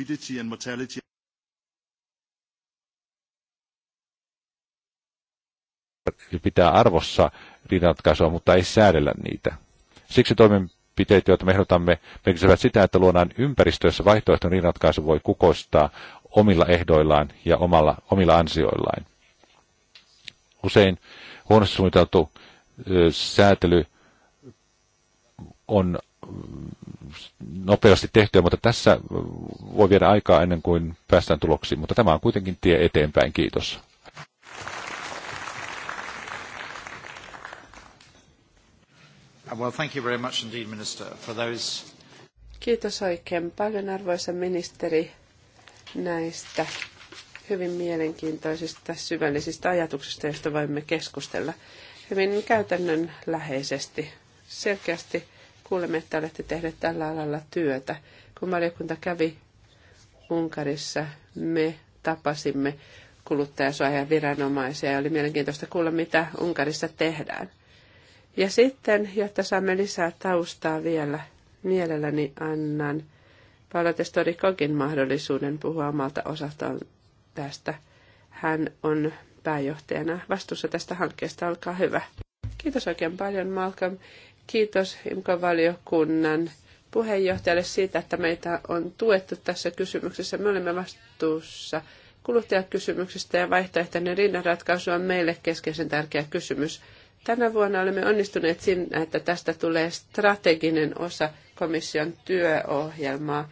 morbidity and mortality pitää arvossa riidanratkaisua, mutta ei säädellä niitä. Siksi toimenpiteet, joita me ehdotamme, merkitsevät sitä, että luodaan ympäristö, jossa vaihtoehtoinen riidanratkaisu voi kukoistaa omilla ehdoillaan ja omalla, omilla ansioillaan. Usein huonosti suunniteltu ö, säätely on nopeasti tehtyä, mutta tässä voi viedä aikaa ennen kuin päästään tuloksiin. Mutta tämä on kuitenkin tie eteenpäin. Kiitos. Uh, well, thank you very much indeed, Minister, for those... Kiitos oikein paljon, arvoisa ministeri, näistä hyvin mielenkiintoisista, syvällisistä ajatuksista, joista voimme keskustella hyvin käytännön läheisesti, selkeästi Kuulemme, että olette tehneet tällä alalla työtä. Kun valiokunta kävi Unkarissa, me tapasimme kuluttajasuojan viranomaisia ja oli mielenkiintoista kuulla, mitä Unkarissa tehdään. Ja sitten, jotta saamme lisää taustaa vielä, mielelläni annan Palatestori kogin mahdollisuuden puhua omalta osaltaan tästä. Hän on pääjohtajana vastuussa tästä hankkeesta. Olkaa hyvä. Kiitos oikein paljon Malcolm Kiitos imca valiokunnan puheenjohtajalle siitä, että meitä on tuettu tässä kysymyksessä. Me olemme vastuussa kuluttajakysymyksistä ja vaihtoehtoinen rinnanratkaisu on meille keskeisen tärkeä kysymys. Tänä vuonna olemme onnistuneet siinä, että tästä tulee strateginen osa komission työohjelmaa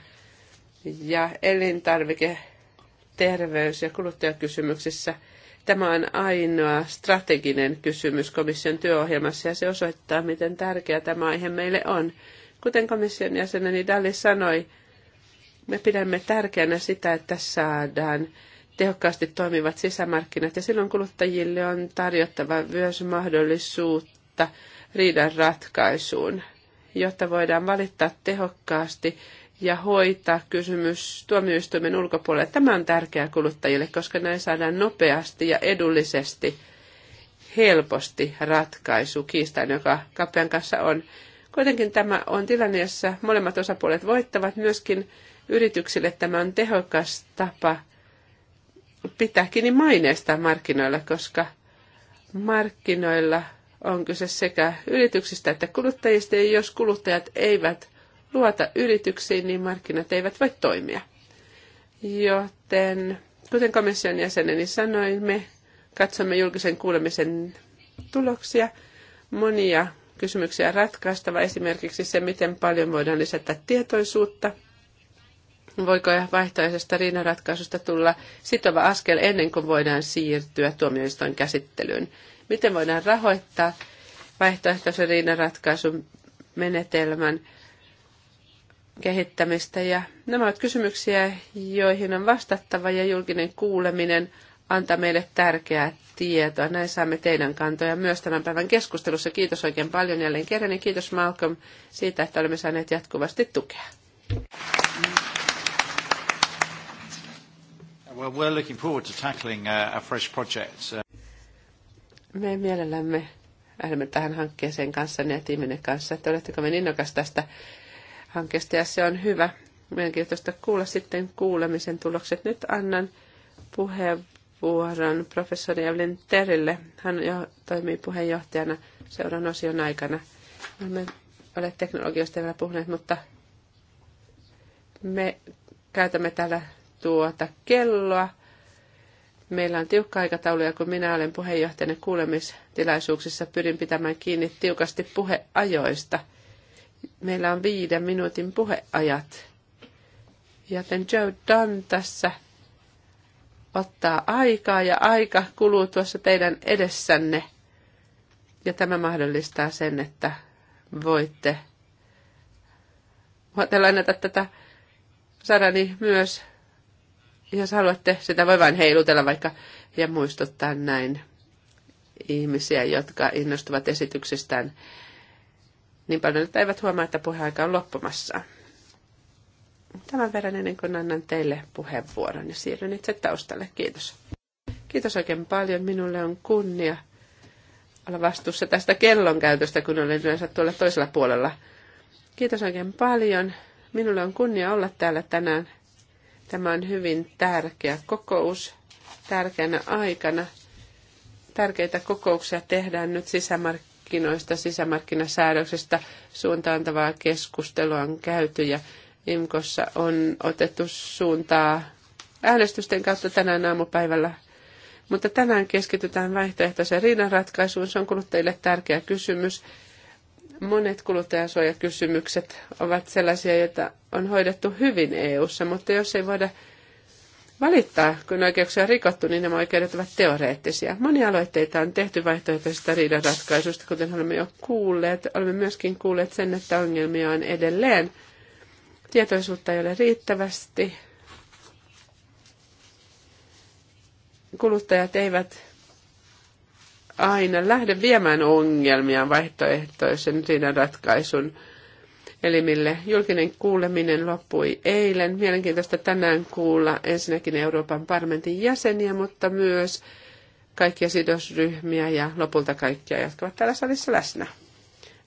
ja elintarvike, terveys- ja kuluttajakysymyksissä – Tämä on ainoa strateginen kysymys komission työohjelmassa ja se osoittaa, miten tärkeä tämä aihe meille on. Kuten komission jäseneni Dalli sanoi, me pidämme tärkeänä sitä, että saadaan tehokkaasti toimivat sisämarkkinat ja silloin kuluttajille on tarjottava myös mahdollisuutta riidan ratkaisuun, jotta voidaan valittaa tehokkaasti ja hoitaa kysymys tuomioistuimen ulkopuolelle. Tämä on tärkeää kuluttajille, koska näin saadaan nopeasti ja edullisesti helposti ratkaisu kiistaan, joka kapean kanssa on. Kuitenkin tämä on tilanne, jossa molemmat osapuolet voittavat. Myöskin yrityksille tämä on tehokas tapa pitää kiinni maineesta markkinoilla, koska markkinoilla on kyse sekä yrityksistä että kuluttajista, ja jos kuluttajat eivät luota yrityksiin, niin markkinat eivät voi toimia. Joten, kuten komission jäseneni sanoi, me katsomme julkisen kuulemisen tuloksia. Monia kysymyksiä ratkaistava, esimerkiksi se, miten paljon voidaan lisätä tietoisuutta, voiko vaihtoehtoisesta riinaratkaisusta tulla sitova askel ennen kuin voidaan siirtyä tuomioistuin käsittelyyn, miten voidaan rahoittaa vaihtoehtoisen riinaratkaisun menetelmän kehittämistä. Ja nämä ovat kysymyksiä, joihin on vastattava ja julkinen kuuleminen antaa meille tärkeää tietoa. Näin saamme teidän kantoja myös tämän päivän keskustelussa. Kiitos oikein paljon jälleen kerran ja kiitos Malcolm siitä, että olemme saaneet jatkuvasti tukea. Well, we're looking forward to tackling uh, a fresh project. Uh. Me mielellämme lähdemme tähän hankkeeseen kanssa ja tiiminen kanssa, että oletteko me innokas tästä hankkeesta ja se on hyvä. Mielenkiintoista kuulla sitten kuulemisen tulokset. Nyt annan puheenvuoron professori Evelyn Terille. Hän jo toimii puheenjohtajana seuran osion aikana. No, me ole teknologiasta vielä puhuneet, mutta me käytämme täällä tuota kelloa. Meillä on tiukka aikataulu ja kun minä olen puheenjohtajana kuulemistilaisuuksissa, pyrin pitämään kiinni tiukasti puheajoista – Meillä on viiden minuutin puheajat, joten Joe Dunn tässä ottaa aikaa ja aika kuluu tuossa teidän edessänne. Ja tämä mahdollistaa sen, että voitte voitte lainata tätä sarani myös, jos haluatte. Sitä voi vain heilutella vaikka ja muistuttaa näin ihmisiä, jotka innostuvat esityksestään niin paljon, että eivät huomaa, että puheaika on loppumassa. Tämän verran ennen kuin annan teille puheenvuoron ja siirryn itse taustalle. Kiitos. Kiitos oikein paljon. Minulle on kunnia olla vastuussa tästä kellon käytöstä, kun olen yleensä tuolla toisella puolella. Kiitos oikein paljon. Minulle on kunnia olla täällä tänään. Tämä on hyvin tärkeä kokous tärkeänä aikana. Tärkeitä kokouksia tehdään nyt sisämarkkinoilla markkinoista, sisämarkkinasäädöksestä suuntaantavaa keskustelua on käyty ja IMKossa on otettu suuntaa äänestysten kautta tänään aamupäivällä. Mutta tänään keskitytään vaihtoehtoiseen riidanratkaisuun. Se on kuluttajille tärkeä kysymys. Monet kuluttajansuojakysymykset ovat sellaisia, joita on hoidettu hyvin EU:ssa, mutta jos ei voida valittaa, kun oikeuksia on rikottu, niin nämä oikeudet ovat teoreettisia. Monia aloitteita on tehty vaihtoehtoisista riidanratkaisusta, kuten olemme jo kuulleet. Olemme myöskin kuulleet sen, että ongelmia on edelleen. Tietoisuutta ei ole riittävästi. Kuluttajat eivät aina lähde viemään ongelmia vaihtoehtoisen riidanratkaisun ratkaisun elimille. Julkinen kuuleminen loppui eilen. Mielenkiintoista tänään kuulla ensinnäkin Euroopan parlamentin jäseniä, mutta myös kaikkia sidosryhmiä ja lopulta kaikkia, jotka ovat täällä salissa läsnä.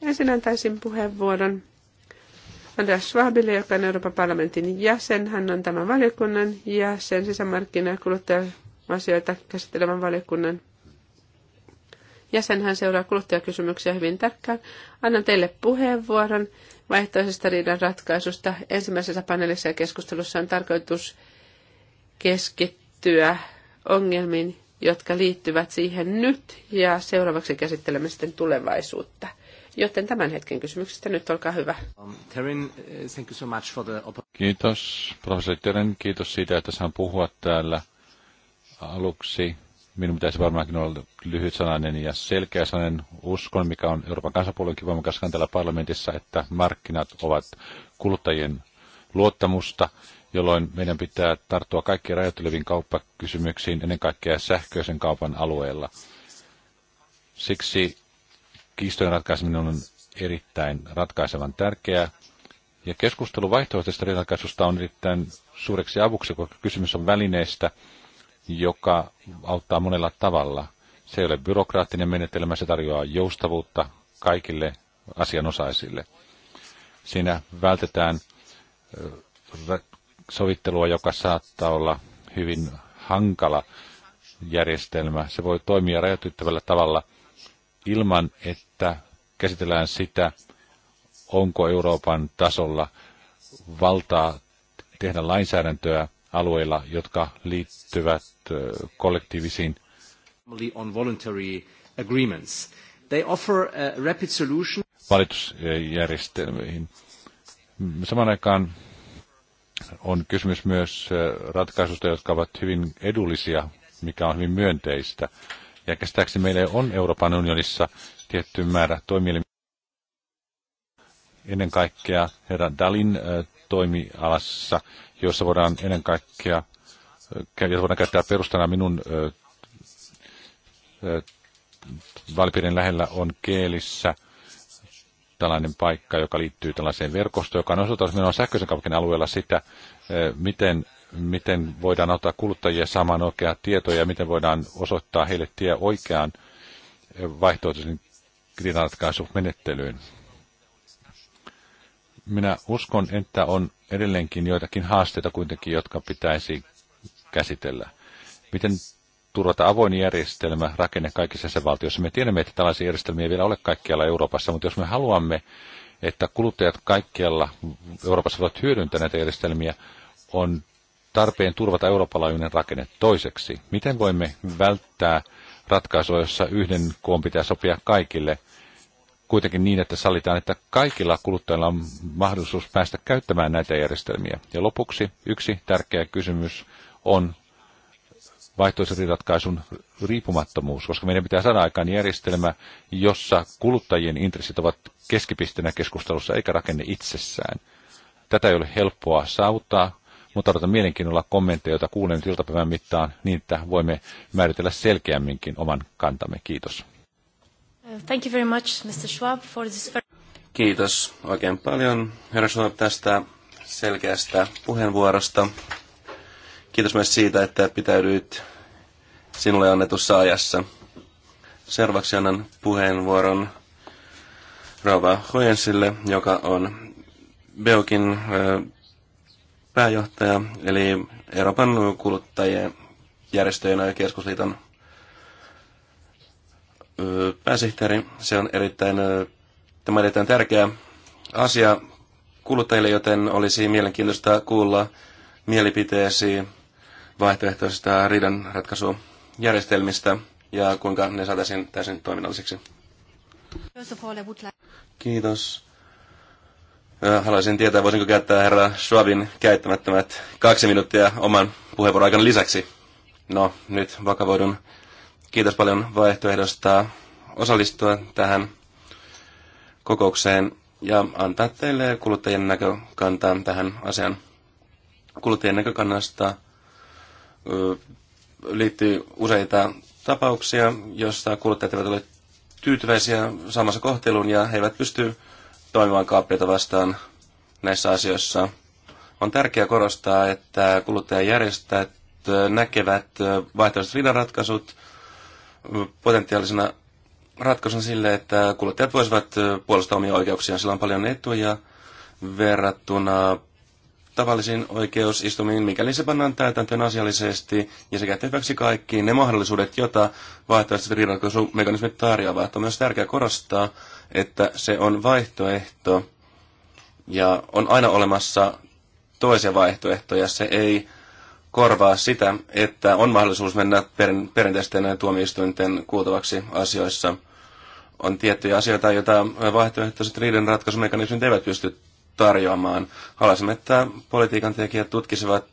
Ensin antaisin puheenvuoron Andreas Schwabille, joka on Euroopan parlamentin jäsen. Hän on tämän valiokunnan jäsen, sisämarkkina- ja kuluttaja-asioita käsittelevän valiokunnan jäsenhän seuraa kuluttajakysymyksiä hyvin tarkkaan. Annan teille puheenvuoron vaihtoisesta riidan ratkaisusta. Ensimmäisessä paneelissa ja keskustelussa on tarkoitus keskittyä ongelmiin, jotka liittyvät siihen nyt, ja seuraavaksi käsittelemme sitten tulevaisuutta. Joten tämän hetken kysymyksestä nyt, olkaa hyvä. Kiitos, professori Terin. Kiitos siitä, että saan puhua täällä aluksi Minun pitäisi varmaankin olla lyhyt sananen ja selkeä sananen uskon, mikä on Euroopan kansanpuolenkin voimakas täällä parlamentissa, että markkinat ovat kuluttajien luottamusta, jolloin meidän pitää tarttua kaikkiin rajoitteleviin kauppakysymyksiin, ennen kaikkea sähköisen kaupan alueella. Siksi kiistojen ratkaiseminen on erittäin ratkaisevan tärkeää. Ja keskustelu vaihtoehtoisesta ratkaisusta on erittäin suureksi avuksi, koska kysymys on välineistä, joka auttaa monella tavalla. Se ei ole byrokraattinen menetelmä, se tarjoaa joustavuutta kaikille asianosaisille. Siinä vältetään sovittelua, joka saattaa olla hyvin hankala järjestelmä. Se voi toimia rajoittavalla tavalla ilman, että käsitellään sitä, onko Euroopan tasolla valtaa tehdä lainsäädäntöä, alueilla, jotka liittyvät kollektiivisiin. Valitusjärjestelmiin. Samaan aikaan on kysymys myös ratkaisusta, jotka ovat hyvin edullisia, mikä on hyvin myönteistä. Ja käsittääkseni meillä on Euroopan unionissa tietty määrä toimielimiä. Ennen kaikkea herra Dalin toimialassa, jossa voidaan ennen kaikkea jota voidaan käyttää perustana minun valpiden lähellä on Keelissä tällainen paikka, joka liittyy tällaiseen verkostoon, joka on osoittanut minua sähköisen kaupunkin alueella sitä, miten, miten voidaan ottaa kuluttajia saamaan oikeaa tietoa ja miten voidaan osoittaa heille tie oikeaan vaihtoehtoisen kriisinratkaisumenettelyyn. Minä uskon, että on edelleenkin joitakin haasteita kuitenkin, jotka pitäisi käsitellä. Miten turvata avoin järjestelmä, rakenne kaikissa jäsenvaltioissa? Me tiedämme, että tällaisia järjestelmiä ei vielä ole kaikkialla Euroopassa, mutta jos me haluamme, että kuluttajat kaikkialla Euroopassa voivat hyödyntää näitä järjestelmiä, on tarpeen turvata eurooppalainen rakenne toiseksi. Miten voimme välttää ratkaisua, jossa yhden koon pitää sopia kaikille – kuitenkin niin, että sallitaan, että kaikilla kuluttajilla on mahdollisuus päästä käyttämään näitä järjestelmiä. Ja lopuksi yksi tärkeä kysymys on vaihtoehtoisen riippumattomuus, koska meidän pitää saada aikaan järjestelmä, jossa kuluttajien intressit ovat keskipisteenä keskustelussa eikä rakenne itsessään. Tätä ei ole helppoa saavuttaa, mutta odotan mielenkiinnolla kommentteja, joita kuulen nyt iltapäivän mittaan, niin että voimme määritellä selkeämminkin oman kantamme. Kiitos. Thank you very much, Mr. Schwab, for this... Kiitos oikein paljon, herra Schwab, tästä selkeästä puheenvuorosta. Kiitos myös siitä, että pitäydyit sinulle annetussa ajassa. Seuraavaksi annan puheenvuoron Rova Hojensille, joka on Beokin pääjohtaja, eli Euroopan kuluttajien järjestöjen ja keskusliiton pääsihteeri. Se on erittäin, tämä on erittäin tärkeä asia kuluttajille, joten olisi mielenkiintoista kuulla mielipiteesi vaihtoehtoisista riidanratkaisujärjestelmistä ja kuinka ne saataisiin täysin toiminnallisiksi. Kiitos. Haluaisin tietää, voisinko käyttää herra Schwabin käyttämättömät kaksi minuuttia oman puheenvuoron aikana lisäksi. No, nyt vakavoidun. Kiitos paljon vaihtoehdosta osallistua tähän kokoukseen ja antaa teille kuluttajien näkökantaa tähän asiaan. Kuluttajien näkökannasta liittyy useita tapauksia, joissa kuluttajat eivät ole tyytyväisiä samassa kohteluun ja he eivät pysty toimimaan kaappeita vastaan näissä asioissa. On tärkeää korostaa, että kuluttajajärjestöt näkevät vaihtoehtoiset riidanratkaisut potentiaalisena ratkaisuna sille, että kuluttajat voisivat puolustaa omia oikeuksiaan. Sillä on paljon etuja verrattuna tavallisiin oikeusistumiin, mikäli se pannaan täytäntöön asiallisesti ja se käyttää hyväksi kaikki ne mahdollisuudet, joita vaihtoehtoiset riidanratkaisumekanismit tarjoavat. On myös tärkeää korostaa, että se on vaihtoehto ja on aina olemassa toisia vaihtoehtoja. Se ei korvaa sitä, että on mahdollisuus mennä per, perinteisten tuomioistuinten kuultavaksi asioissa. On tiettyjä asioita, joita vaihtoehtoiset ratkaisumekanismit eivät pysty tarjoamaan. Haluaisimme, että politiikan tekijät tutkisivat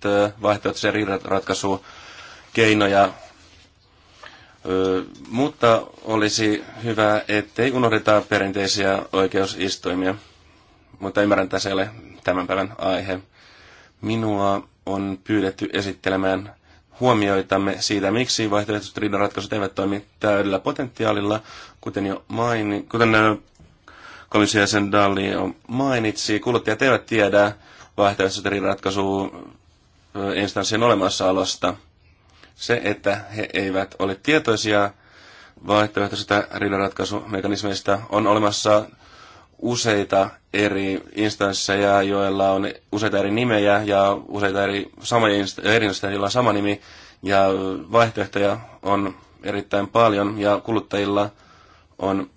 vaihtoehtoisia riidenratkaisukeinoja, mutta olisi hyvä, ettei unohdeta perinteisiä oikeusistuimia. Mutta ymmärrän, että se ei ole tämän päivän aihe. Minua on pyydetty esittelemään huomioitamme siitä, miksi vaihtoehtoiset riidanratkaisut eivät toimi täydellä potentiaalilla, kuten jo maini, kuten komission jäsen Dalli jo mainitsi. Kuluttajat eivät tiedä vaihtoehtoiset riidanratkaisuun instanssien olemassaolosta. Se, että he eivät ole tietoisia vaihtoehtoisista riidanratkaisumekanismeista, on olemassa useita eri instansseja, joilla on useita eri nimejä ja useita eri, samoja insta- eri instansseja, joilla on sama nimi. Ja vaihtoehtoja on erittäin paljon ja kuluttajilla on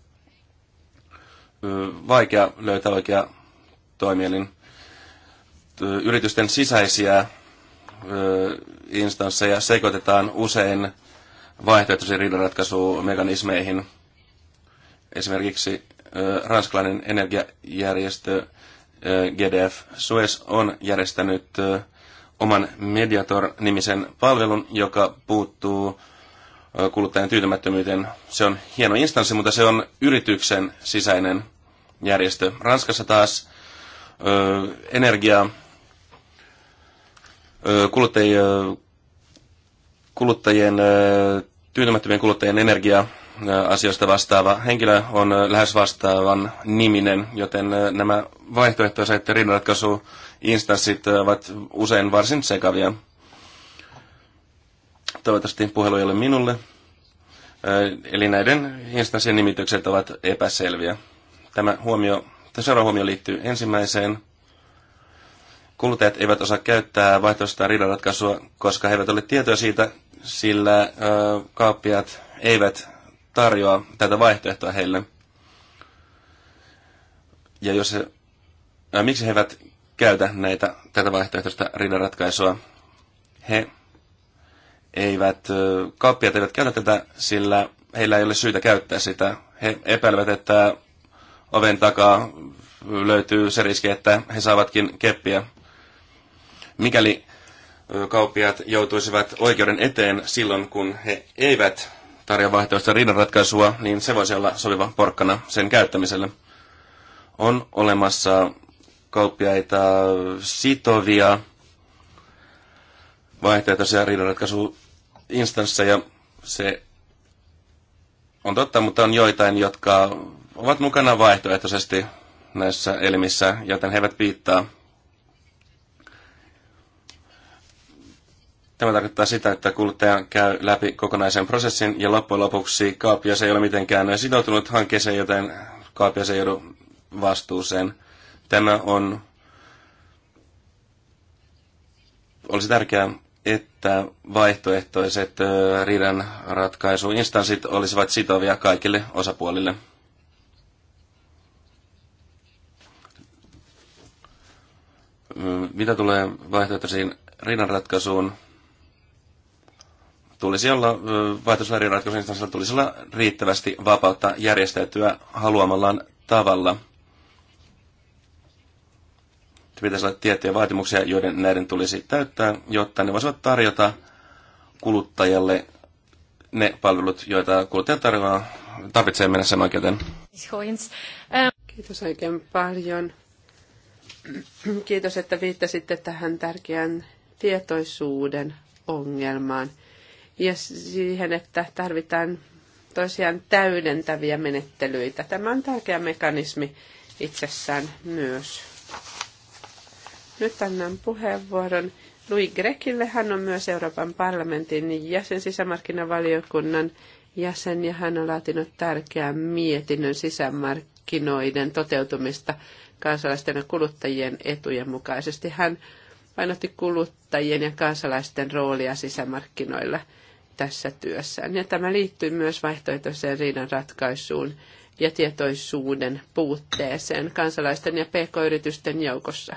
vaikea löytää oikea toimielin. Yritysten sisäisiä instansseja sekoitetaan usein vaihtoehtoisiin riidanratkaisumekanismeihin. Esimerkiksi ranskalainen energiajärjestö GDF Suez on järjestänyt oman Mediator-nimisen palvelun, joka puuttuu kuluttajan tyytymättömyyteen. Se on hieno instanssi, mutta se on yrityksen sisäinen järjestö. Ranskassa taas energia kuluttajien, kuluttajien tyytymättömien kuluttajien energia asioista vastaava henkilö on lähes vastaavan niminen, joten nämä vaihtoehtoiset rinnanratkaisuinstanssit ovat usein varsin sekavia. Toivottavasti puhelu ei ole minulle. Eli näiden instanssien nimitykset ovat epäselviä. Tämä huomio, seuraava huomio liittyy ensimmäiseen. Kuluttajat eivät osaa käyttää vaihtoista riidanratkaisua, koska he eivät ole tietoja siitä, sillä ö, kauppiat eivät tarjoaa tätä vaihtoehtoa heille. Ja jos he, ää, miksi he eivät käytä näitä, tätä vaihtoehtoista riidanratkaisua? He eivät, kauppiat eivät käytä tätä, sillä heillä ei ole syytä käyttää sitä. He epäilevät, että oven takaa löytyy se riski, että he saavatkin keppiä. Mikäli kauppiaat joutuisivat oikeuden eteen silloin, kun he eivät tarjoa vaihtoehtoista riidanratkaisua, niin se voisi olla soliva porkkana sen käyttämiselle. On olemassa kauppiaita sitovia vaihtoehtoisia riidanratkaisuinstansseja. Se on totta, mutta on joitain, jotka ovat mukana vaihtoehtoisesti näissä elimissä, joten he eivät piittaa Tämä tarkoittaa sitä, että kuluttaja käy läpi kokonaisen prosessin ja loppujen lopuksi Kaapias ei ole mitenkään sitoutunut hankkeeseen, joten Kaapias ei joudu vastuuseen. Tämä on, olisi tärkeää, että vaihtoehtoiset riidan ratkaisuinstanssit olisivat sitovia kaikille osapuolille. Mitä tulee vaihtoehtoisiin riidanratkaisuun, tulisi olla, vaihtosääriratkaisun tulisi olla riittävästi vapautta järjestäytyä haluamallaan tavalla. Pitäisi olla tiettyjä vaatimuksia, joiden näiden tulisi täyttää, jotta ne voisivat tarjota kuluttajalle ne palvelut, joita kuluttaja tarjoaa, tarvitsee mennä sen oikeuteen. Kiitos oikein paljon. Kiitos, että viittasitte tähän tärkeään tietoisuuden ongelmaan – ja siihen, että tarvitaan tosiaan täydentäviä menettelyitä. Tämä on tärkeä mekanismi itsessään myös. Nyt annan puheenvuoron Louis Grekille. Hän on myös Euroopan parlamentin jäsen sisämarkkinavaliokunnan jäsen ja hän on laatinut tärkeän mietinnön sisämarkkinoiden toteutumista kansalaisten ja kuluttajien etujen mukaisesti. Hän painotti kuluttajien ja kansalaisten roolia sisämarkkinoilla – tässä työssä. Ja tämä liittyy myös vaihtoehtoiseen riidan ratkaisuun ja tietoisuuden puutteeseen kansalaisten ja pk-yritysten joukossa.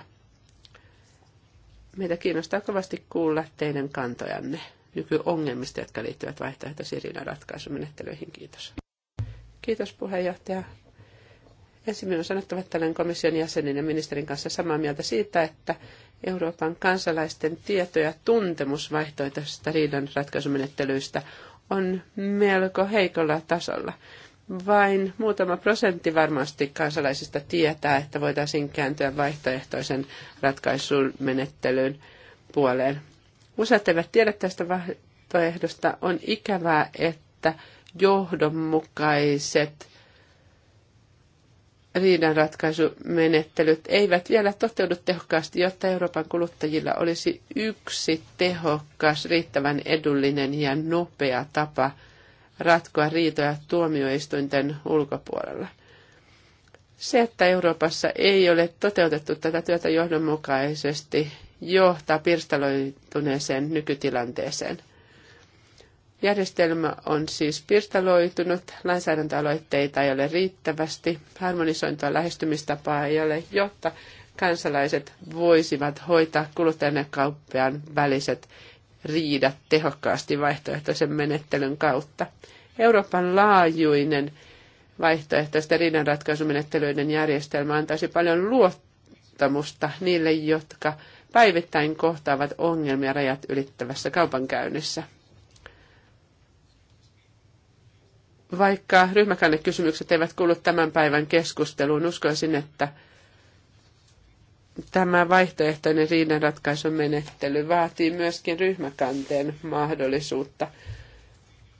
Meitä kiinnostaa kovasti kuulla teidän kantojanne nykyongelmista, jotka liittyvät vaihtoehtoisiin riidanratkaisumenettelyihin. Kiitos. Kiitos puheenjohtaja. Ensimmäinen on sanottava, että olen komission jäsenin ja ministerin kanssa samaa mieltä siitä, että Euroopan kansalaisten tieto- ja tuntemus vaihtoehtoisista riidanratkaisumenettelyistä on melko heikolla tasolla. Vain muutama prosentti varmasti kansalaisista tietää, että voitaisiin kääntyä vaihtoehtoisen ratkaisumenettelyn puoleen. Useat eivät tiedä tästä vaihtoehdosta. On ikävää, että johdonmukaiset riidanratkaisumenettelyt eivät vielä toteudu tehokkaasti, jotta Euroopan kuluttajilla olisi yksi tehokas, riittävän edullinen ja nopea tapa ratkoa riitoja tuomioistuinten ulkopuolella. Se, että Euroopassa ei ole toteutettu tätä työtä johdonmukaisesti, johtaa pirstaloituneeseen nykytilanteeseen – Järjestelmä on siis pirstaloitunut, lainsäädäntöaloitteita ei ole riittävästi, harmonisointua lähestymistapaa ei ole, jotta kansalaiset voisivat hoitaa kuluttajan ja kauppiaan väliset riidat tehokkaasti vaihtoehtoisen menettelyn kautta. Euroopan laajuinen vaihtoehtoisten riidanratkaisumenettelyiden järjestelmä antaisi paljon luottamusta niille, jotka päivittäin kohtaavat ongelmia rajat ylittävässä kaupankäynnissä. Vaikka ryhmäkannekysymykset eivät kuulu tämän päivän keskusteluun, uskoisin, että tämä vaihtoehtoinen riidanratkaisun menettely vaatii myöskin ryhmäkanteen mahdollisuutta.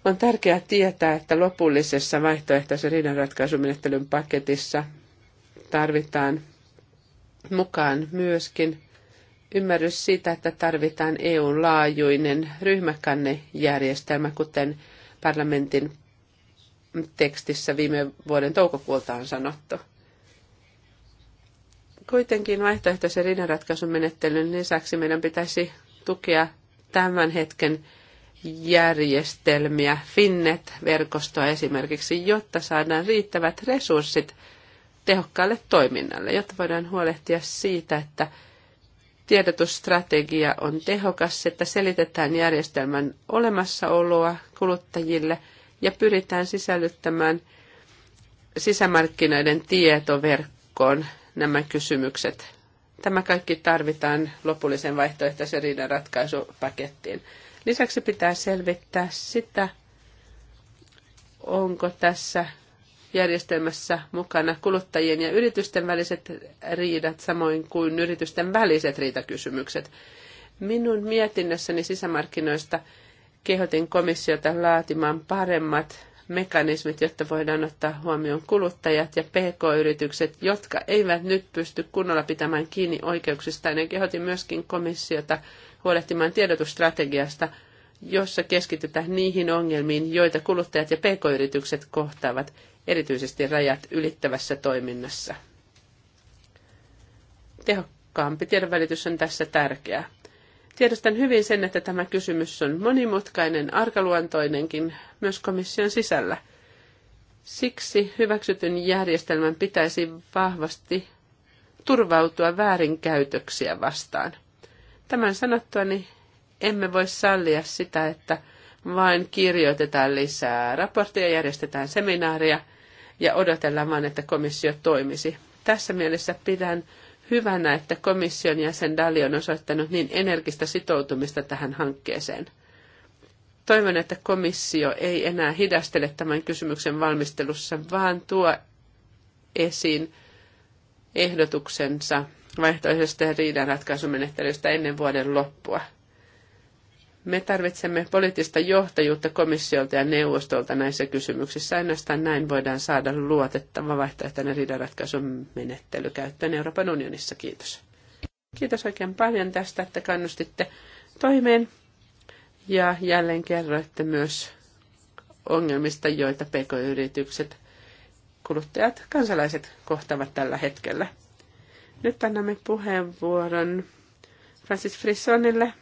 On tärkeää tietää, että lopullisessa vaihtoehtoisen riidanratkaisumenettelyn paketissa tarvitaan mukaan myöskin ymmärrys siitä, että tarvitaan EUn laajuinen ryhmäkannejärjestelmä, kuten parlamentin tekstissä viime vuoden toukokuulta on sanottu. Kuitenkin vaihtoehtoisen rinnanratkaisun menettelyn lisäksi meidän pitäisi tukea tämän hetken järjestelmiä, Finnet-verkostoa esimerkiksi, jotta saadaan riittävät resurssit tehokkaalle toiminnalle, jotta voidaan huolehtia siitä, että tiedotusstrategia on tehokas, että selitetään järjestelmän olemassaoloa kuluttajille – ja pyritään sisällyttämään sisämarkkinoiden tietoverkkoon nämä kysymykset. Tämä kaikki tarvitaan lopullisen vaihtoehtoisen riidan ratkaisupakettiin. Lisäksi pitää selvittää sitä, onko tässä järjestelmässä mukana kuluttajien ja yritysten väliset riidat, samoin kuin yritysten väliset riitakysymykset. Minun mietinnössäni sisämarkkinoista kehotin komissiota laatimaan paremmat mekanismit, jotta voidaan ottaa huomioon kuluttajat ja pk-yritykset, jotka eivät nyt pysty kunnolla pitämään kiinni oikeuksistaan. Ja kehotin myöskin komissiota huolehtimaan tiedotusstrategiasta, jossa keskitytään niihin ongelmiin, joita kuluttajat ja pk-yritykset kohtaavat, erityisesti rajat ylittävässä toiminnassa. Tehokkaampi tiedonvälitys on tässä tärkeää. Tiedostan hyvin sen, että tämä kysymys on monimutkainen, arkaluontoinenkin myös komission sisällä. Siksi hyväksytyn järjestelmän pitäisi vahvasti turvautua väärinkäytöksiä vastaan. Tämän sanottuani emme voi sallia sitä, että vain kirjoitetaan lisää raportteja, järjestetään seminaaria ja odotellaan vain, että komissio toimisi. Tässä mielessä pidän hyvänä, että komission jäsen Dali on osoittanut niin energistä sitoutumista tähän hankkeeseen. Toivon, että komissio ei enää hidastele tämän kysymyksen valmistelussa, vaan tuo esiin ehdotuksensa vaihtoehtoisesta riidanratkaisumenettelystä ennen vuoden loppua. Me tarvitsemme poliittista johtajuutta komissiolta ja neuvostolta näissä kysymyksissä. Ainoastaan näin voidaan saada luotettava vaihtoehtoinen riidanratkaisun menettely käyttöön Euroopan unionissa. Kiitos. Kiitos oikein paljon tästä, että kannustitte toimeen ja jälleen kerroitte myös ongelmista, joita pk-yritykset, kuluttajat, kansalaiset kohtavat tällä hetkellä. Nyt annamme puheenvuoron Francis Frissonille.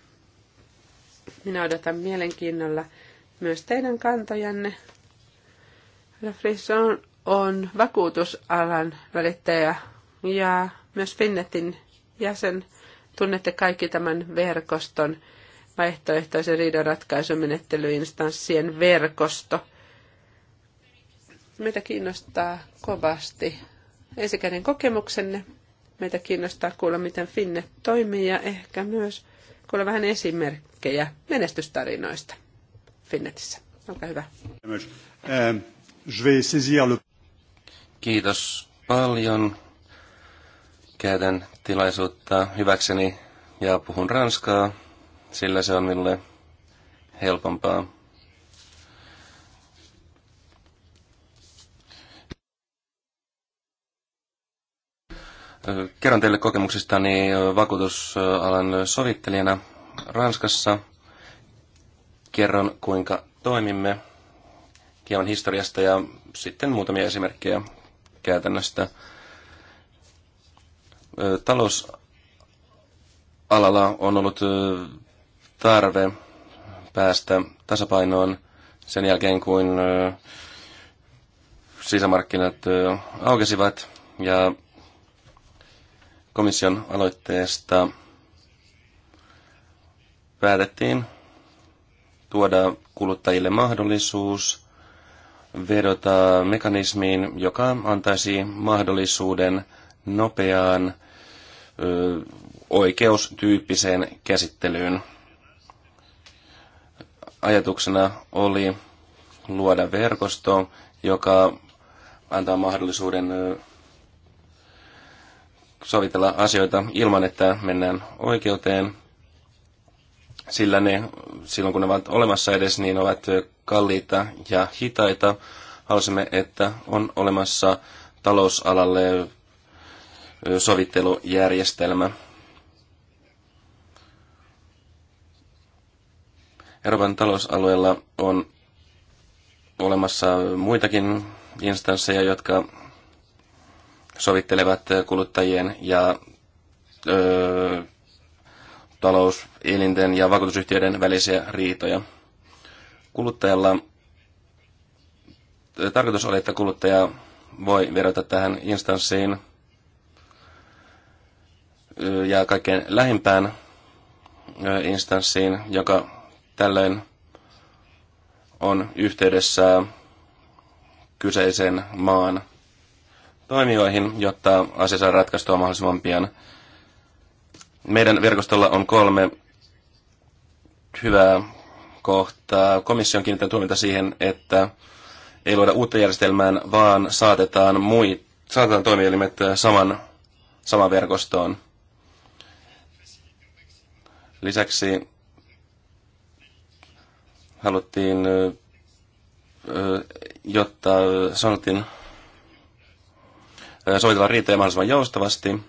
Minä odotan mielenkiinnolla myös teidän kantojanne. Frisson on vakuutusalan välittäjä ja myös Finnetin jäsen. Tunnette kaikki tämän verkoston vaihtoehtoisen riidanratkaisumenettelyinstanssien verkosto. Meitä kiinnostaa kovasti ensikäden kokemuksenne. Meitä kiinnostaa kuulla, miten Finne toimii ja ehkä myös kuulla vähän esimerkkejä menestystarinoista Finnetissä. Olkaa hyvä. Kiitos paljon. Käytän tilaisuutta hyväkseni ja puhun ranskaa, sillä se on minulle helpompaa Kerron teille kokemuksistani vakuutusalan sovittelijana Ranskassa. Kerron, kuinka toimimme hieman historiasta ja sitten muutamia esimerkkejä käytännöstä. Talousalalla on ollut tarve päästä tasapainoon sen jälkeen, kun sisämarkkinat aukesivat ja komission aloitteesta päätettiin tuoda kuluttajille mahdollisuus vedota mekanismiin, joka antaisi mahdollisuuden nopeaan oikeustyyppiseen käsittelyyn. Ajatuksena oli luoda verkosto, joka antaa mahdollisuuden sovitella asioita ilman, että mennään oikeuteen, sillä ne, silloin kun ne ovat olemassa edes, niin ovat kalliita ja hitaita. Halusimme, että on olemassa talousalalle sovittelujärjestelmä. Euroopan talousalueella on olemassa muitakin instansseja, jotka sovittelevat kuluttajien ja ö, talouselinten ja vakuutusyhtiöiden välisiä riitoja. Kuluttajalla tarkoitus oli, että kuluttaja voi vedota tähän instanssiin ja kaikkein lähimpään instanssiin, joka tällöin on yhteydessä kyseisen maan toimijoihin, jotta asia saa ratkaistua mahdollisimman pian. Meidän verkostolla on kolme hyvää kohtaa. Komissio on kiinnittänyt huomiota siihen, että ei luoda uutta järjestelmää vaan saatetaan, mui, saatetaan toimielimet saman, saman verkostoon. Lisäksi haluttiin, jotta sanottiin sovitella riitoja mahdollisimman joustavasti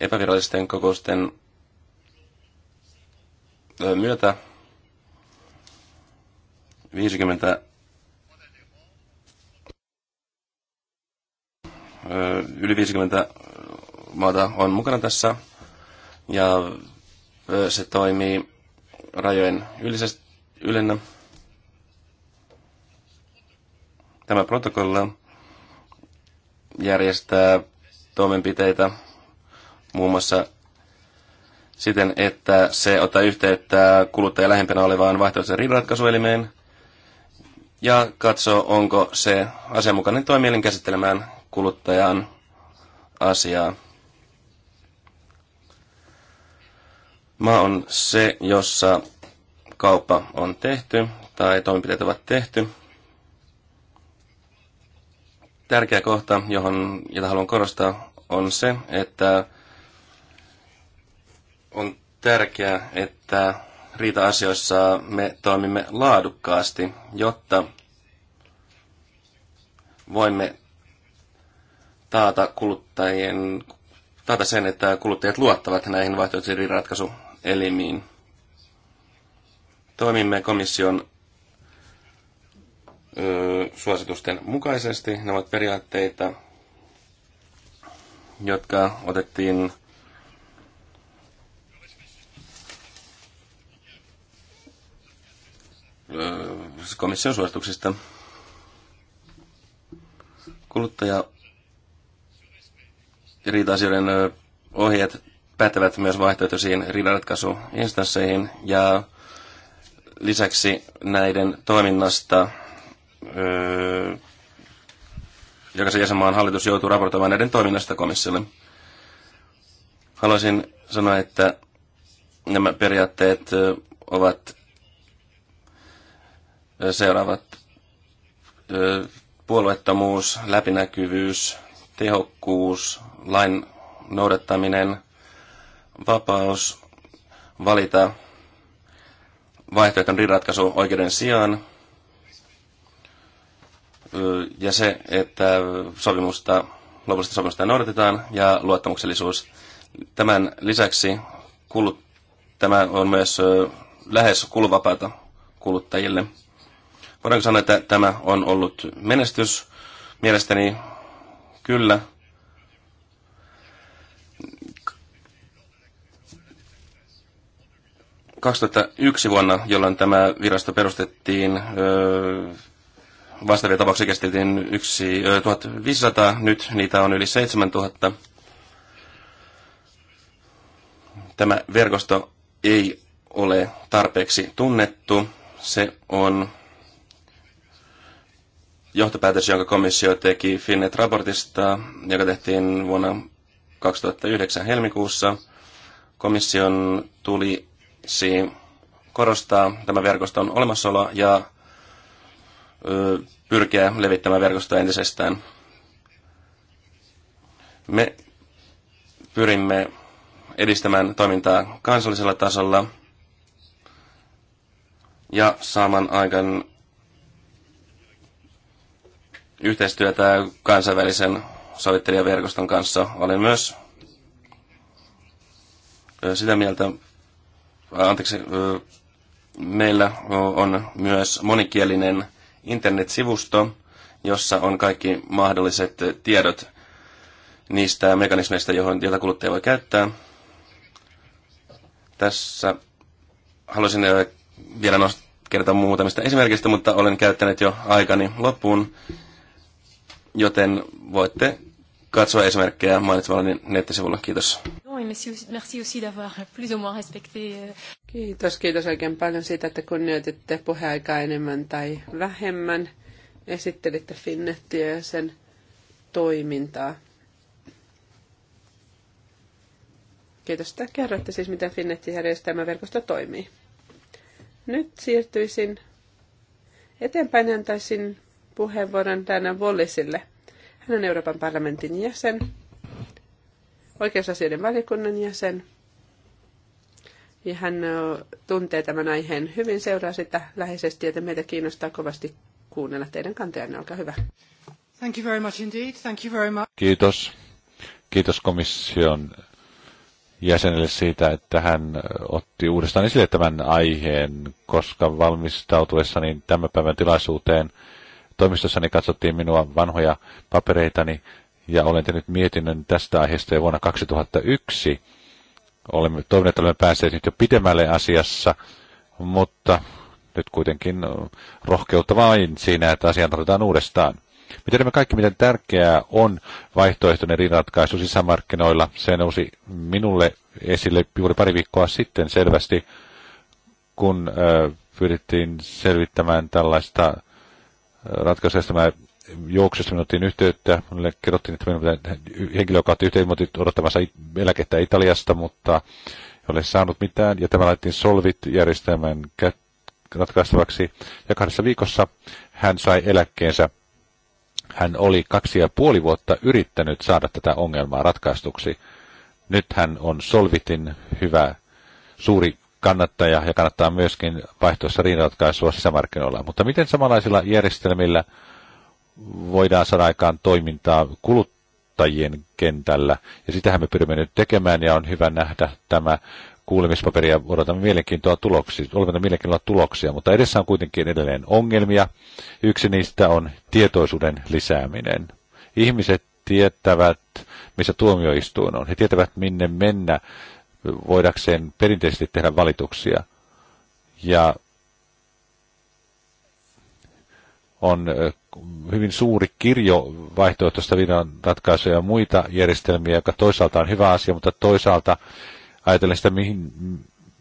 epävirallisten kokousten myötä 50 yli 50 maata on mukana tässä ja se toimii rajojen ylisestä, ylennä. Tämä protokolla järjestää toimenpiteitä muun muassa siten, että se ottaa yhteyttä kuluttaja lähempänä olevaan vaihtoehtoisen riidanratkaisuelimeen ja katsoo, onko se asianmukainen toimielin käsittelemään kuluttajan asiaa. Maa on se, jossa kauppa on tehty tai toimenpiteet ovat tehty. Tärkeä kohta, johon, jota haluan korostaa, on se, että on tärkeää, että riita-asioissa me toimimme laadukkaasti, jotta voimme taata, kuluttajien, taata sen, että kuluttajat luottavat näihin vaihtoehtoisiin ratkaisuelimiin. Toimimme komission suositusten mukaisesti. Ne ovat periaatteita, jotka otettiin siis komission suosituksista. Kuluttaja riita-asioiden ohjeet pätevät myös vaihtoehtoisiin riidanratkaisuinstansseihin ja lisäksi näiden toiminnasta öö, jokaisen jäsenmaan hallitus joutuu raportoimaan näiden toiminnasta komissiolle. Haluaisin sanoa, että nämä periaatteet ovat seuraavat puolueettomuus, läpinäkyvyys, tehokkuus, lain noudattaminen, vapaus valita vaihtoehton ratkaisu oikeuden sijaan, ja se, että sopimusta, lopullista sopimusta noudatetaan ja luottamuksellisuus. Tämän lisäksi kulut, tämä on myös lähes kuluvapaata kuluttajille. Voidaanko sanoa, että tämä on ollut menestys? Mielestäni kyllä. yksi vuonna, jolloin tämä virasto perustettiin, Vastaavia tapauksia käsiteltiin yksi, 1500, nyt niitä on yli 7000. Tämä verkosto ei ole tarpeeksi tunnettu. Se on johtopäätös, jonka komissio teki Finnet-raportista, joka tehtiin vuonna 2009 helmikuussa. Komission tulisi korostaa tämä verkoston olemassaoloa ja pyrkiä levittämään verkostoa entisestään. Me pyrimme edistämään toimintaa kansallisella tasolla ja saamaan aikaan yhteistyötä kansainvälisen sovittelijaverkoston kanssa. Olen myös sitä mieltä, anteeksi, meillä on myös monikielinen internetsivusto, jossa on kaikki mahdolliset tiedot niistä mekanismeista, johon, joita kuluttaja voi käyttää. Tässä haluaisin äh, vielä nostaa kertoa muutamista esimerkistä, mutta olen käyttänyt jo aikani loppuun, joten voitte katsoa esimerkkejä mainitsemalla nettisivulla. Kiitos. Oui, merci aussi d'avoir plus ou moins respecté. Euh, kiitos, kiitos oikein paljon siitä, että kunnioititte puheaikaa enemmän tai vähemmän. Esittelitte Finnettiä ja sen toimintaa. Kiitos, että kerrotte siis, miten Finnetin järjestelmäverkosto toimii. Nyt siirtyisin eteenpäin ja antaisin puheenvuoron Dana Wallisille. Hän on Euroopan parlamentin jäsen oikeusasioiden valiokunnan jäsen. Ja hän tuntee tämän aiheen hyvin, seuraa sitä läheisesti, joten meitä kiinnostaa kovasti kuunnella teidän kantajanne. Olkaa hyvä. Thank you very much indeed. Thank you very much. Kiitos. Kiitos komission jäsenelle siitä, että hän otti uudestaan esille tämän aiheen, koska valmistautuessani niin tämän päivän tilaisuuteen toimistossani katsottiin minua vanhoja papereitani ja olen tehnyt mietinnön tästä aiheesta jo vuonna 2001. Olemme toivon, että olemme päässeet nyt jo pidemmälle asiassa, mutta nyt kuitenkin rohkeutta vain siinä, että asiaan tarvitaan uudestaan. Me tiedämme kaikki, miten tärkeää on vaihtoehtoinen riidanratkaisu sisämarkkinoilla. Se nousi minulle esille juuri pari viikkoa sitten selvästi, kun äh, pyrittiin selvittämään tällaista ratkaisua juoksusta minun yhteyttä. Minulle kerrottiin, että minun pitää henkilö, joka otti yhteen, odottamassa eläkettä Italiasta, mutta ei ole saanut mitään. Ja tämä laitettiin Solvit-järjestelmän ratkaistavaksi. Ja kahdessa viikossa hän sai eläkkeensä. Hän oli kaksi ja puoli vuotta yrittänyt saada tätä ongelmaa ratkaistuksi. Nyt hän on Solvitin hyvä suuri kannattaja ja kannattaa myöskin vaihtoissa riidanratkaisua sisämarkkinoilla. Mutta miten samanlaisilla järjestelmillä voidaan saada aikaan toimintaa kuluttajien kentällä. Ja sitähän me pyrimme nyt tekemään ja on hyvä nähdä tämä kuulemispaperi ja odotamme mielenkiintoa tuloksia, olemme mielenkiintoa tuloksia, mutta edessä on kuitenkin edelleen ongelmia. Yksi niistä on tietoisuuden lisääminen. Ihmiset tietävät, missä tuomioistuin on. He tietävät, minne mennä voidakseen perinteisesti tehdä valituksia. Ja on hyvin suuri kirjo vaihtoehtoista viinan ratkaisuja ja muita järjestelmiä, joka toisaalta on hyvä asia, mutta toisaalta ajatellen sitä, mihin,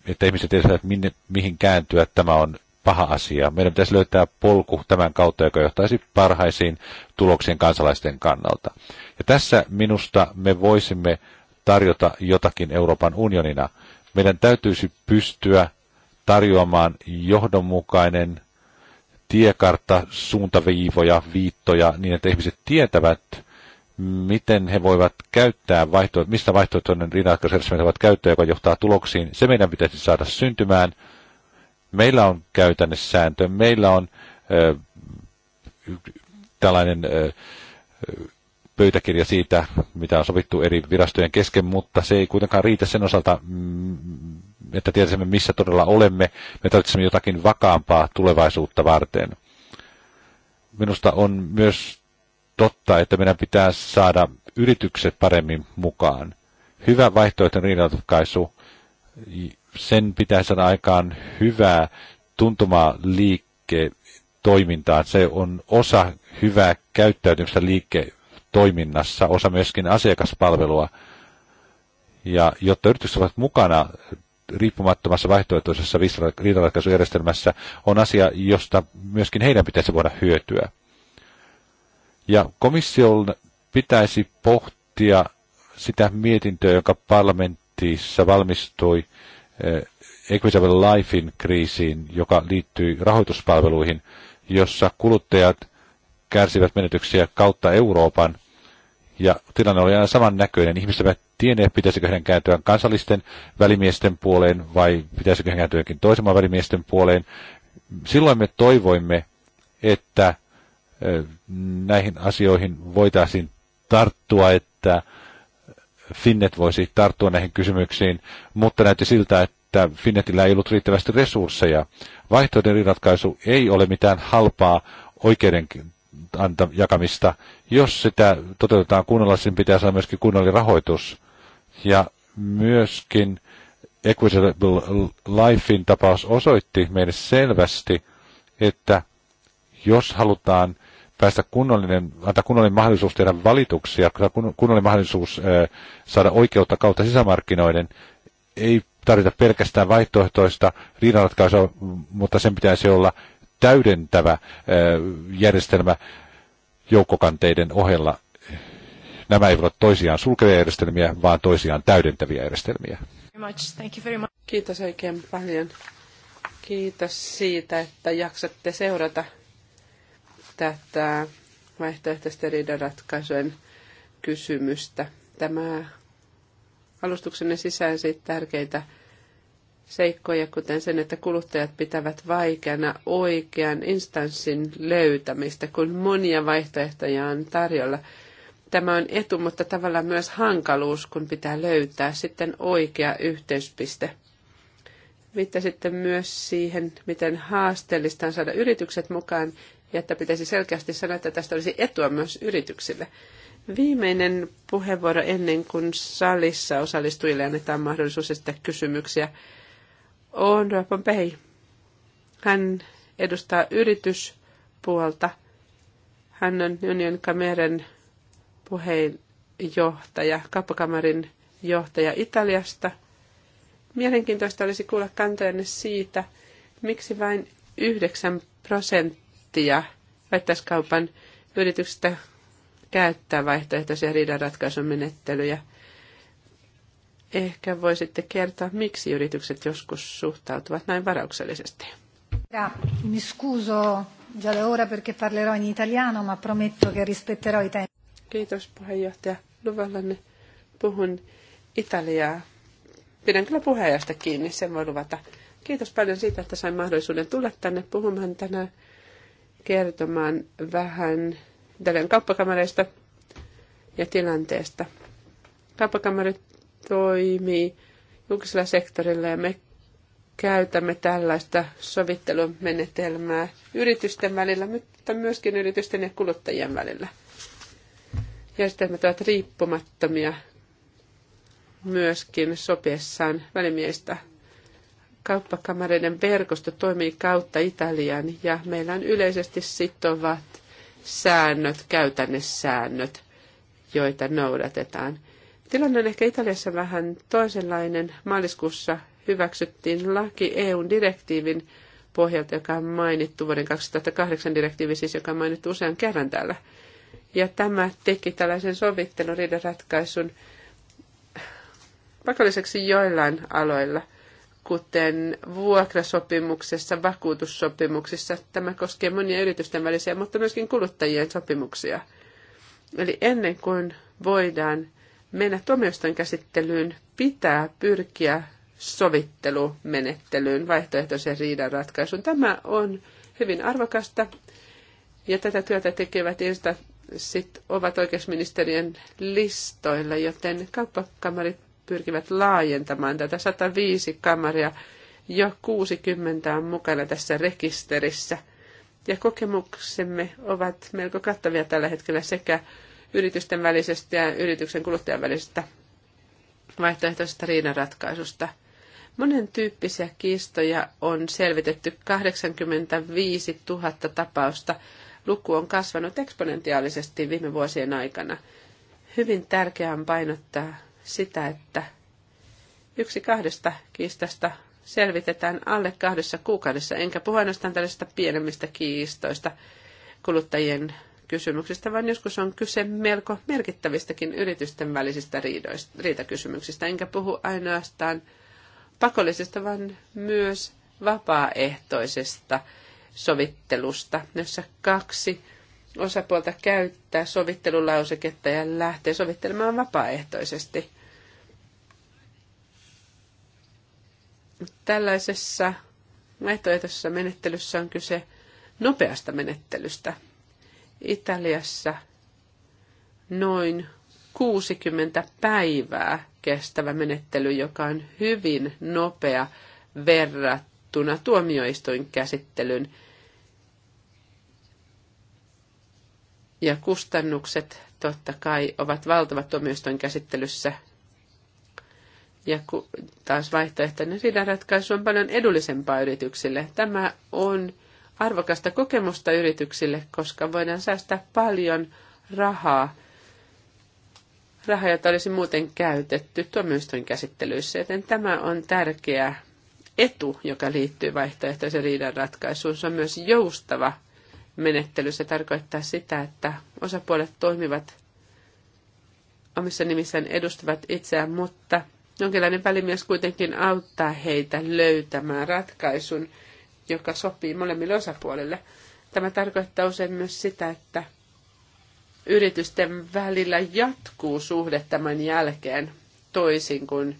että ihmiset eivät että minne, mihin kääntyä, tämä on paha asia. Meidän pitäisi löytää polku tämän kautta, joka johtaisi parhaisiin tuloksiin kansalaisten kannalta. Ja tässä minusta me voisimme tarjota jotakin Euroopan unionina. Meidän täytyisi pystyä tarjoamaan johdonmukainen tiekartta, suuntaviivoja, viittoja, niin että ihmiset tietävät, miten he voivat käyttää vaihto, mistä vaihtoehtoinen rinnakkaisjärjestelmä voivat käyttää, joka johtaa tuloksiin. Se meidän pitäisi saada syntymään. Meillä on käytännössääntö, meillä on ö, tällainen ö, pöytäkirja siitä, mitä on sovittu eri virastojen kesken, mutta se ei kuitenkaan riitä sen osalta, että tietäisimme, missä todella olemme. Me tarvitsemme jotakin vakaampaa tulevaisuutta varten. Minusta on myös totta, että meidän pitää saada yritykset paremmin mukaan. Hyvä vaihtoehtoinen riidatkaisu, sen pitää saada aikaan hyvää tuntumaa liikke toimintaan. Se on osa hyvää käyttäytymistä liiketoiminnassa, osa myöskin asiakaspalvelua. Ja jotta yritykset ovat mukana riippumattomassa vaihtoehtoisessa riitaratkaisujärjestelmässä on asia, josta myöskin heidän pitäisi voida hyötyä. Ja komission pitäisi pohtia sitä mietintöä, joka parlamentissa valmistui eh, Equitable Lifein kriisiin, joka liittyy rahoituspalveluihin, jossa kuluttajat kärsivät menetyksiä kautta Euroopan. Ja tilanne oli aina samannäköinen. Ihmiset tienneet, pitäisikö hänen kääntyä kansallisten välimiesten puoleen vai pitäisikö hän kääntyä jokin toisen välimiesten puoleen. Silloin me toivoimme, että näihin asioihin voitaisiin tarttua, että Finnet voisi tarttua näihin kysymyksiin, mutta näytti siltä, että Finnetillä ei ollut riittävästi resursseja. Vaihtoehden ratkaisu ei ole mitään halpaa oikeuden jakamista. Jos sitä toteutetaan kunnolla, sen pitää saada myöskin kunnollinen rahoitus. Ja myöskin Equitable Lifein tapaus osoitti meille selvästi, että jos halutaan päästä kunnollinen, antaa kunnollinen mahdollisuus tehdä valituksia, kunnollinen mahdollisuus saada oikeutta kautta sisämarkkinoiden, ei tarvita pelkästään vaihtoehtoista riidanratkaisua, mutta sen pitäisi olla täydentävä järjestelmä joukkokanteiden ohella. Nämä eivät ole toisiaan sulkevia järjestelmiä, vaan toisiaan täydentäviä järjestelmiä. Kiitos oikein paljon. Kiitos siitä, että jaksatte seurata tätä vaihtoehtoisten riidanratkaisujen kysymystä. Tämä alustuksenne sisälsi tärkeitä seikkoja, kuten sen, että kuluttajat pitävät vaikeana oikean instanssin löytämistä, kun monia vaihtoehtoja on tarjolla – tämä on etu, mutta tavallaan myös hankaluus, kun pitää löytää sitten oikea yhteyspiste. sitten myös siihen, miten haasteellista on saada yritykset mukaan ja että pitäisi selkeästi sanoa, että tästä olisi etua myös yrityksille. Viimeinen puheenvuoro ennen kuin salissa osallistujille annetaan mahdollisuus esittää kysymyksiä on Rapon Pei. Hän edustaa yrityspuolta. Hän on Union Cameron puheenjohtaja, kauppakamarin johtaja Italiasta. Mielenkiintoista olisi kuulla kantojenne siitä, miksi vain 9 prosenttia väittäiskaupan yrityksistä käyttää vaihtoehtoisia riidanratkaisun menettelyjä. Ehkä voisitte kertoa, miksi yritykset joskus suhtautuvat näin varauksellisesti. Mi scuso già da ora perché parlerò in italiano, ma prometto che rispetterò i tempi. Kiitos puheenjohtaja. Luvallanne puhun Italiaa. Pidän kyllä puheenjohtajasta kiinni, sen voi luvata. Kiitos paljon siitä, että sain mahdollisuuden tulla tänne puhumaan tänään kertomaan vähän Italian kauppakamareista ja tilanteesta. Kauppakamari toimii julkisella sektorilla ja me käytämme tällaista sovittelumenetelmää yritysten välillä, mutta myöskin yritysten ja kuluttajien välillä. Järjestelmät ovat riippumattomia myöskin sopiessaan välimiehistä kauppakamareiden verkosto toimii kautta Italian ja meillä on yleisesti sitovat säännöt, käytännessäännöt, joita noudatetaan. Tilanne on ehkä Italiassa vähän toisenlainen. Maaliskuussa hyväksyttiin laki EU-n direktiivin pohjalta, joka on mainittu vuoden 2008 direktiivi, siis joka on mainittu usean kerran täällä. Ja tämä teki tällaisen sovittelun riidaratkaisun pakolliseksi joillain aloilla, kuten vuokrasopimuksessa, vakuutussopimuksissa. Tämä koskee monia yritysten välisiä, mutta myöskin kuluttajien sopimuksia. Eli ennen kuin voidaan mennä tuomioistuin käsittelyyn, pitää pyrkiä sovittelumenettelyyn, vaihtoehtoisen riidanratkaisuun. Tämä on hyvin arvokasta ja tätä työtä tekevät insta- sit ovat oikeusministeriön listoilla, joten kauppakamarit pyrkivät laajentamaan tätä 105 kamaria. Jo 60 on mukana tässä rekisterissä. Ja kokemuksemme ovat melko kattavia tällä hetkellä sekä yritysten välisestä ja yrityksen kuluttajan välisestä vaihtoehtoisesta riidanratkaisusta. Monen tyyppisiä kiistoja on selvitetty 85 000 tapausta luku on kasvanut eksponentiaalisesti viime vuosien aikana. Hyvin tärkeää on painottaa sitä, että yksi kahdesta kiistasta selvitetään alle kahdessa kuukaudessa, enkä puhu ainoastaan tällaisista pienemmistä kiistoista kuluttajien kysymyksistä, vaan joskus on kyse melko merkittävistäkin yritysten välisistä riidoista, riitakysymyksistä. Enkä puhu ainoastaan pakollisista, vaan myös vapaaehtoisesta sovittelusta, jossa kaksi osapuolta käyttää sovittelulauseketta ja lähtee sovittelemaan vapaaehtoisesti. Tällaisessa vaihtoehtoisessa menettelyssä on kyse nopeasta menettelystä. Italiassa noin 60 päivää kestävä menettely, joka on hyvin nopea verrattuna tuomioistuinkäsittelyn Ja kustannukset totta kai ovat valtavat tuomioistuin käsittelyssä. Ja ku, taas vaihtoehtoinen riidanratkaisu on paljon edullisempaa yrityksille. Tämä on arvokasta kokemusta yrityksille, koska voidaan säästää paljon rahaa, rahaa, jota olisi muuten käytetty tuomioistuin käsittelyissä. Joten tämä on tärkeä etu, joka liittyy vaihtoehtoisen riidanratkaisuun. Se on myös joustava menettely. Se tarkoittaa sitä, että osapuolet toimivat omissa nimissään edustavat itseään, mutta jonkinlainen välimies kuitenkin auttaa heitä löytämään ratkaisun, joka sopii molemmille osapuolille. Tämä tarkoittaa usein myös sitä, että yritysten välillä jatkuu suhde tämän jälkeen toisin kuin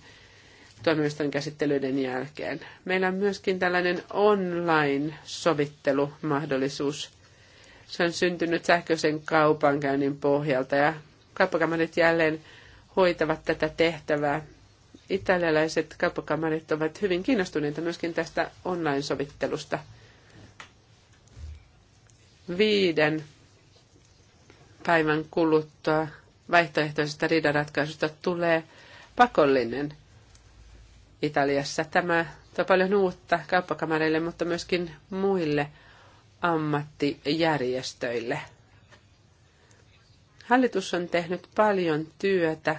toimiston käsittelyiden jälkeen. Meillä on myöskin tällainen online-sovittelumahdollisuus, se on syntynyt sähköisen kaupankäynnin pohjalta ja kauppakamarit jälleen hoitavat tätä tehtävää. Italialaiset kauppakamarit ovat hyvin kiinnostuneita myöskin tästä online-sovittelusta. Viiden päivän kuluttua vaihtoehtoisesta riidanratkaisusta tulee pakollinen Italiassa. Tämä on paljon uutta kauppakamareille, mutta myöskin muille ammattijärjestöille. Hallitus on tehnyt paljon työtä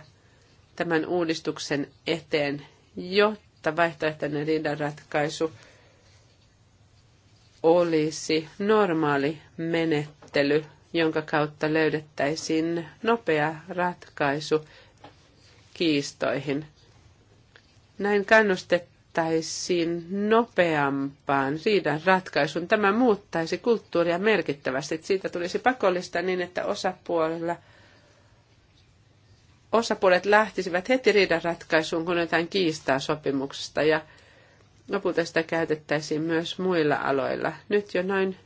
tämän uudistuksen eteen, jotta vaihtoehtoinen riidanratkaisu olisi normaali menettely, jonka kautta löydettäisiin nopea ratkaisu kiistoihin. Näin kannustettiin saataisiin nopeampaan riidan ratkaisun. Tämä muuttaisi kulttuuria merkittävästi. Siitä tulisi pakollista niin, että osapuolella osapuolet lähtisivät heti riidan ratkaisuun, kun jotain kiistaa sopimuksesta ja lopulta sitä käytettäisiin myös muilla aloilla. Nyt jo noin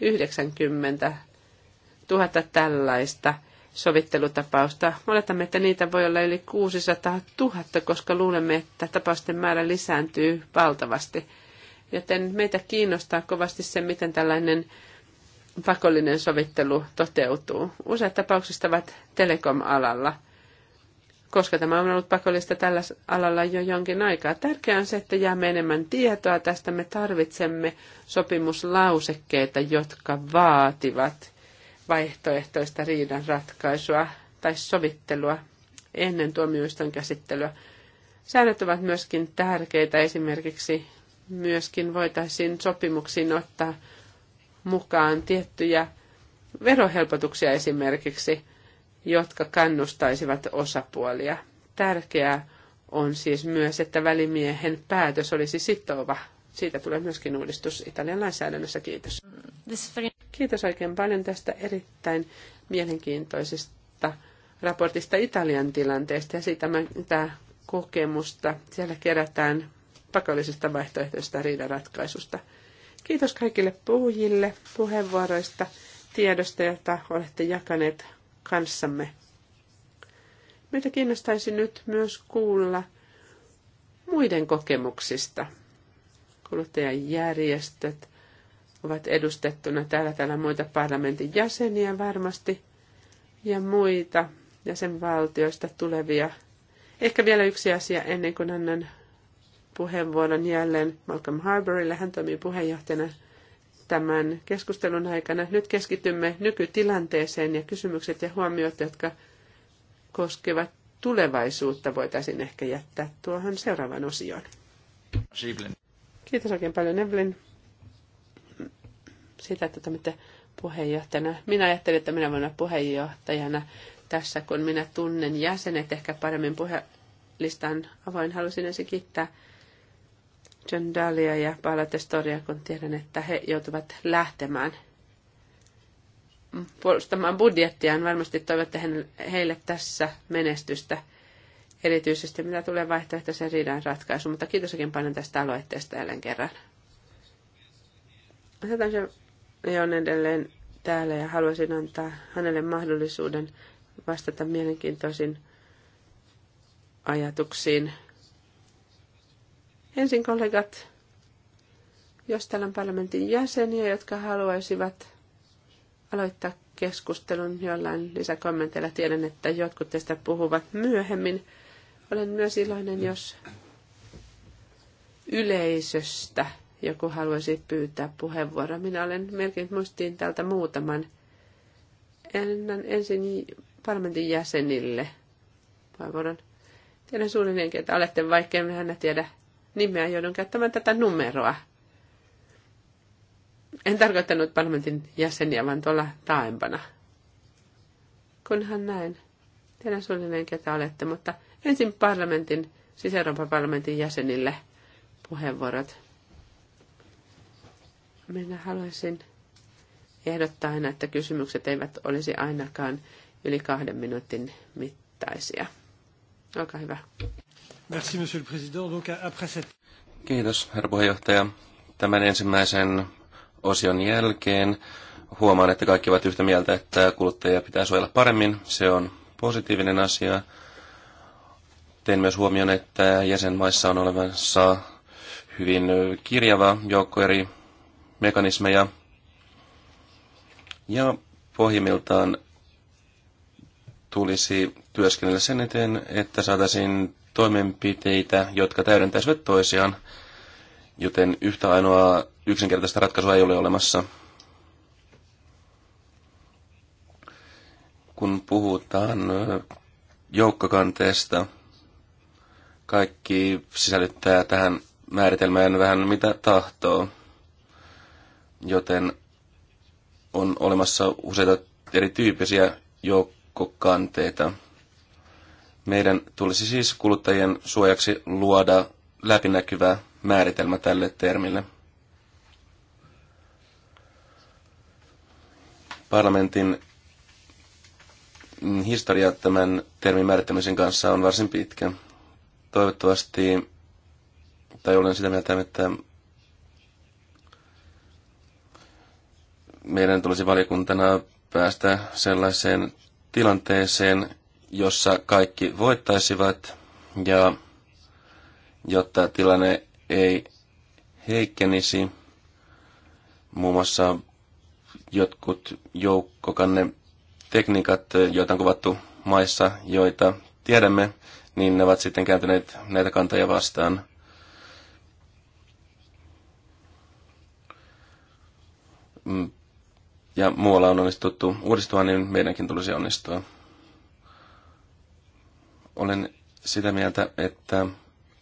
90 000 tällaista sovittelutapausta. Oletamme, että niitä voi olla yli 600 000, koska luulemme, että tapausten määrä lisääntyy valtavasti. Joten meitä kiinnostaa kovasti se, miten tällainen pakollinen sovittelu toteutuu. Useat tapauksista ovat telekom-alalla, koska tämä on ollut pakollista tällä alalla jo jonkin aikaa. Tärkeää on se, että jäämme enemmän tietoa tästä. Me tarvitsemme sopimuslausekkeita, jotka vaativat – vaihtoehtoista riidan ratkaisua tai sovittelua ennen tuomioistuin käsittelyä. Säännöt ovat myöskin tärkeitä. Esimerkiksi myöskin voitaisiin sopimuksiin ottaa mukaan tiettyjä verohelpotuksia esimerkiksi, jotka kannustaisivat osapuolia. Tärkeää on siis myös, että välimiehen päätös olisi sitova siitä tulee myöskin uudistus Italian lainsäädännössä. Kiitos. Kiitos oikein paljon tästä erittäin mielenkiintoisesta raportista Italian tilanteesta ja siitä mitä kokemusta siellä kerätään pakollisesta riidan ratkaisusta. Kiitos kaikille puhujille puheenvuoroista, tiedosta, jota olette jakaneet kanssamme. Meitä kiinnostaisi nyt myös kuulla muiden kokemuksista kuluttajajärjestöt ovat edustettuna täällä, täällä muita parlamentin jäseniä varmasti ja muita jäsenvaltioista tulevia. Ehkä vielä yksi asia ennen kuin annan puheenvuoron jälleen Malcolm Harbourille. Hän toimii puheenjohtajana tämän keskustelun aikana. Nyt keskitymme nykytilanteeseen ja kysymykset ja huomiot, jotka koskevat tulevaisuutta, voitaisiin ehkä jättää tuohon seuraavaan osioon. Kiitos oikein paljon Evelyn sitä, että toimitte puheenjohtajana. Minä ajattelin, että minä voin olla puheenjohtajana tässä, kun minä tunnen jäsenet ehkä paremmin puhelistan avoin. Halusin ensin kiittää John Dalia ja Paula Testoria, kun tiedän, että he joutuvat lähtemään puolustamaan budjettiaan. Varmasti toivotte heille tässä menestystä erityisesti mitä tulee vaihtoehtoisen riidan ratkaisu, mutta kiitosakin paljon tästä aloitteesta jälleen kerran. se on edelleen täällä ja haluaisin antaa hänelle mahdollisuuden vastata mielenkiintoisiin ajatuksiin. Ensin kollegat, jos täällä on parlamentin jäseniä, jotka haluaisivat aloittaa keskustelun jollain lisäkommenteilla, tiedän, että jotkut teistä puhuvat myöhemmin. Olen myös iloinen, jos yleisöstä joku haluaisi pyytää puheenvuoroa. Minä olen merkinnyt muistiin täältä muutaman. Ennen ensin parlamentin jäsenille puheenvuoron. Tiedän suunnilleen, että olette, vaikka en hänä tiedä nimeä, joudun käyttämään tätä numeroa. En tarkoittanut parlamentin jäseniä, vaan tuolla taempana. Kunhan näin. Tiedän suunnilleen, ketä olette, mutta Ensin parlamentin, siis Euroopan parlamentin jäsenille puheenvuorot. Minä haluaisin ehdottaa aina, että kysymykset eivät olisi ainakaan yli kahden minuutin mittaisia. Olkaa hyvä. Merci, monsieur le président. Donc, après cette... Kiitos, herra puheenjohtaja. Tämän ensimmäisen osion jälkeen huomaan, että kaikki ovat yhtä mieltä, että kuluttajia pitää suojella paremmin. Se on positiivinen asia. Tein myös huomioon, että jäsenmaissa on olemassa hyvin kirjava joukko eri mekanismeja. Ja pohjimmiltaan tulisi työskennellä sen eteen, että saataisiin toimenpiteitä, jotka täydentäisivät toisiaan, joten yhtä ainoa yksinkertaista ratkaisua ei ole olemassa. Kun puhutaan joukkokanteesta, kaikki sisällyttää tähän määritelmään vähän mitä tahtoo, joten on olemassa useita erityyppisiä joukkokanteita. Meidän tulisi siis kuluttajien suojaksi luoda läpinäkyvä määritelmä tälle termille. Parlamentin historia tämän termin määrittämisen kanssa on varsin pitkä. Toivottavasti, tai olen sitä mieltä, että meidän tulisi valiokuntana päästä sellaiseen tilanteeseen, jossa kaikki voittaisivat ja jotta tilanne ei heikkenisi, muun muassa jotkut joukkokanne tekniikat, joita on kuvattu maissa, joita tiedämme, niin ne ovat sitten kääntyneet näitä kantajia vastaan. Mm. Ja muualla on onnistuttu uudistua, niin meidänkin tulisi onnistua. Olen sitä mieltä, että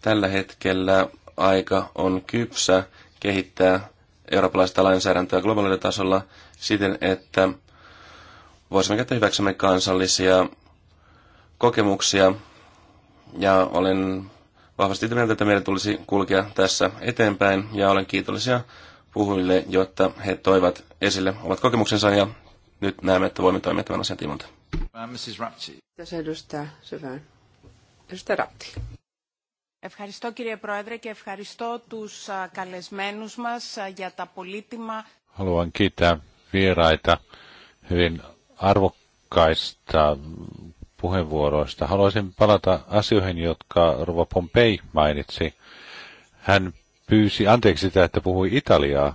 tällä hetkellä aika on kypsä kehittää eurooppalaista lainsäädäntöä globaalilla tasolla siten, että voisimme käyttää hyväksymme kansallisia kokemuksia ja olen vahvasti sitä mieltä, että meidän tulisi kulkea tässä eteenpäin. Ja olen kiitollisia puhujille, jotta he toivat esille ovat kokemuksensa ja nyt näemme, että voimme toimia tämän asian tiimoilta. Uh, Mrs. Rapti. Tässä edustaa syvään. Edustaja Rapti. Ευχαριστώ κύριε Πρόεδρε και ευχαριστώ τους καλεσμένους μας για τα πολύτιμα. Haluan kiittää vieraita hyvin arvokkaista puheenvuoroista. Haluaisin palata asioihin, jotka Rova Pompei mainitsi. Hän pyysi anteeksi sitä, että puhui Italiaa.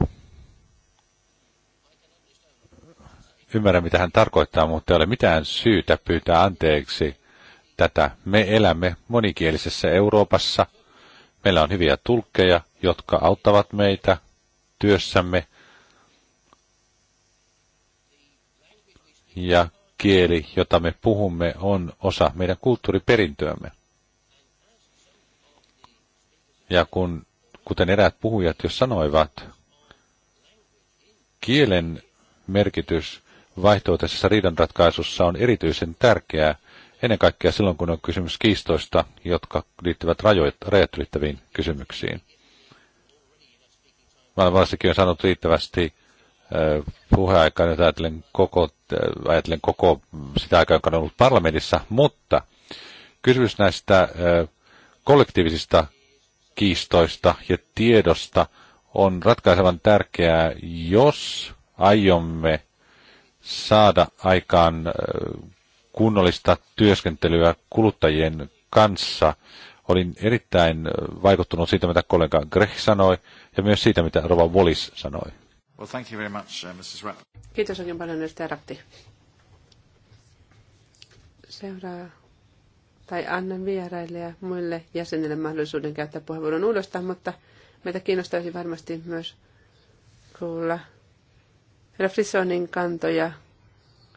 Ymmärrän, mitä hän tarkoittaa, mutta ei ole mitään syytä pyytää anteeksi tätä. Me elämme monikielisessä Euroopassa. Meillä on hyviä tulkkeja, jotka auttavat meitä työssämme. Ja kieli, jota me puhumme, on osa meidän kulttuuriperintöämme. Ja kun, kuten eräät puhujat jo sanoivat, kielen merkitys vaihtoehtoisessa riidanratkaisussa on erityisen tärkeää, ennen kaikkea silloin, kun on kysymys kiistoista, jotka liittyvät rajat ylittäviin kysymyksiin. Maailmanvarsikin on sanottu riittävästi puheaika, nyt ajattelen koko, ajattelen koko sitä aikaa, joka on ollut parlamentissa, mutta kysymys näistä kollektiivisista kiistoista ja tiedosta on ratkaisevan tärkeää, jos aiomme saada aikaan kunnollista työskentelyä kuluttajien kanssa. Olin erittäin vaikuttunut siitä, mitä kollega Grech sanoi, ja myös siitä, mitä Rova Wallis sanoi. Well, thank you very much, uh, Mrs. Rapp. Kiitos oikein paljon, edustaja Rapti. Seuraa tai annan vieraille ja muille jäsenille mahdollisuuden käyttää puheenvuoron uudestaan, mutta meitä kiinnostaisi varmasti myös kuulla herra Frissonin kantoja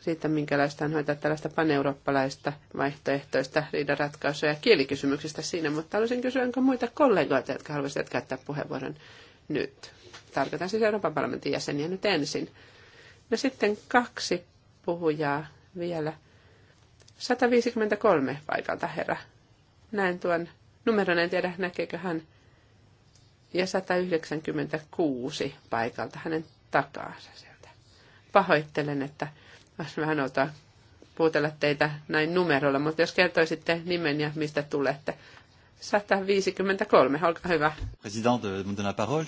siitä, minkälaista on hoitaa tällaista paneurooppalaista vaihtoehtoista riidaratkaisua ja kielikysymyksistä siinä, mutta haluaisin kysyä, onko muita kollegoita, jotka haluaisivat käyttää puheenvuoron nyt? Tarkoitan siis Euroopan parlamentin jäseniä nyt ensin. No sitten kaksi puhujaa vielä. 153 paikalta herra. Näin tuon numeron, en tiedä näkeekö hän. Ja 196 paikalta hänen takaansa sieltä. Pahoittelen, että jos vähän outoa puutella teitä näin numerolla, mutta jos kertoisitte nimen ja mistä tulette. 153, olkaa hyvä. President, la parole.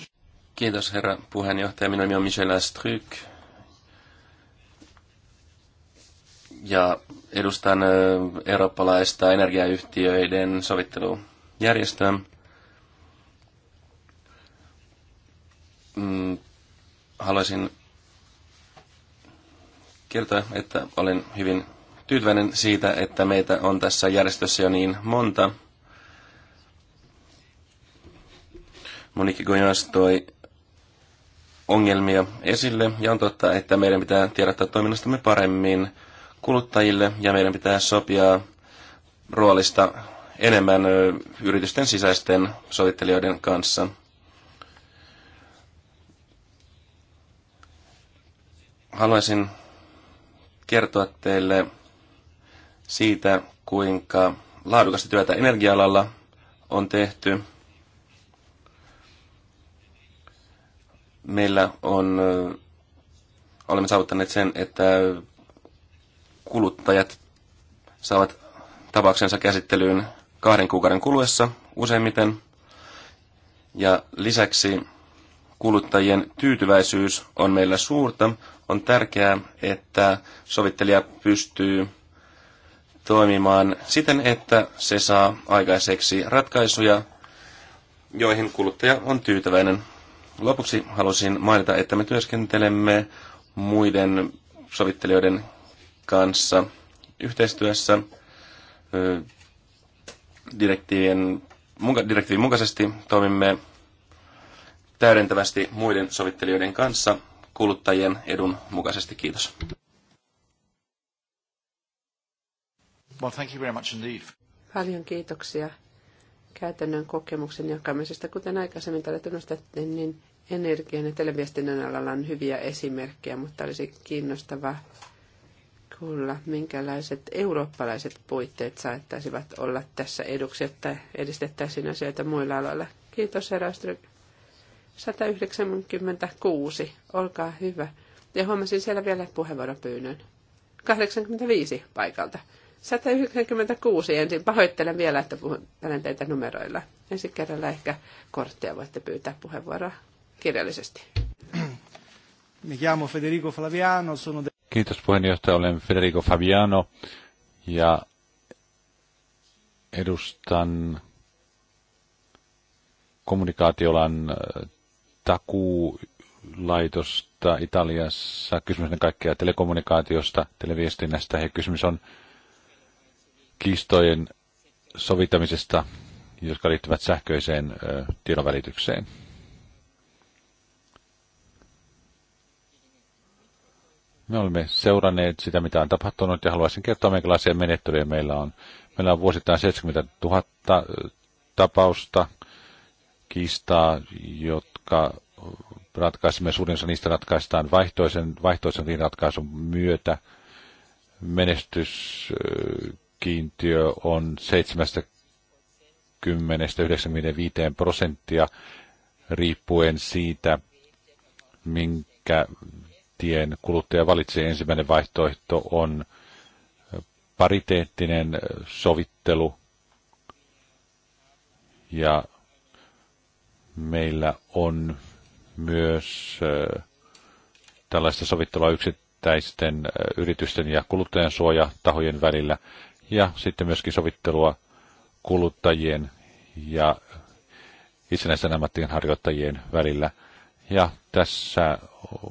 Kiitos herra puheenjohtaja. Minun nimi on Michel Astryk ja edustan eurooppalaista energiayhtiöiden sovittelujärjestöä. Mm, haluaisin kertoa, että olen hyvin tyytyväinen siitä, että meitä on tässä järjestössä jo niin monta. Monique Gojas toi ongelmia esille ja on totta, että meidän pitää tiedottaa toiminnastamme paremmin kuluttajille ja meidän pitää sopia roolista enemmän yritysten sisäisten sovittelijoiden kanssa. Haluaisin kertoa teille siitä, kuinka laadukasta työtä energialalla on tehty meillä on, olemme saavuttaneet sen, että kuluttajat saavat tapauksensa käsittelyyn kahden kuukauden kuluessa useimmiten. Ja lisäksi kuluttajien tyytyväisyys on meillä suurta. On tärkeää, että sovittelija pystyy toimimaan siten, että se saa aikaiseksi ratkaisuja, joihin kuluttaja on tyytyväinen. Lopuksi halusin mainita, että me työskentelemme muiden sovittelijoiden kanssa yhteistyössä direktiivien, direktiivin mukaisesti toimimme täydentävästi muiden sovittelijoiden kanssa kuluttajien edun mukaisesti. Kiitos. Well, thank you very much indeed. Paljon kiitoksia käytännön kokemuksen jakamisesta. Kuten aikaisemmin täällä tunnustettiin, niin energian ja televiestinnän alalla on hyviä esimerkkejä, mutta olisi kiinnostavaa kuulla, minkälaiset eurooppalaiset puitteet saattaisivat olla tässä eduksi, että edistettäisiin asioita muilla aloilla. Kiitos, herra 196, olkaa hyvä. Ja huomasin siellä vielä puheenvuoropyynnön. 85 paikalta. 196 ensin. Pahoittelen vielä, että puhun teitä numeroilla. Ensi kerralla ehkä kortteja voitte pyytää puheenvuoroa kirjallisesti. Mi chiamo Federico Flaviano, sono de- Kiitos puheenjohtaja, olen Federico Fabiano ja edustan kommunikaatiolan äh, takuulaitosta Italiassa. Kysymys on kaikkea telekommunikaatiosta, televiestinnästä ja kysymys on kiistojen sovittamisesta, jotka liittyvät sähköiseen tiedonvälitykseen. Me olemme seuranneet sitä, mitä on tapahtunut, ja haluaisin kertoa, minkälaisia menettelyjä meillä on. Meillä on vuosittain 70 000 tapausta kiistaa, jotka ratkaisimme. Suurin osa niistä ratkaistaan vaihtoisen, vaihtoisen ratkaisun myötä. Menestys kiintiö on 70-95 prosenttia riippuen siitä, minkä tien kuluttaja valitsee. Ensimmäinen vaihtoehto on pariteettinen sovittelu ja meillä on myös äh, tällaista sovittelua yksittäisten äh, yritysten ja kuluttajansuojatahojen välillä ja sitten myöskin sovittelua kuluttajien ja itsenäisten ammattien harjoittajien välillä. Ja tässä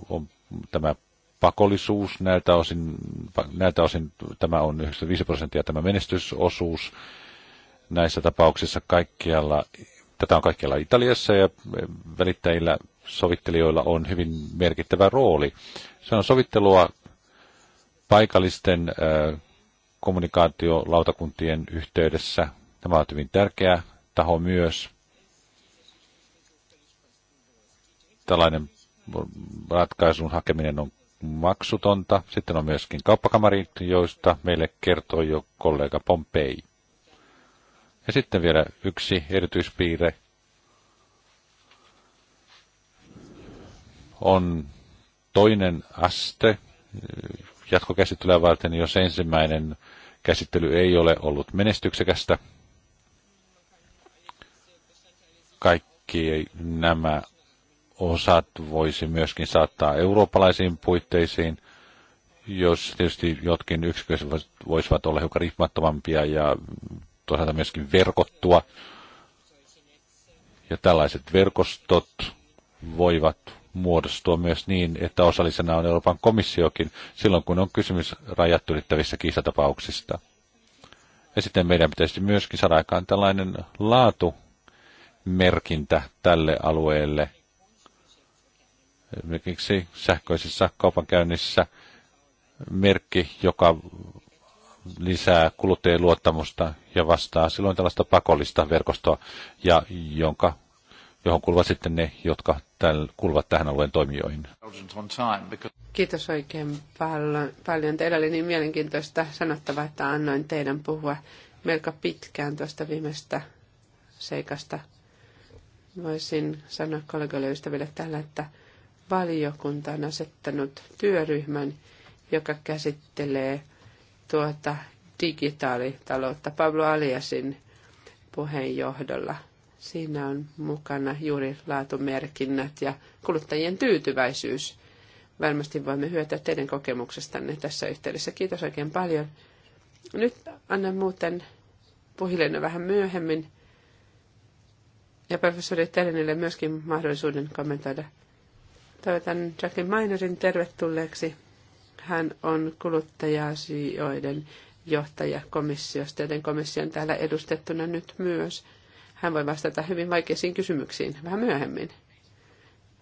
on tämä pakollisuus näiltä osin, näiltä osin tämä on 95 prosenttia tämä menestysosuus näissä tapauksissa kaikkialla, tätä on kaikkialla Italiassa ja välittäjillä sovittelijoilla on hyvin merkittävä rooli. Se on sovittelua paikallisten kommunikaatiolautakuntien yhteydessä. Tämä on hyvin tärkeä taho myös. Tällainen ratkaisun hakeminen on maksutonta. Sitten on myöskin kauppakamarit, joista meille kertoi jo kollega Pompei. Ja sitten vielä yksi erityispiirre on toinen aste, jatkokäsittelyä varten, jos ensimmäinen käsittely ei ole ollut menestyksekästä. Kaikki nämä osat voisi myöskin saattaa eurooppalaisiin puitteisiin, jos tietysti jotkin yksiköiset voisivat olla hiukan riippumattomampia ja toisaalta myöskin verkottua. Ja tällaiset verkostot voivat muodostua myös niin, että osallisena on Euroopan komissiokin silloin, kun on kysymys rajat ylittävissä kiistatapauksista. Ja sitten meidän pitäisi myöskin saada aikaan tällainen laatumerkintä tälle alueelle. Esimerkiksi sähköisessä kaupankäynnissä merkki, joka lisää kuluttajien luottamusta ja vastaa silloin tällaista pakollista verkostoa, ja jonka johon kuuluvat sitten ne, jotka täl, kuuluvat tähän alueen toimijoihin. Kiitos oikein paljon. Teillä oli niin mielenkiintoista sanottavaa, että annoin teidän puhua melko pitkään tuosta viimeistä seikasta. Voisin sanoa kollegoille ystäville tällä, että valiokunta on asettanut työryhmän, joka käsittelee tuota digitaalitaloutta Pablo Aliasin puheenjohdolla – Siinä on mukana juuri laatumerkinnät ja kuluttajien tyytyväisyys. Varmasti voimme hyötyä teidän kokemuksestanne tässä yhteydessä. Kiitos oikein paljon. Nyt annan muuten puhilleen vähän myöhemmin ja professori Terenille myöskin mahdollisuuden kommentoida. Toivotan Jackie Minerin tervetulleeksi. Hän on kuluttaja-asioiden johtaja komissiosta, joten komissio on täällä edustettuna nyt myös – hän voi vastata hyvin vaikeisiin kysymyksiin vähän myöhemmin.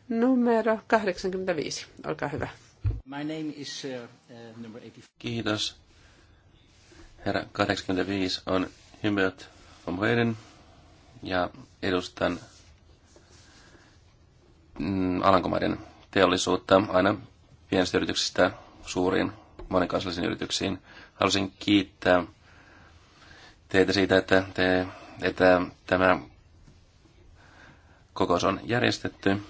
Numero 85, olkaa hyvä. My name is, uh, uh number 85. Kiitos. Herra 85 on Himmelt von Breiden ja edustan mm, Alankomaiden teollisuutta aina pienistä yrityksistä suuriin monikansallisiin yrityksiin. Haluaisin kiittää teitä siitä, että te että tämä kokous on järjestetty.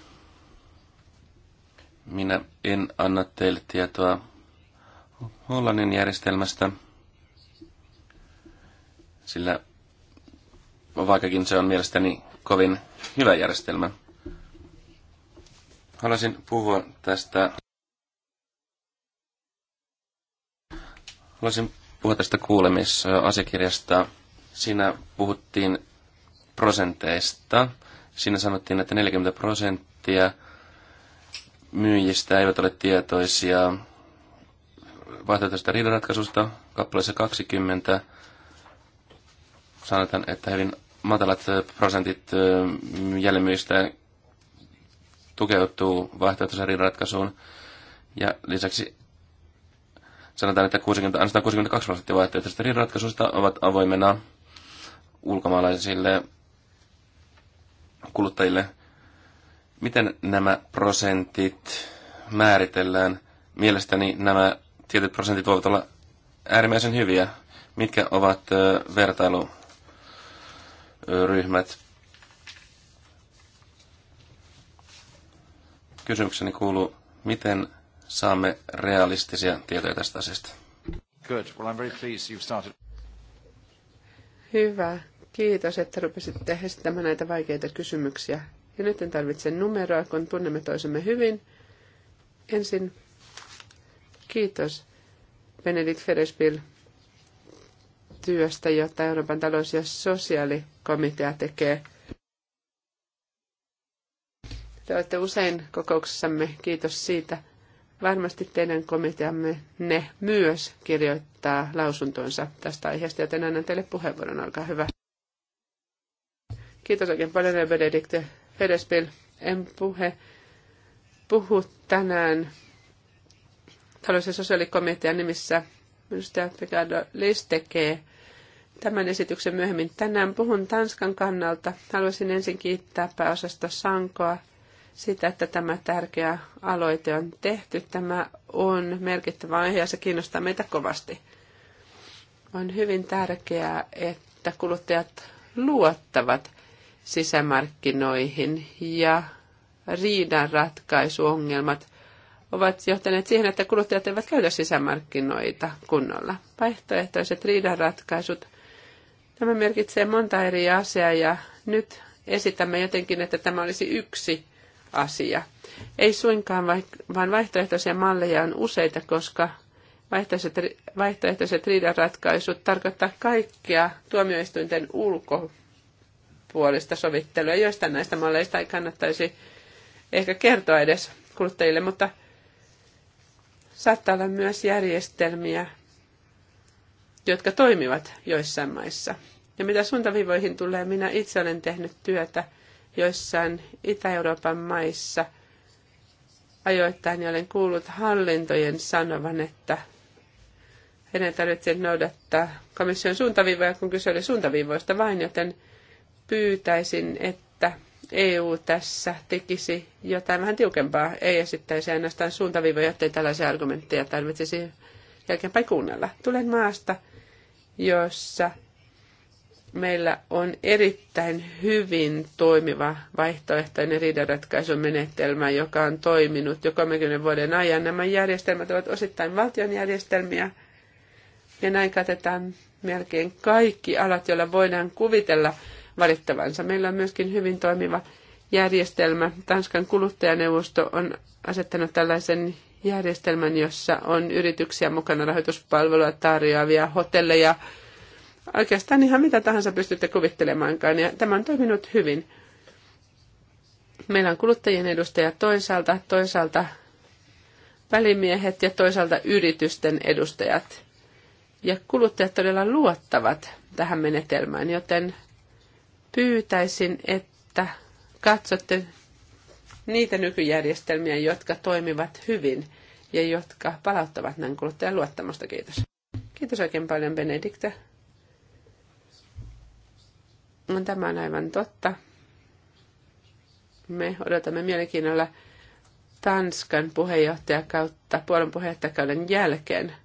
Minä en anna teille tietoa Hollannin järjestelmästä, sillä vaikkakin se on mielestäni kovin hyvä järjestelmä. Haluaisin puhua tästä Haluaisin puhua tästä kuulemisasiakirjasta Siinä puhuttiin prosenteista. Siinä sanottiin, että 40 prosenttia myyjistä eivät ole tietoisia vaihtoehtoisesta riidanratkaisusta. Kappaleessa 20 sanotaan, että hyvin matalat prosentit jäljimyistä tukeutuu vaihtoehtoisen riidanratkaisuun. Ja lisäksi sanotaan, että 60, 62 prosenttia vaihtoehtoisista riidanratkaisusta ovat avoimena ulkomaalaisille kuluttajille. Miten nämä prosentit määritellään? Mielestäni nämä tietyt prosentit voivat olla äärimmäisen hyviä. Mitkä ovat vertailuryhmät? Kysymykseni kuuluu, miten saamme realistisia tietoja tästä asiasta? Good. Well, I'm very pleased you've started. Hyvä. Kiitos, että rupesitte esittämään näitä vaikeita kysymyksiä. Ja nyt en tarvitse numeroa, kun tunnemme toisemme hyvin. Ensin kiitos Benedikt Ferespil työstä, jota Euroopan talous- ja sosiaalikomitea tekee. Te olette usein kokouksessamme, kiitos siitä. Varmasti teidän komiteamme ne myös kirjoittaa lausuntonsa tästä aiheesta, joten annan teille puheenvuoron, olkaa hyvä. Kiitos oikein paljon, Benedikte Hedespil. En puhe, puhu tänään talous- ja sosiaalikomitean nimissä. Minusta Ricardo Lis tekee tämän esityksen myöhemmin tänään. Puhun Tanskan kannalta. Haluaisin ensin kiittää pääosasta Sankoa sitä, että tämä tärkeä aloite on tehty. Tämä on merkittävä aihe ja se kiinnostaa meitä kovasti. On hyvin tärkeää, että kuluttajat luottavat sisämarkkinoihin ja riidanratkaisuongelmat ovat johtaneet siihen, että kuluttajat eivät käytä sisämarkkinoita kunnolla. Vaihtoehtoiset riidanratkaisut, tämä merkitsee monta eri asiaa ja nyt esitämme jotenkin, että tämä olisi yksi asia. Ei suinkaan, vaan vaihtoehtoisia malleja on useita, koska vaihtoehtoiset, vaihtoehtoiset riidanratkaisut tarkoittaa kaikkea tuomioistuinten ulko puolista sovittelua. joista näistä malleista ei kannattaisi ehkä kertoa edes kuluttajille, mutta saattaa olla myös järjestelmiä, jotka toimivat joissain maissa. Ja mitä suuntavivoihin tulee, minä itse olen tehnyt työtä joissain Itä-Euroopan maissa. Ajoittain ja olen kuullut hallintojen sanovan, että heidän tarvitsee noudattaa komission suuntaviivoja, kun kyse oli suuntaviivoista vain, joten – pyytäisin, että EU tässä tekisi jotain vähän tiukempaa, ei esittäisi ainoastaan suuntaviivoja, jottei tällaisia argumentteja tarvitsisi jälkeenpäin kuunnella. Tulen maasta, jossa meillä on erittäin hyvin toimiva vaihtoehtoinen riidanratkaisumenetelmä, joka on toiminut jo 30 vuoden ajan. Nämä järjestelmät ovat osittain valtion järjestelmiä, ja näin katetaan melkein kaikki alat, joilla voidaan kuvitella valittavansa. Meillä on myöskin hyvin toimiva järjestelmä. Tanskan kuluttajaneuvosto on asettanut tällaisen järjestelmän, jossa on yrityksiä mukana rahoituspalvelua tarjoavia hotelleja. Oikeastaan ihan mitä tahansa pystytte kuvittelemaankaan, ja tämä on toiminut hyvin. Meillä on kuluttajien edustaja toisaalta, toisaalta välimiehet ja toisaalta yritysten edustajat. Ja kuluttajat todella luottavat tähän menetelmään, joten Pyytäisin, että katsotte niitä nykyjärjestelmiä, jotka toimivat hyvin ja jotka palauttavat näin kuluttajan luottamusta. Kiitos. Kiitos oikein paljon, Benedikte. No, tämä on aivan totta. Me odotamme mielenkiinnolla Tanskan puheenjohtajakautta puolen puheenjohtajakauden jälkeen.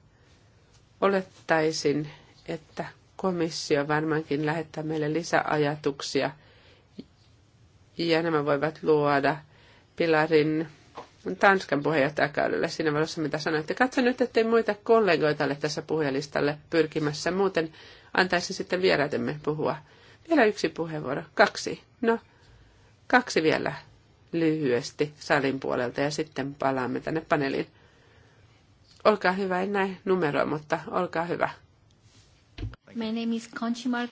Olettaisin, että komissio varmaankin lähettää meille lisäajatuksia ja nämä voivat luoda pilarin Tanskan puheenjohtajakaudella siinä valossa, mitä sanoitte. Katso nyt, ettei muita kollegoita ole tässä puhelistalle pyrkimässä. Muuten antaisin sitten vieraitemme puhua. Vielä yksi puheenvuoro. Kaksi. No, kaksi vielä lyhyesti salin puolelta ja sitten palaamme tänne paneeliin. Olkaa hyvä, en näe numeroa, mutta olkaa hyvä. My name is Conchi Mark.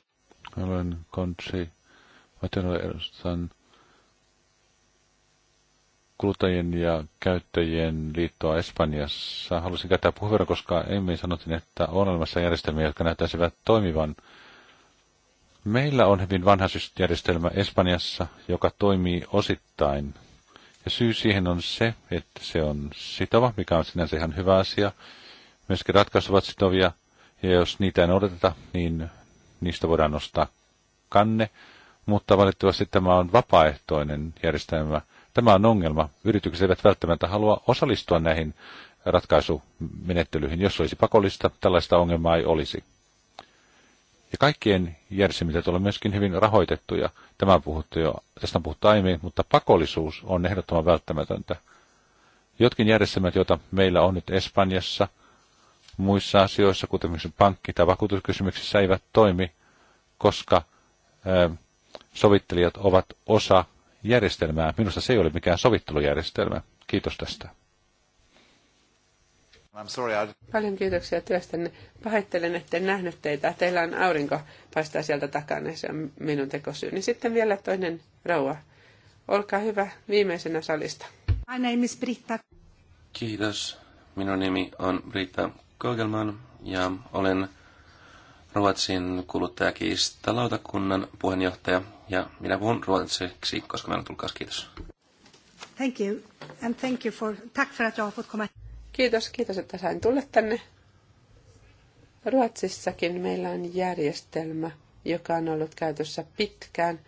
Olen Conchi. maternal edustan kuluttajien ja käyttäjien liittoa Espanjassa. Halusin käyttää puheenvuoron, koska emme sanottiin, että on olemassa järjestelmiä, jotka näyttäisivät toimivan. Meillä on hyvin vanha järjestelmä Espanjassa, joka toimii osittain. Ja syy siihen on se, että se on sitova, mikä on sinänsä ihan hyvä asia. Myöskin ratkaisut ovat sitovia, ja jos niitä ei noudateta, niin niistä voidaan nostaa kanne. Mutta valitettavasti tämä on vapaaehtoinen järjestelmä. Tämä on ongelma. Yritykset eivät välttämättä halua osallistua näihin ratkaisumenettelyihin. Jos olisi pakollista, tällaista ongelmaa ei olisi. Ja kaikkien järjestelmät ovat myöskin hyvin rahoitettuja. Tämä on puhuttu jo, tästä on puhuttu aiemmin, mutta pakollisuus on ehdottoman välttämätöntä. Jotkin järjestelmät, joita meillä on nyt Espanjassa – muissa asioissa, kuten esimerkiksi pankki- tai vakuutuskysymyksissä, eivät toimi, koska sovittelijat ovat osa järjestelmää. Minusta se ei ole mikään sovittelujärjestelmä. Kiitos tästä. I'm sorry, I... Paljon kiitoksia työstänne. Pahoittelen, että en nähnyt teitä. Teillä on aurinko paistaa sieltä takana, se on minun tekosyyni. Niin sitten vielä toinen rauha. Olkaa hyvä viimeisenä salista. My name is Britta. Kiitos. Minun nimi on Britta Kogelman ja olen Ruotsin lautakunnan puheenjohtaja ja minä puhun ruotsiksi, koska meillä on tulkaus. Kiitos. Thank you. And thank you for... Tack för att jag har fått komma. Kiitos, kiitos, että sain tulla tänne. Ruotsissakin meillä on järjestelmä, joka on ollut käytössä pitkään.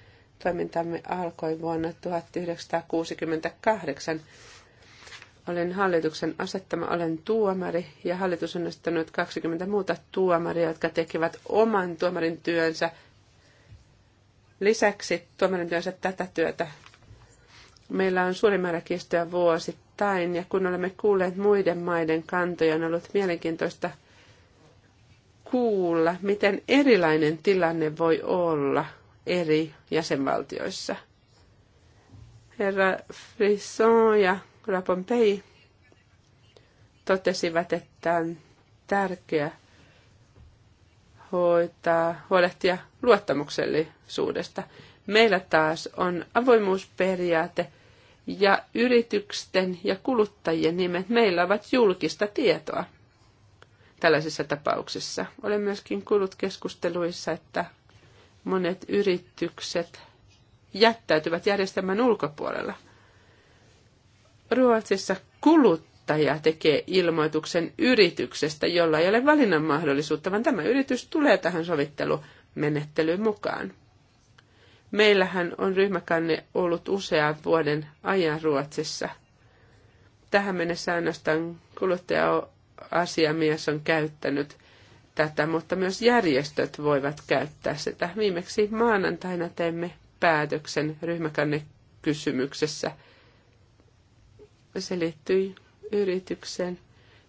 Toimintamme alkoi vuonna 1968 olen hallituksen asettama, olen tuomari ja hallitus on nostanut 20 muuta tuomaria, jotka tekevät oman tuomarin työnsä lisäksi tuomarin työnsä tätä työtä. Meillä on suuri määrä kiistoja vuosittain ja kun olemme kuulleet muiden maiden kantoja, on ollut mielenkiintoista kuulla, miten erilainen tilanne voi olla eri jäsenvaltioissa. Herra Frisson ja Kyllä Pompei totesivat, että on tärkeää hoitaa, huolehtia luottamuksellisuudesta. Meillä taas on avoimuusperiaate ja yritysten ja kuluttajien nimet meillä ovat julkista tietoa tällaisissa tapauksissa. Olen myöskin kuullut keskusteluissa, että monet yritykset jättäytyvät järjestelmän ulkopuolella. Ruotsissa kuluttaja tekee ilmoituksen yrityksestä, jolla ei ole valinnan mahdollisuutta, vaan tämä yritys tulee tähän sovittelumenettelyyn mukaan. Meillähän on ryhmäkanne ollut usean vuoden ajan Ruotsissa. Tähän mennessä ainoastaan kuluttaja-asiamies on käyttänyt tätä, mutta myös järjestöt voivat käyttää sitä. Viimeksi maanantaina teemme päätöksen kysymyksessä. Se liittyi yritykseen,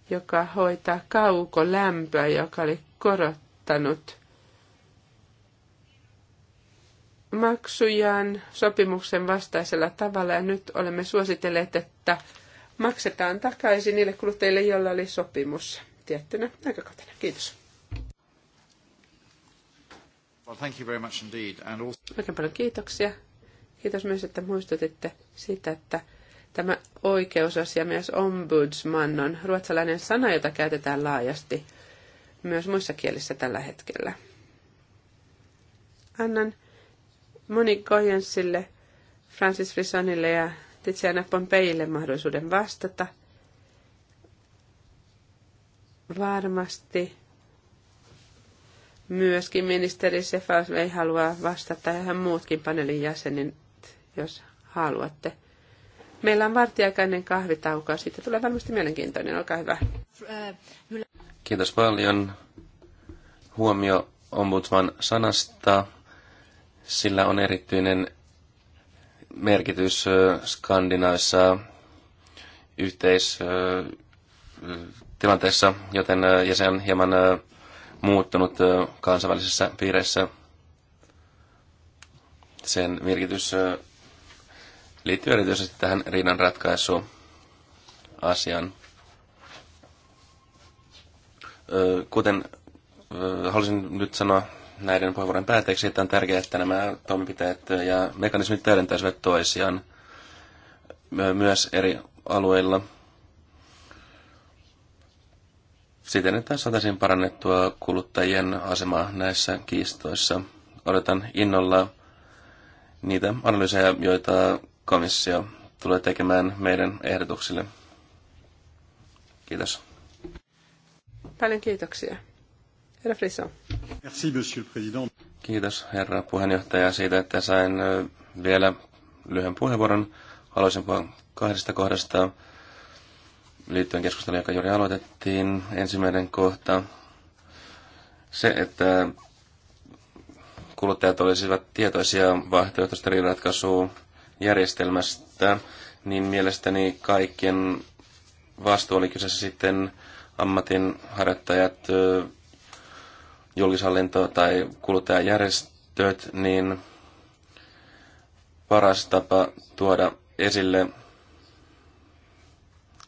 joka hoitaa kaukolämpöä, joka oli korottanut maksujaan sopimuksen vastaisella tavalla ja nyt olemme suositelleet, että maksetaan takaisin niille kuluttajille, joilla oli sopimus tiettynä aikakautena. Kiitos. Well, thank you very much indeed. And also... Oikein paljon kiitoksia. Kiitos myös, että muistutitte siitä, että Tämä oikeusasiamies ombudsman on ruotsalainen sana, jota käytetään laajasti myös muissa kielissä tällä hetkellä. Annan Moni Goyensille, Francis Frisonille ja Tiziana Pompeille mahdollisuuden vastata. Varmasti myöskin ministeri Sefas ei halua vastata ja hän muutkin paneelin jäsenet, jos haluatte. Meillä on vartiaikainen kahvitauko. Siitä tulee varmasti mielenkiintoinen. Olkaa hyvä. Kiitos paljon. Huomio ombudsman sanasta. Sillä on erityinen merkitys Skandinaissa yhteistilanteessa, joten se on hieman muuttunut kansainvälisessä piirissä. Sen merkitys liittyy erityisesti tähän riidan ratkaisuun asiaan. Kuten halusin nyt sanoa näiden puheenvuorojen päätteeksi, että on tärkeää, että nämä toimenpiteet ja mekanismit täydentäisivät toisiaan myös eri alueilla siten, että saataisiin parannettua kuluttajien asemaa näissä kiistoissa. Odotan innolla niitä analyysejä, joita komissio tulee tekemään meidän ehdotuksille. Kiitos. Paljon kiitoksia. Herra Friso. Merci, monsieur le président. Kiitos herra puheenjohtaja siitä, että sain vielä lyhyen puheenvuoron. Haluaisin puhua kahdesta kohdasta liittyen keskusteluun, joka juuri aloitettiin. Ensimmäinen kohta se, että kuluttajat olisivat tietoisia vaihtoehtoista riidanratkaisua järjestelmästä, niin mielestäni kaikkien vastuu oli kyseessä sitten ammatinharjoittajat, julkishallinto tai kuluttajajärjestöt, niin paras tapa tuoda esille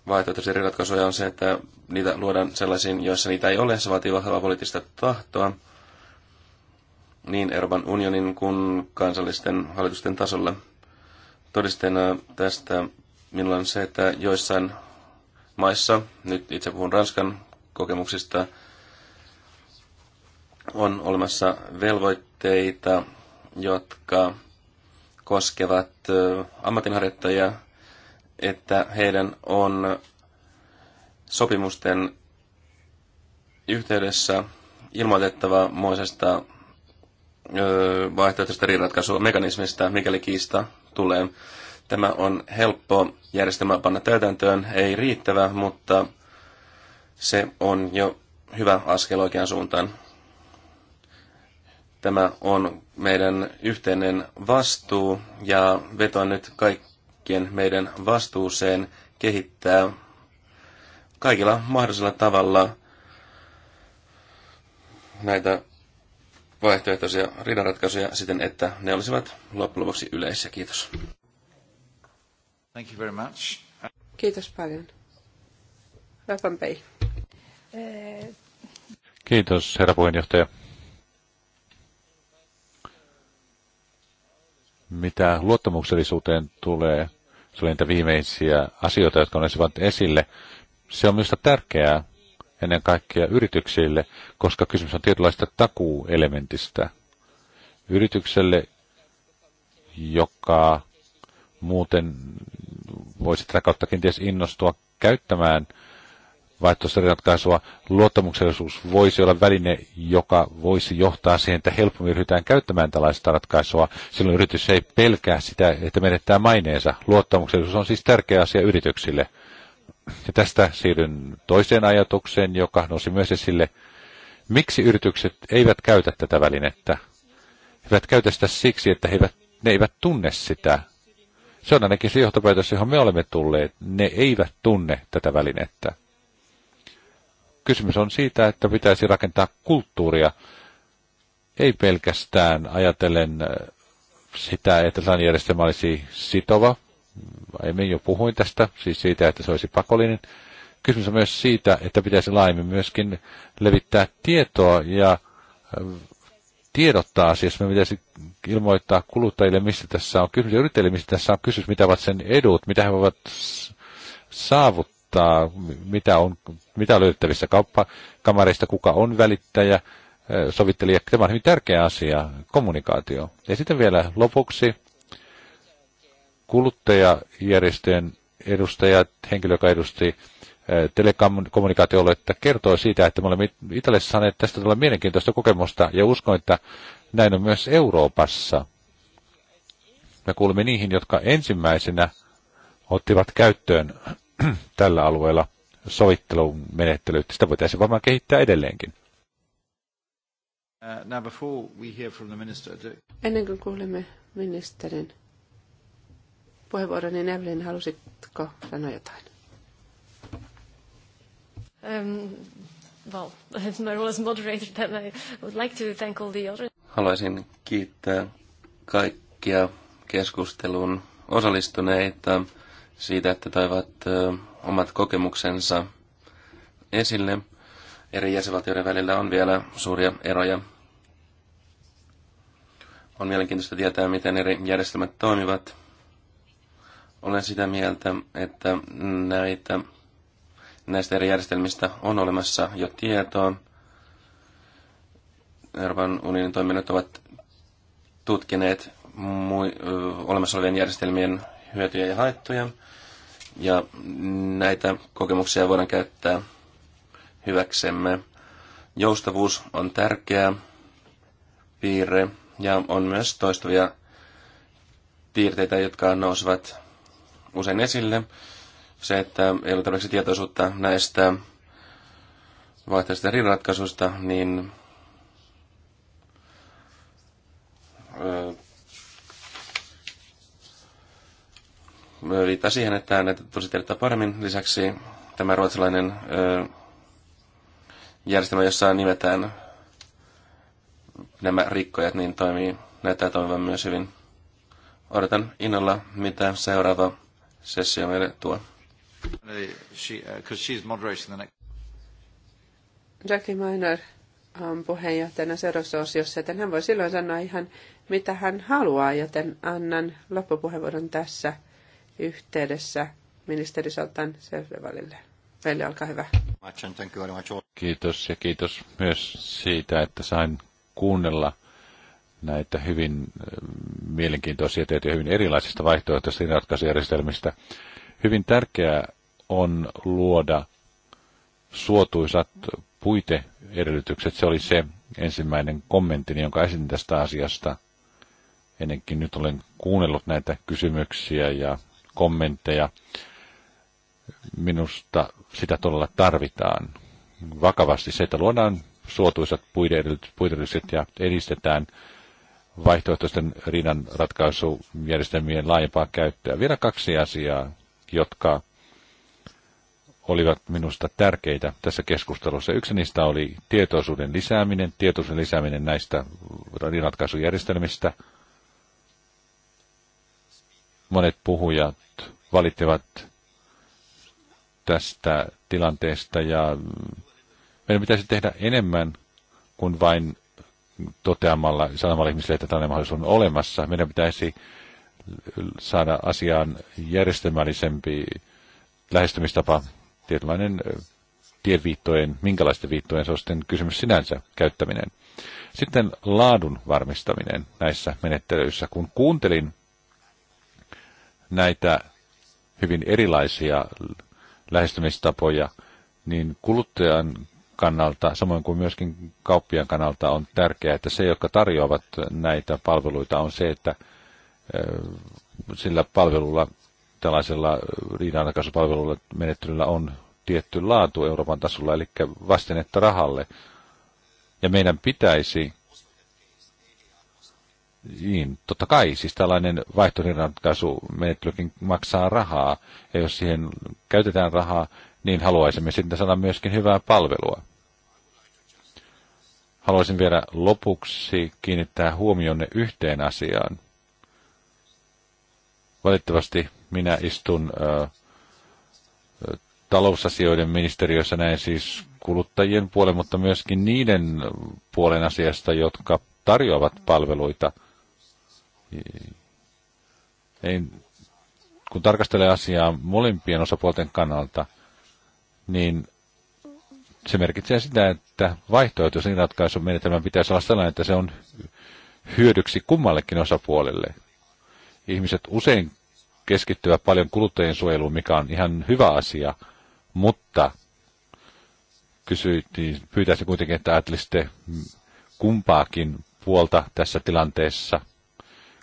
vaihtoehtoisia ratkaisuja on se, että niitä luodaan sellaisiin, joissa niitä ei ole. Se vaatii vahvaa poliittista tahtoa niin Euroopan unionin kuin kansallisten hallitusten tasolla. Todisteena tästä minulla on se, että joissain maissa, nyt itse puhun Ranskan kokemuksista, on olemassa velvoitteita, jotka koskevat ammatinharjoittajia, että heidän on sopimusten yhteydessä ilmoitettava moisesta vaihtoehtoista riidanratkaisua mekanismista, mikäli kiista tulee. Tämä on helppo järjestelmä panna täytäntöön, ei riittävä, mutta se on jo hyvä askel oikeaan suuntaan. Tämä on meidän yhteinen vastuu ja vetoan nyt kaikkien meidän vastuuseen kehittää kaikilla mahdollisella tavalla näitä vaihtoehtoisia riidanratkaisuja siten, että ne olisivat loppujen lopuksi yleisiä. Kiitos. Thank you very much. Kiitos paljon. Rapan pei. Kiitos, herra puheenjohtaja. Mitä luottamuksellisuuteen tulee, se oli niitä viimeisiä asioita, jotka olisivat esille. Se on minusta tärkeää, ennen kaikkea yrityksille, koska kysymys on tietynlaista takuuelementistä yritykselle, joka muuten voisi tätä kautta kenties innostua käyttämään ratkaisua, Luottamuksellisuus voisi olla väline, joka voisi johtaa siihen, että helpommin ryhdytään käyttämään tällaista ratkaisua. Silloin yritys ei pelkää sitä, että menettää maineensa. Luottamuksellisuus on siis tärkeä asia yrityksille. Ja tästä siirryn toiseen ajatukseen, joka nousi myös esille. Miksi yritykset eivät käytä tätä välinettä? He eivät käytä sitä siksi, että he eivät, ne eivät tunne sitä. Se on ainakin se johtopäätös, johon me olemme tulleet. Ne eivät tunne tätä välinettä. Kysymys on siitä, että pitäisi rakentaa kulttuuria, ei pelkästään ajatellen äh, sitä, että sellainen järjestelmä olisi sitova, aiemmin jo puhuin tästä, siis siitä, että se olisi pakollinen. Kysymys on myös siitä, että pitäisi laajemmin myöskin levittää tietoa ja äh, tiedottaa asiassa. Me pitäisi ilmoittaa kuluttajille, mistä tässä on kysymys, ja yrittäjille, mistä tässä on kysymys, mitä ovat sen edut, mitä he voivat saavuttaa, mitä on, mitä on löydettävissä kauppakamareista, kuka on välittäjä, äh, sovittelija. Tämä on hyvin tärkeä asia, kommunikaatio. Ja sitten vielä lopuksi kuluttajajärjestöjen edustaja, henkilö, joka edusti telekommunikaatiolle, että kertoo siitä, että me olemme Italiassa saaneet tästä tulla mielenkiintoista kokemusta, ja uskon, että näin on myös Euroopassa. Me kuulimme niihin, jotka ensimmäisenä ottivat käyttöön tällä alueella sovittelun menettelyt. Sitä voitaisiin varmaan kehittää edelleenkin. Uh, Ennen kuin kuulemme ministerin puheenvuoron, niin Evelyn, halusitko sanoa jotain? Um, well, moderator, I would like to thank all the Haluaisin kiittää kaikkia keskusteluun osallistuneita siitä, että toivat omat kokemuksensa esille. Eri jäsenvaltioiden välillä on vielä suuria eroja. On mielenkiintoista tietää, miten eri järjestelmät toimivat – olen sitä mieltä, että näitä, näistä eri järjestelmistä on olemassa jo tietoa. Euroopan unionin toiminnot ovat tutkineet ö, olemassa olevien järjestelmien hyötyjä ja haittoja. Ja näitä kokemuksia voidaan käyttää hyväksemme. Joustavuus on tärkeä piirre ja on myös toistuvia piirteitä, jotka nousevat usein esille. Se, että ei ole tarpeeksi tietoisuutta näistä vaihtoehtoisista riidanratkaisuista, niin viittaa siihen, että näitä tulisi tiedottaa paremmin. Lisäksi tämä ruotsalainen järjestelmä, jossa nimetään nämä rikkojat, niin toimii, näyttää toimivan myös hyvin. Odotan innolla, mitä seuraava sessio meille tuo. Jackie Minor on puheenjohtajana seuraavassa osiossa, joten hän voi silloin sanoa ihan mitä hän haluaa, joten annan loppupuheenvuoron tässä yhteydessä ministeri Saltan Servalille. Veli, olkaa hyvä. Kiitos ja kiitos myös siitä, että sain kuunnella – näitä hyvin äh, mielenkiintoisia tietoja hyvin erilaisista vaihtoehtoista ratkaisujärjestelmistä. Hyvin tärkeää on luoda suotuisat puiteedellytykset. Se oli se ensimmäinen kommentti, jonka esitin tästä asiasta. Ennenkin nyt olen kuunnellut näitä kysymyksiä ja kommentteja. Minusta sitä todella tarvitaan. Vakavasti se, että luodaan suotuisat puiteedellytykset ja edistetään vaihtoehtoisten riidan ratkaisujärjestelmien laajempaa käyttöä. Vielä kaksi asiaa, jotka olivat minusta tärkeitä tässä keskustelussa. Yksi niistä oli tietoisuuden lisääminen, tietoisuuden lisääminen näistä ratkaisujärjestelmistä. Monet puhujat valittivat tästä tilanteesta ja meidän pitäisi tehdä enemmän kuin vain toteamalla, sanomalla ihmisille, että tällainen mahdollisuus on olemassa. Meidän pitäisi saada asiaan järjestelmällisempi lähestymistapa, tietynlainen tieviittojen, minkälaisten viittojen, se on sitten kysymys sinänsä käyttäminen. Sitten laadun varmistaminen näissä menettelyissä. Kun kuuntelin näitä hyvin erilaisia lähestymistapoja, niin kuluttajan kannalta, samoin kuin myöskin kauppian kannalta on tärkeää, että se, jotka tarjoavat näitä palveluita, on se, että sillä palvelulla, tällaisella riidanakaisupalvelulla menettelyllä on tietty laatu Euroopan tasolla, eli vastennetta rahalle. Ja meidän pitäisi, niin, totta kai, siis tällainen vaihtoehdonratkaisumenettelykin maksaa rahaa, ja jos siihen käytetään rahaa, niin haluaisimme sitten saada myöskin hyvää palvelua. Haluaisin vielä lopuksi kiinnittää huomionne yhteen asiaan. Valitettavasti minä istun talousasioiden ministeriössä näin siis kuluttajien puolen, mutta myöskin niiden puolen asiasta, jotka tarjoavat palveluita. Ei, kun tarkastelee asiaa molempien osapuolten kannalta, niin se merkitsee sitä, että vaihtoehtoisen ratkaisun menetelmän pitäisi olla sellainen, että se on hyödyksi kummallekin osapuolelle. Ihmiset usein keskittyvät paljon kuluttajien suojeluun, mikä on ihan hyvä asia, mutta kysyttiin, pyytäisin kuitenkin, että ajattelisitte kumpaakin puolta tässä tilanteessa.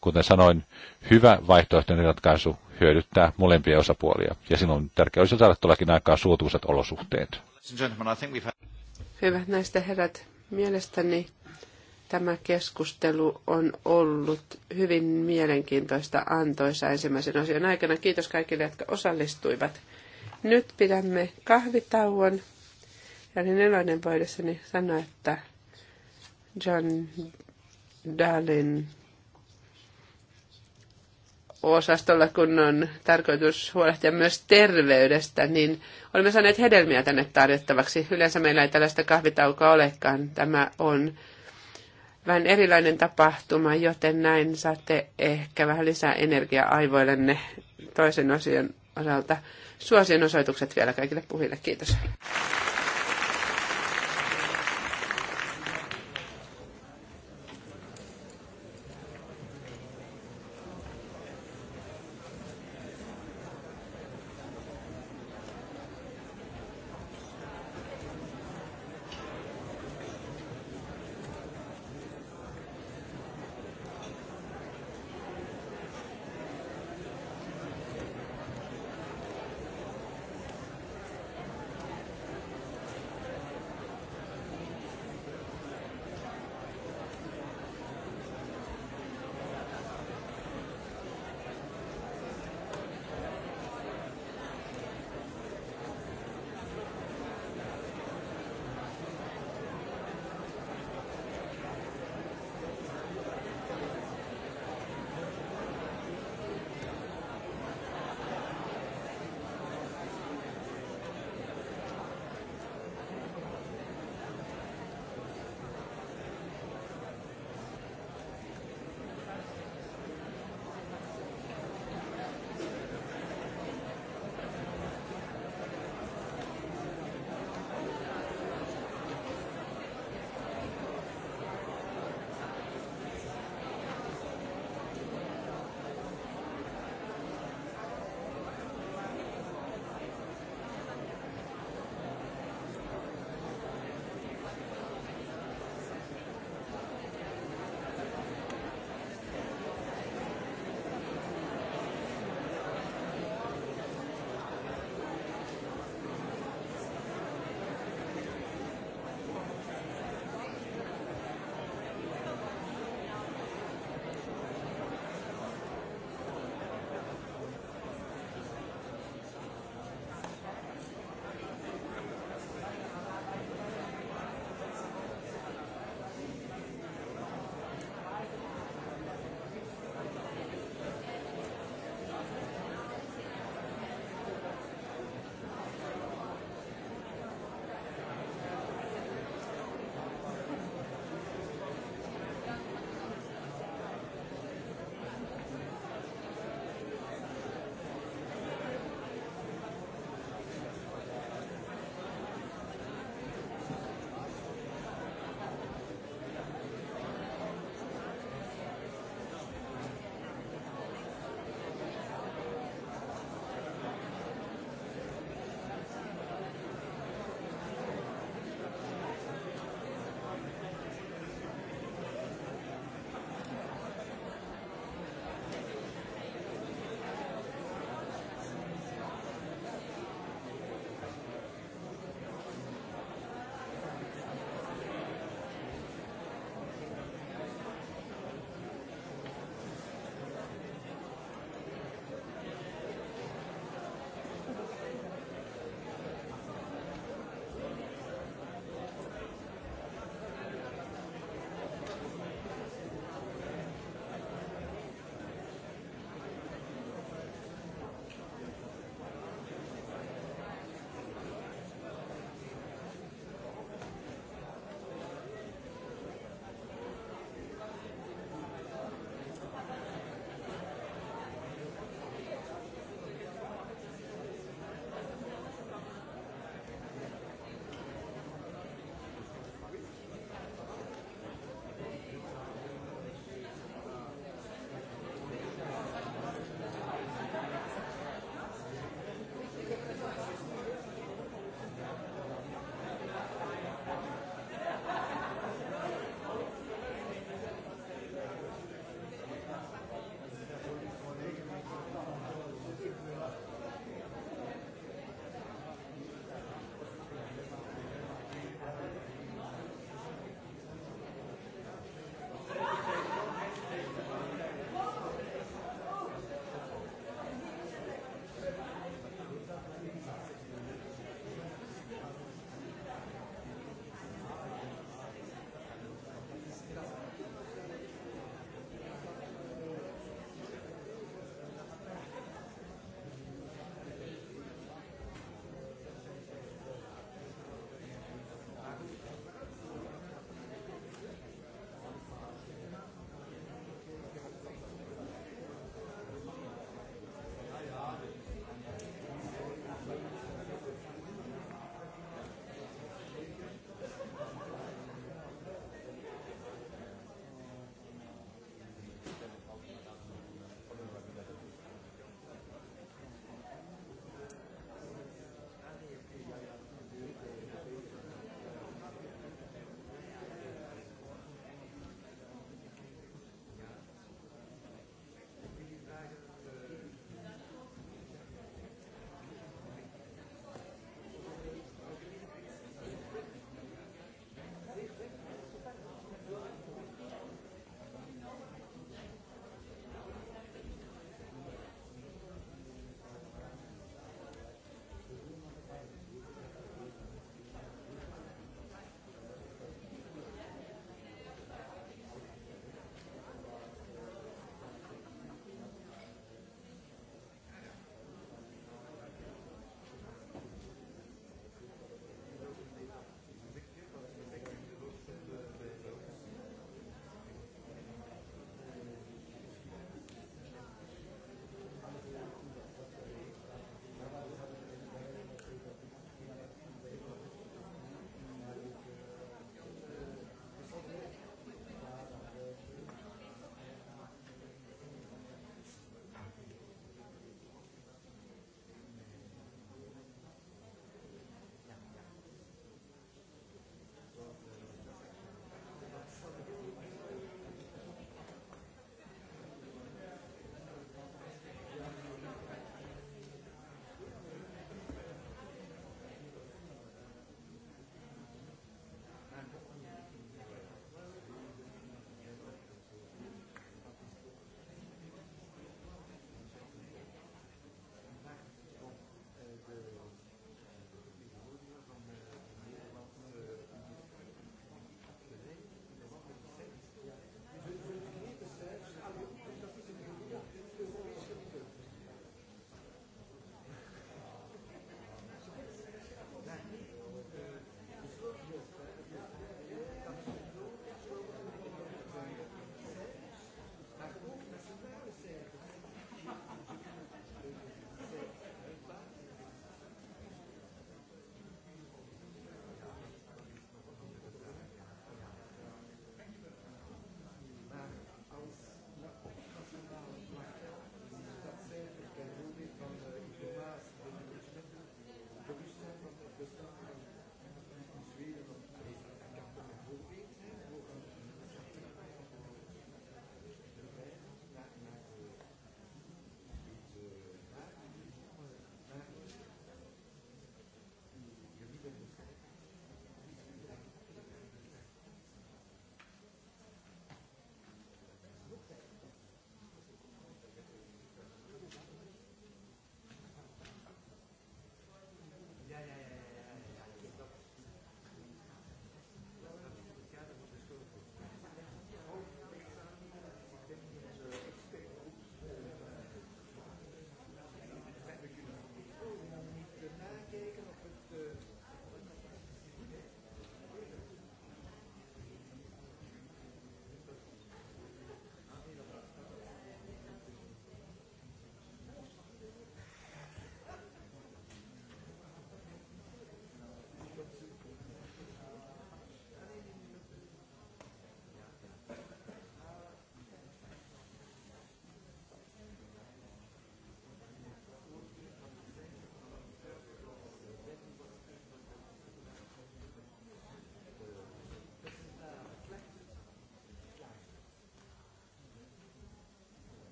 Kuten sanoin, hyvä vaihtoehtoinen ratkaisu hyödyttää molempia osapuolia. Ja silloin tärkeää olisi saada tuollakin aikaa suotuisat olosuhteet. Hyvät näistä herrat, mielestäni tämä keskustelu on ollut hyvin mielenkiintoista antoisa ensimmäisen osion aikana. Kiitos kaikille, jotka osallistuivat. Nyt pidämme kahvitauon. Ja niin iloinen voidessani sanoa, että John Dalin osastolla, kun on tarkoitus huolehtia myös terveydestä, niin olemme saaneet hedelmiä tänne tarjottavaksi. Yleensä meillä ei tällaista kahvitaukoa olekaan. Tämä on vähän erilainen tapahtuma, joten näin saatte ehkä vähän lisää energiaa aivoillenne toisen osion osalta. Suosien osoitukset vielä kaikille puhille. Kiitos.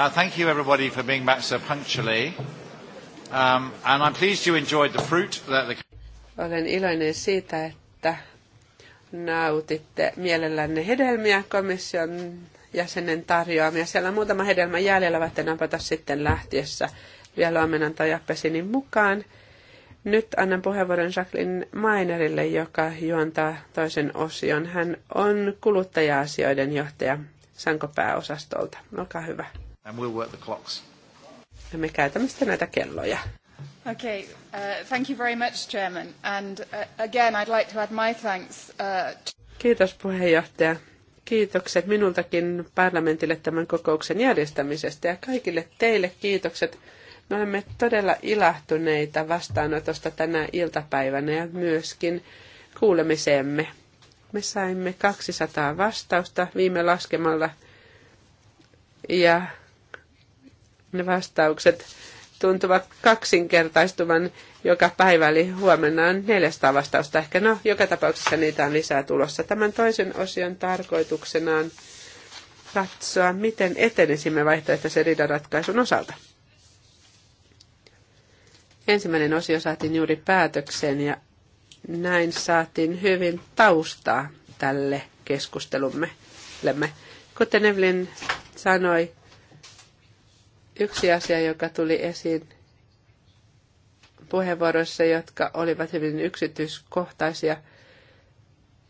Uh, thank you everybody for being back so punctually. Um, and I'm pleased you enjoyed the fruit that the... Olen iloinen siitä, että nautitte mielellänne hedelmiä komission jäsenen tarjoamia. Siellä on muutama hedelmä jäljellä, vaikka napata sitten lähtiessä vielä omenan tai appesinin mukaan. Nyt annan puheenvuoron Jacqueline Mainerille, joka juontaa toisen osion. Hän on kuluttaja-asioiden johtaja Sanko pääosastolta. Olkaa hyvä. And we'll work the clocks. Ja me käytämme sitten näitä kelloja. Okay, uh, thank you very much, Chairman. And uh, again, I'd like to add my thanks. Uh, Kiitos puheenjohtaja. Kiitokset minultakin parlamentille tämän kokouksen järjestämisestä ja kaikille teille kiitokset. Me olemme todella ilahtuneita vastaanotosta tänä iltapäivänä ja myöskin kuulemisemme. Me saimme 200 vastausta viime laskemalla ja vastaukset tuntuvat kaksinkertaistuvan joka päivä, eli huomenna on 400 vastausta. Ehkä no, joka tapauksessa niitä on lisää tulossa. Tämän toisen osion tarkoituksena on katsoa, miten etenisimme vaihtoehtoisen ratkaisun osalta. Ensimmäinen osio saatiin juuri päätökseen ja näin saatiin hyvin taustaa tälle keskustelumme. Kuten Evelyn sanoi, Yksi asia, joka tuli esiin puheenvuoroissa, jotka olivat hyvin yksityiskohtaisia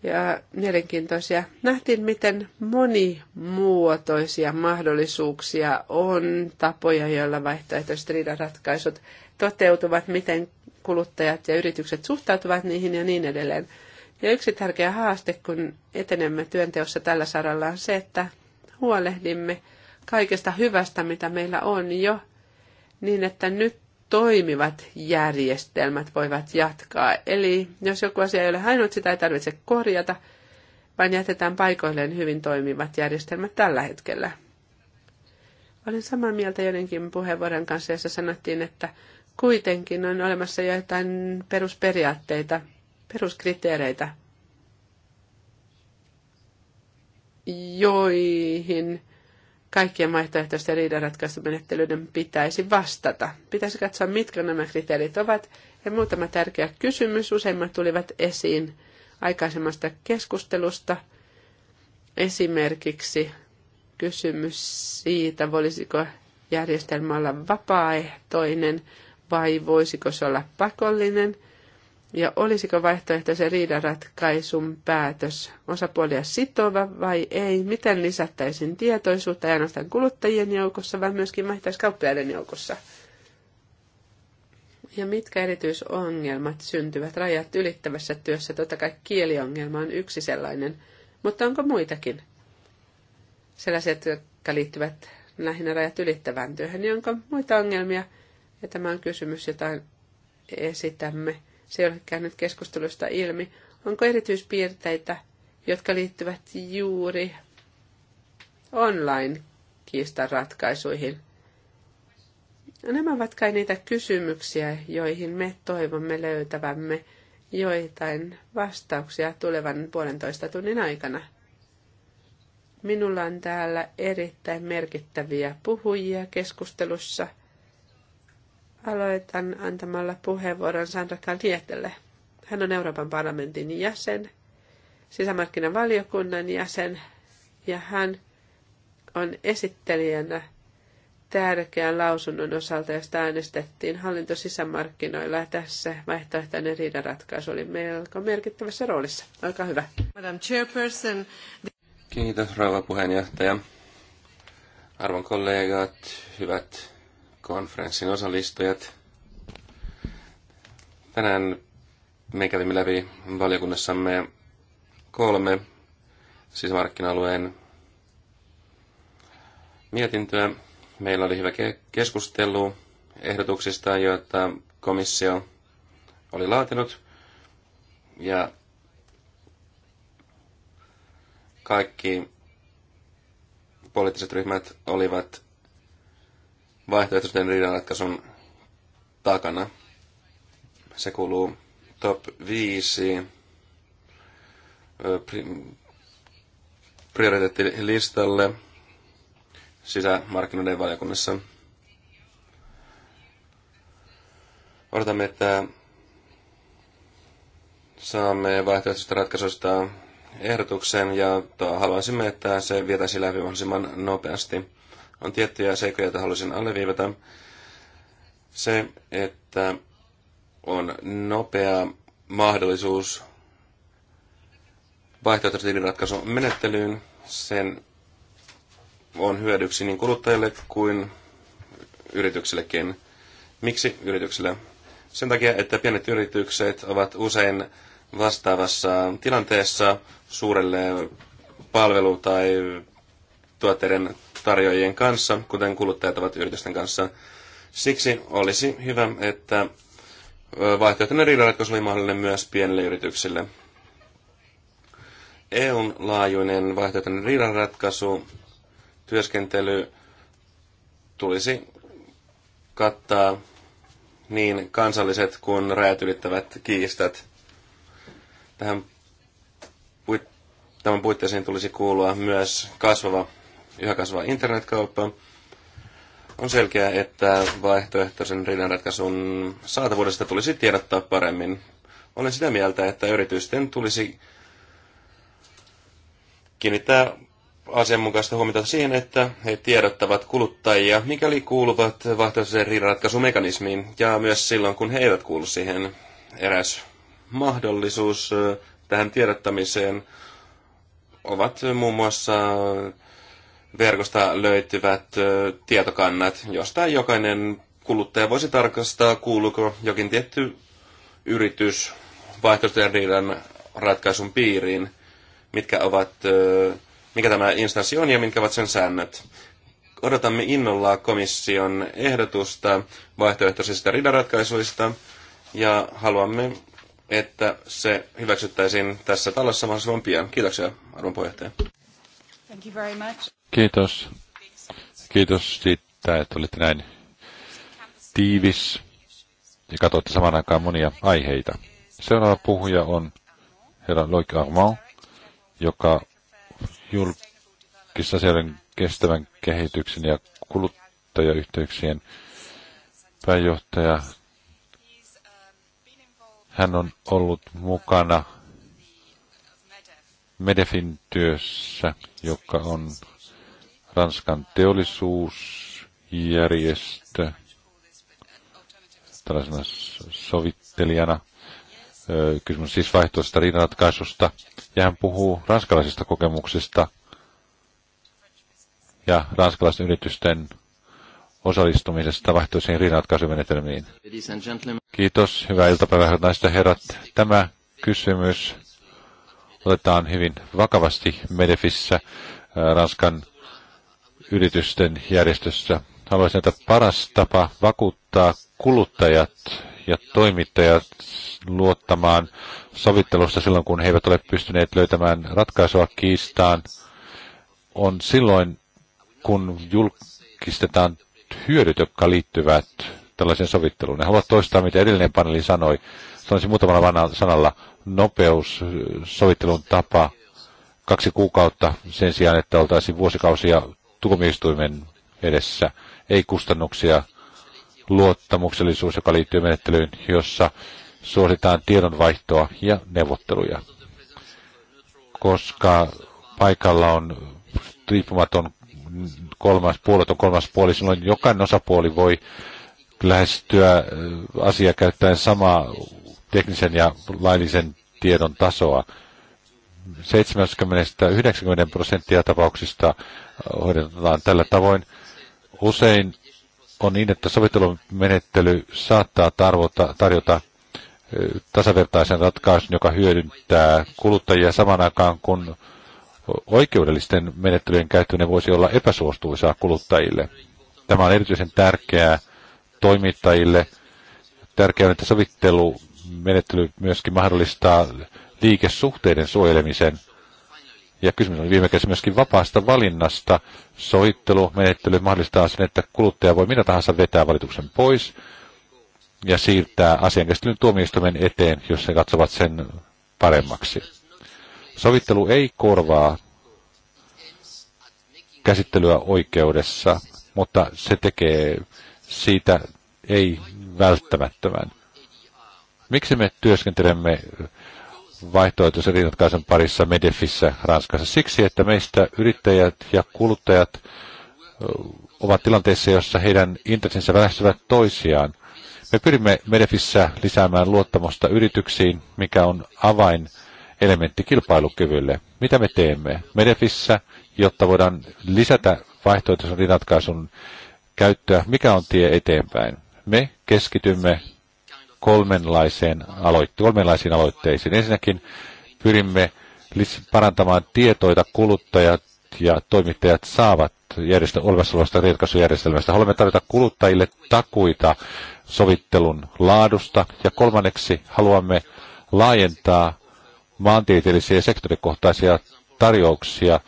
ja mielenkiintoisia. Nähtiin, miten monimuotoisia mahdollisuuksia on tapoja, joilla vaihtoehtoiset riidanratkaisut toteutuvat, miten kuluttajat ja yritykset suhtautuvat niihin ja niin edelleen. Ja yksi tärkeä haaste, kun etenemme työnteossa tällä saralla, on se, että huolehdimme – kaikesta hyvästä, mitä meillä on jo, niin että nyt toimivat järjestelmät voivat jatkaa. Eli jos joku asia ei ole hainut, sitä ei tarvitse korjata, vaan jätetään paikoilleen hyvin toimivat järjestelmät tällä hetkellä. Olen samaa mieltä joidenkin puheenvuoron kanssa, jossa sanottiin, että kuitenkin on olemassa joitain perusperiaatteita, peruskriteereitä, joihin kaikkien vaihtoehtoisten riidanratkaisumenettelyiden pitäisi vastata. Pitäisi katsoa, mitkä nämä kriteerit ovat. Ja muutama tärkeä kysymys, useimmat tulivat esiin aikaisemmasta keskustelusta. Esimerkiksi kysymys siitä, voisiko järjestelmä olla vapaaehtoinen vai voisiko se olla pakollinen – ja olisiko vaihtoehto se riidanratkaisun päätös osapuolia sitova vai ei? Miten lisättäisiin tietoisuutta ei ainoastaan kuluttajien joukossa, vaan myöskin vaihtaiskauppiaiden joukossa? Ja mitkä erityisongelmat syntyvät rajat ylittävässä työssä? Totta kai kieliongelma on yksi sellainen, mutta onko muitakin? Sellaisia, jotka liittyvät lähinnä rajat ylittävään työhön, niin onko muita ongelmia? Ja tämä on kysymys, jota esitämme se ei ole käynyt keskustelusta ilmi. Onko erityispiirteitä, jotka liittyvät juuri online-kiistan ratkaisuihin? No, nämä ovat kai niitä kysymyksiä, joihin me toivomme löytävämme joitain vastauksia tulevan puolentoista tunnin aikana. Minulla on täällä erittäin merkittäviä puhujia keskustelussa – Aloitan antamalla puheenvuoron Sandra Kaltietelle. Hän on Euroopan parlamentin jäsen, sisämarkkinavaliokunnan jäsen ja hän on esittelijänä tärkeän lausunnon osalta, josta äänestettiin sisämarkkinoilla Ja tässä vaihtoehtoinen riidaratkaisu oli melko merkittävässä roolissa. Olkaa hyvä. Madam Chairperson. Kiitos rouva puheenjohtaja. Arvon kollegat, hyvät konferenssin osallistujat. Tänään me kävimme läpi valiokunnassamme kolme sisämarkkina-alueen mietintöä. Meillä oli hyvä keskustelu ehdotuksista, joita komissio oli laatinut. Ja kaikki poliittiset ryhmät olivat vaihtoehtoisten riidanratkaisun takana. Se kuuluu top 5 prioriteettilistalle sisämarkkinoiden valiokunnassa. Odotamme, että saamme vaihtoehtoisista ratkaisuista ehdotuksen ja haluaisimme, että se vietäisi läpi mahdollisimman nopeasti. On tiettyjä seikkoja, joita haluaisin alleviivata. Se, että on nopea mahdollisuus vaihtoehtoisen menettelyyn. Sen on hyödyksi niin kuluttajille kuin yrityksillekin. Miksi yrityksille? Sen takia, että pienet yritykset ovat usein vastaavassa tilanteessa suurelle palvelu- tai tuotteiden tarjoajien kanssa, kuten kuluttajat ovat yritysten kanssa. Siksi olisi hyvä, että vaihtoehtoinen riidanratkaisu oli mahdollinen myös pienille yrityksille. EUn laajuinen vaihtoehtoinen riidanratkaisu työskentely tulisi kattaa niin kansalliset kuin rajat ylittävät kiistat. Tähän, tämän puitteisiin tulisi kuulua myös kasvava yhä kasvaa internetkauppa. On selkeää, että vaihtoehtoisen riidanratkaisun saatavuudesta tulisi tiedottaa paremmin. Olen sitä mieltä, että yritysten tulisi kiinnittää asianmukaista huomiota siihen, että he tiedottavat kuluttajia, mikäli kuuluvat vaihtoehtoiseen riidanratkaisumekanismiin, ja myös silloin, kun he eivät kuulu siihen. Eräs mahdollisuus äh, tähän tiedottamiseen ovat muun muassa verkosta löytyvät tietokannat, josta jokainen kuluttaja voisi tarkastaa, kuuluuko jokin tietty yritys vaihtoehtojen ratkaisun piiriin, mitkä ovat, mikä tämä instanssi on ja mitkä ovat sen säännöt. Odotamme innolla komission ehdotusta vaihtoehtoisista riidanratkaisuista ja haluamme, että se hyväksyttäisiin tässä talossa mahdollisimman pian. Kiitoksia, arvon puheenjohtaja. Thank you very much. Kiitos. Kiitos siitä, että olitte näin tiivis ja katsoitte saman aikaan monia aiheita. Seuraava puhuja on herra Loik Armand, joka julkisasioiden kestävän kehityksen ja kuluttajayhteyksien pääjohtaja. Hän on ollut mukana Medefin työssä, joka on Ranskan teollisuusjärjestö tällaisena sovittelijana. Kysymys siis vaihtoista riidanratkaisusta. Ja hän puhuu ranskalaisista kokemuksista ja ranskalaisten yritysten osallistumisesta vaihtoisiin riidanratkaisumenetelmiin. Kiitos, hyvää iltapäivää, hyvät naiset ja herrat. Tämä kysymys otetaan hyvin vakavasti Medefissä, Ranskan yritysten järjestössä. Haluaisin, että paras tapa vakuuttaa kuluttajat ja toimittajat luottamaan sovittelusta silloin, kun he eivät ole pystyneet löytämään ratkaisua kiistaan, on silloin, kun julkistetaan hyödyt, jotka liittyvät tällaiseen sovitteluun. En toistaa, mitä edellinen paneeli sanoi. Sanoisin muutamalla sanalla nopeus, sovittelun tapa, kaksi kuukautta sen sijaan, että oltaisiin vuosikausia tuomioistuimen edessä, ei kustannuksia, luottamuksellisuus, joka liittyy menettelyyn, jossa suositaan tiedonvaihtoa ja neuvotteluja. Koska paikalla on riippumaton kolmas puoleton kolmas puoli, silloin jokainen osapuoli voi lähestyä äh, asiaa käyttäen samaa teknisen ja laillisen tiedon tasoa. 70-90 prosenttia tapauksista hoidetaan tällä tavoin. Usein on niin, että sovittelumenettely saattaa tarvota, tarjota tasavertaisen ratkaisun, joka hyödyntää kuluttajia saman aikaan, kun oikeudellisten menettelyjen käyttäminen voisi olla epäsuostuisaa kuluttajille. Tämä on erityisen tärkeää toimittajille. Tärkeää on, että sovittelumenettely myöskin mahdollistaa liikesuhteiden suojelemisen. Ja kysymys on viime kädessä myöskin vapaasta valinnasta. Soittelumenettely mahdollistaa sen, että kuluttaja voi minä tahansa vetää valituksen pois ja siirtää asiankäsittelyn tuomioistuimen eteen, jos he katsovat sen paremmaksi. Sovittelu ei korvaa käsittelyä oikeudessa, mutta se tekee siitä ei välttämättömän. Miksi me työskentelemme vaihtoehtoisen rinnatkaisen parissa Medefissä Ranskassa siksi, että meistä yrittäjät ja kuluttajat ovat tilanteessa, jossa heidän intressinsä välähtyvät toisiaan. Me pyrimme Medefissä lisäämään luottamusta yrityksiin, mikä on avain elementti kilpailukyvylle. Mitä me teemme Medefissä, jotta voidaan lisätä vaihtoehtoisen rinnatkaisun käyttöä? Mikä on tie eteenpäin? Me keskitymme kolmenlaiseen aloitte- kolmenlaisiin aloitteisiin. Ensinnäkin pyrimme parantamaan tietoita kuluttajat ja toimittajat saavat järjestä, olemassa olevasta ratkaisujärjestelmästä. Haluamme tarjota kuluttajille takuita sovittelun laadusta ja kolmanneksi haluamme laajentaa maantieteellisiä ja sektorikohtaisia tarjouksia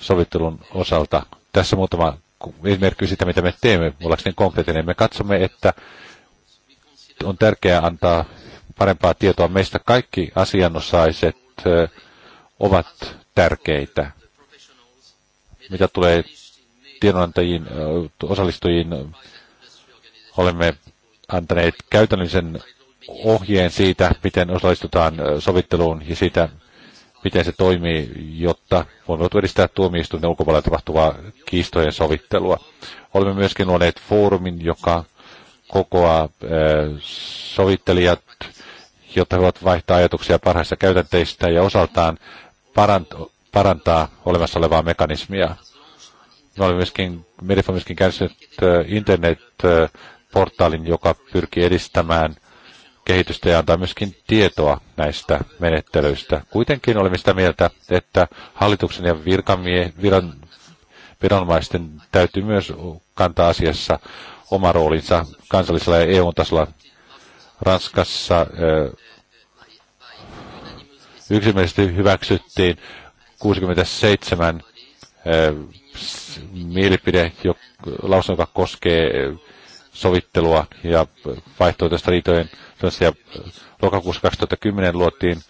sovittelun osalta. Tässä muutama esimerkki siitä, mitä me teemme, ollakseni konkreettinen. Me katsomme, että on tärkeää antaa parempaa tietoa. Meistä kaikki asianosaiset ovat tärkeitä. Mitä tulee tiedonantajiin, osallistujiin, olemme antaneet käytännöllisen ohjeen siitä, miten osallistutaan sovitteluun ja siitä, miten se toimii, jotta voimme edistää tuomioistuinten ulkopuolella tapahtuvaa kiistojen sovittelua. Olemme myöskin luoneet foorumin, joka kokoaa sovittelijat, jotta he voivat vaihtaa ajatuksia parhaista käytänteistä ja osaltaan parantaa olemassa olevaa mekanismia. Me olemme myöskin, Medif on myöskin käynyt internetportaalin, joka pyrkii edistämään kehitystä ja antaa myöskin tietoa näistä menettelyistä. Kuitenkin olemme sitä mieltä, että hallituksen ja virkamie, viran, viranomaisten täytyy myös kantaa asiassa oma roolinsa kansallisella ja EU-tasolla. Ranskassa yksimielisesti hyväksyttiin 67 mielipide, lausunto, joka koskee sovittelua ja vaihtoehtoista liitojen. Ja lokakuussa 2010 luotiin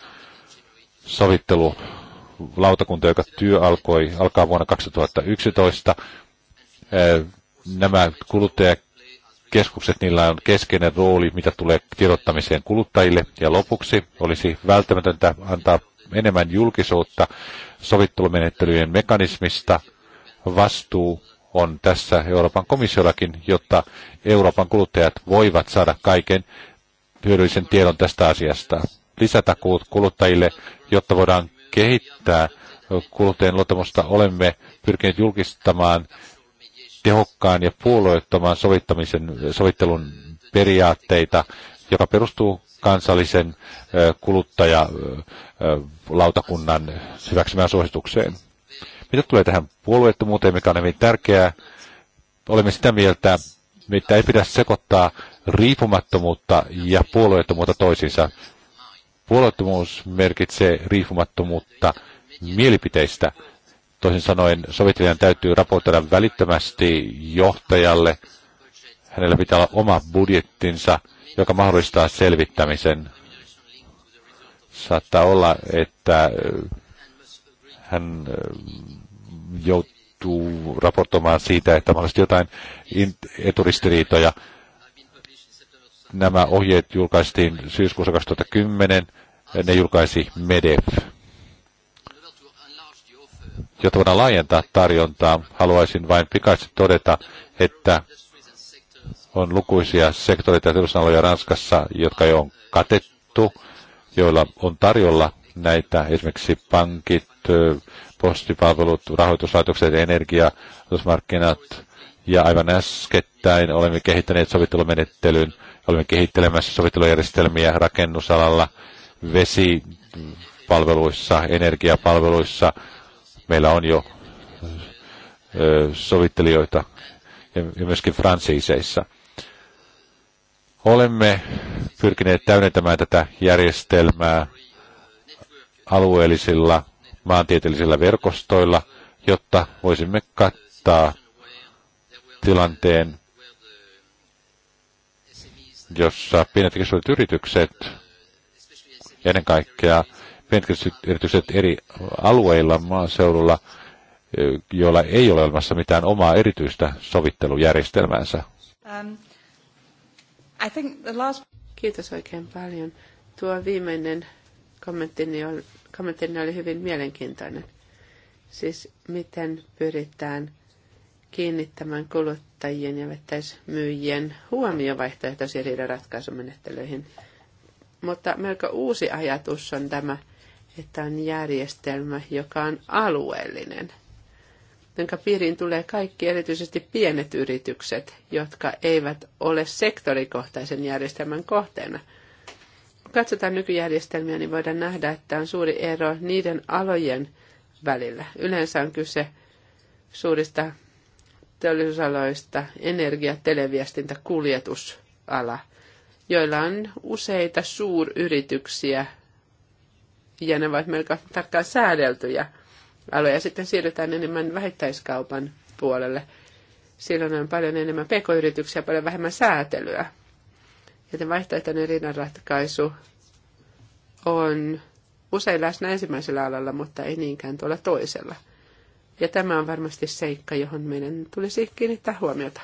sovittelu lautakunta, joka työ alkoi, alkaa vuonna 2011 nämä kuluttajakeskukset, niillä on keskeinen rooli, mitä tulee tiedottamiseen kuluttajille. Ja lopuksi olisi välttämätöntä antaa enemmän julkisuutta sovittelumenettelyjen mekanismista. Vastuu on tässä Euroopan komissiollakin, jotta Euroopan kuluttajat voivat saada kaiken hyödyllisen tiedon tästä asiasta. Lisätakuut kuluttajille, jotta voidaan kehittää kuluttajien luottamusta, olemme pyrkineet julkistamaan tehokkaan ja puolueettoman sovittamisen, sovittelun periaatteita, joka perustuu kansallisen kuluttajalautakunnan hyväksymään suositukseen. Mitä tulee tähän puolueettomuuteen, mikä on hyvin tärkeää, olemme sitä mieltä, että ei pidä sekoittaa riippumattomuutta ja puolueettomuutta toisiinsa. Puolueettomuus merkitsee riippumattomuutta mielipiteistä, Toisin sanoen sovittelijan täytyy raportoida välittömästi johtajalle. Hänellä pitää olla oma budjettinsa, joka mahdollistaa selvittämisen. Saattaa olla, että äh, hän äh, joutuu raportoimaan siitä, että mahdollisesti jotain eturistiriitoja. Nämä ohjeet julkaistiin syyskuussa 2010, ne julkaisi MEDEF jotta voidaan laajentaa tarjontaa, haluaisin vain pikaisesti todeta, että on lukuisia sektoreita ja teollisuusaloja Ranskassa, jotka jo on katettu, joilla on tarjolla näitä esimerkiksi pankit, postipalvelut, rahoituslaitokset, energia, markkinat, ja aivan äskettäin olemme kehittäneet sovittelumenettelyn, olemme kehittelemässä sovittelujärjestelmiä rakennusalalla, vesipalveluissa, energiapalveluissa, Meillä on jo sovittelijoita ja myöskin fransiiseissa. Olemme pyrkineet täydentämään tätä järjestelmää alueellisilla maantieteellisillä verkostoilla, jotta voisimme kattaa tilanteen, jossa pienet yritykset, ennen kaikkea yritykset eri alueilla maaseudulla, joilla ei ole olemassa mitään omaa erityistä sovittelujärjestelmäänsä. Um, I think the last... Kiitos oikein paljon. Tuo viimeinen kommenttini oli, kommenttini oli hyvin mielenkiintoinen. Siis miten pyritään kiinnittämään kuluttajien ja vettäismyyjien huomiovaihtoehtoisiin vaihtoehtoisiin ratkaisumenettelyihin? Mutta melko uusi ajatus on tämä – että on järjestelmä, joka on alueellinen, jonka piiriin tulee kaikki erityisesti pienet yritykset, jotka eivät ole sektorikohtaisen järjestelmän kohteena. Kun katsotaan nykyjärjestelmiä, niin voidaan nähdä, että on suuri ero niiden alojen välillä. Yleensä on kyse suurista teollisuusaloista, energia, televiestintä, kuljetusala, joilla on useita suuryrityksiä ja ne ovat melko tarkkaan säädeltyjä aloja. Sitten siirrytään enemmän vähittäiskaupan puolelle. Silloin on paljon enemmän pk-yrityksiä, paljon vähemmän säätelyä. Joten vaihtoehtoinen rinnanratkaisu on usein läsnä ensimmäisellä alalla, mutta ei niinkään tuolla toisella. Ja tämä on varmasti seikka, johon meidän tulisi kiinnittää huomiota.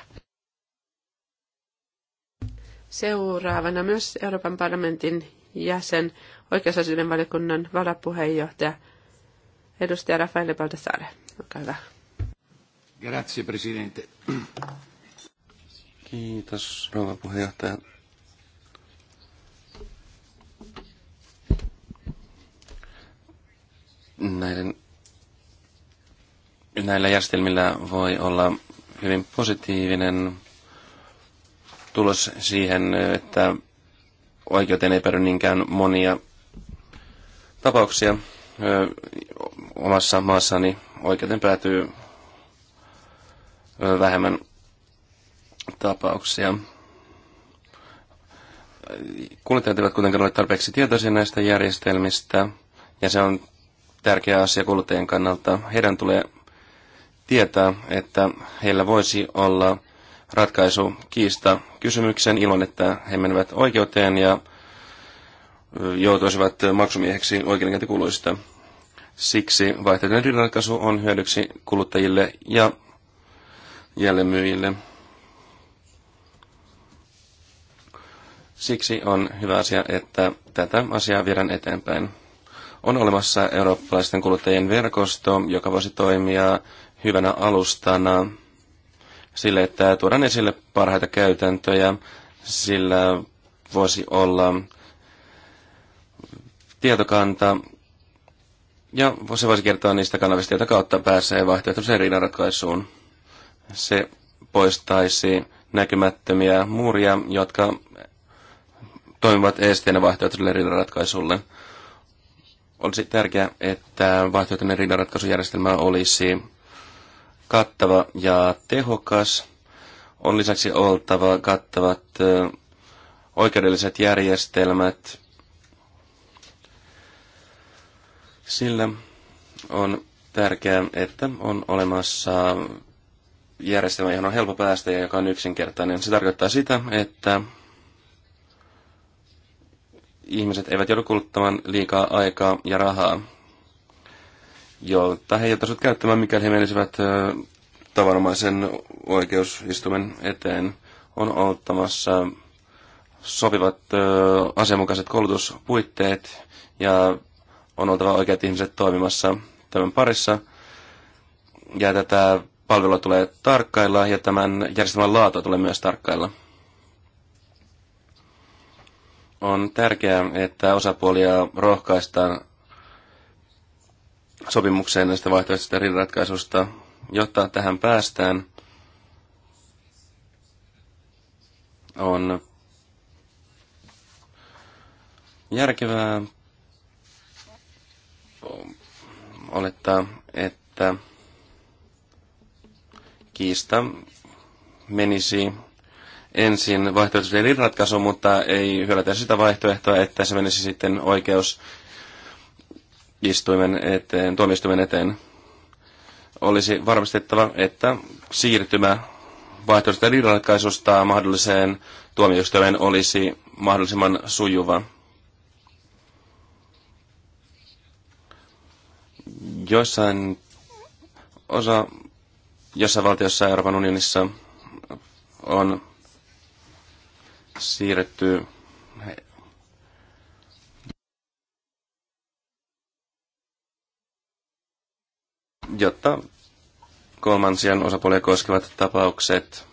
Seuraavana myös Euroopan parlamentin jäsen, oikeusasioiden valiokunnan varapuheenjohtaja, edustaja Rafael Baltasare. Olkaa hyvä. Grazie, presidente. Kiitos, rouva puheenjohtaja. Näiden, näillä järjestelmillä voi olla hyvin positiivinen tulos siihen, että oikeuteen ei päädy niinkään monia tapauksia. Omassa maassani oikeuteen päätyy vähemmän tapauksia. Kuluttajat eivät kuitenkaan ole tarpeeksi tietoisia näistä järjestelmistä, ja se on tärkeä asia kuluttajien kannalta. Heidän tulee tietää, että heillä voisi olla ratkaisu kiista kysymyksen ilman, että he menevät oikeuteen ja joutuisivat maksumieheksi oikeudenkäyntikuluista. Siksi vaihtoehtoinen ratkaisu on hyödyksi kuluttajille ja jälleenmyyjille. Siksi on hyvä asia, että tätä asiaa viedään eteenpäin. On olemassa eurooppalaisten kuluttajien verkosto, joka voisi toimia hyvänä alustana sille, että tuodaan esille parhaita käytäntöjä, sillä voisi olla tietokanta, ja se voisi kertoa niistä kanavista, joita kautta pääsee vaihtoehtoiseen riidanratkaisuun. Se poistaisi näkymättömiä muuria, jotka toimivat esteenä vaihtoehtoiselle riidanratkaisulle. Olisi tärkeää, että vaihtoehtoinen riidanratkaisujärjestelmä olisi kattava ja tehokas. On lisäksi oltava kattavat oikeudelliset järjestelmät, sillä on tärkeää, että on olemassa järjestelmä, johon on helppo päästä ja joka on yksinkertainen. Se tarkoittaa sitä, että ihmiset eivät joudu kuluttamaan liikaa aikaa ja rahaa Joo, tai he joutuisivat käyttämään, mikäli he menisivät tavanomaisen oikeusistumen eteen. On ottamassa sopivat asianmukaiset koulutuspuitteet ja on oltava oikeat ihmiset toimimassa tämän parissa. Ja tätä palvelua tulee tarkkailla ja tämän järjestelmän laatu tulee myös tarkkailla. On tärkeää, että osapuolia rohkaistaan sopimukseen näistä vaihtoehtoisista ratkaisusta, Jotta tähän päästään, on järkevää olettaa, että kiista menisi ensin vaihtoehtoisen ratkaisu, mutta ei hyödytä sitä vaihtoehtoa, että se menisi sitten oikeus istuimen eteen, tuomioistuimen eteen, olisi varmistettava, että siirtymä vaihtoehtoista riidanratkaisusta mahdolliseen tuomioistuimeen olisi mahdollisimman sujuva. Joissain osa, jossain valtiossa Euroopan unionissa on siirretty jotta kolmansien osapuolia koskevat tapaukset,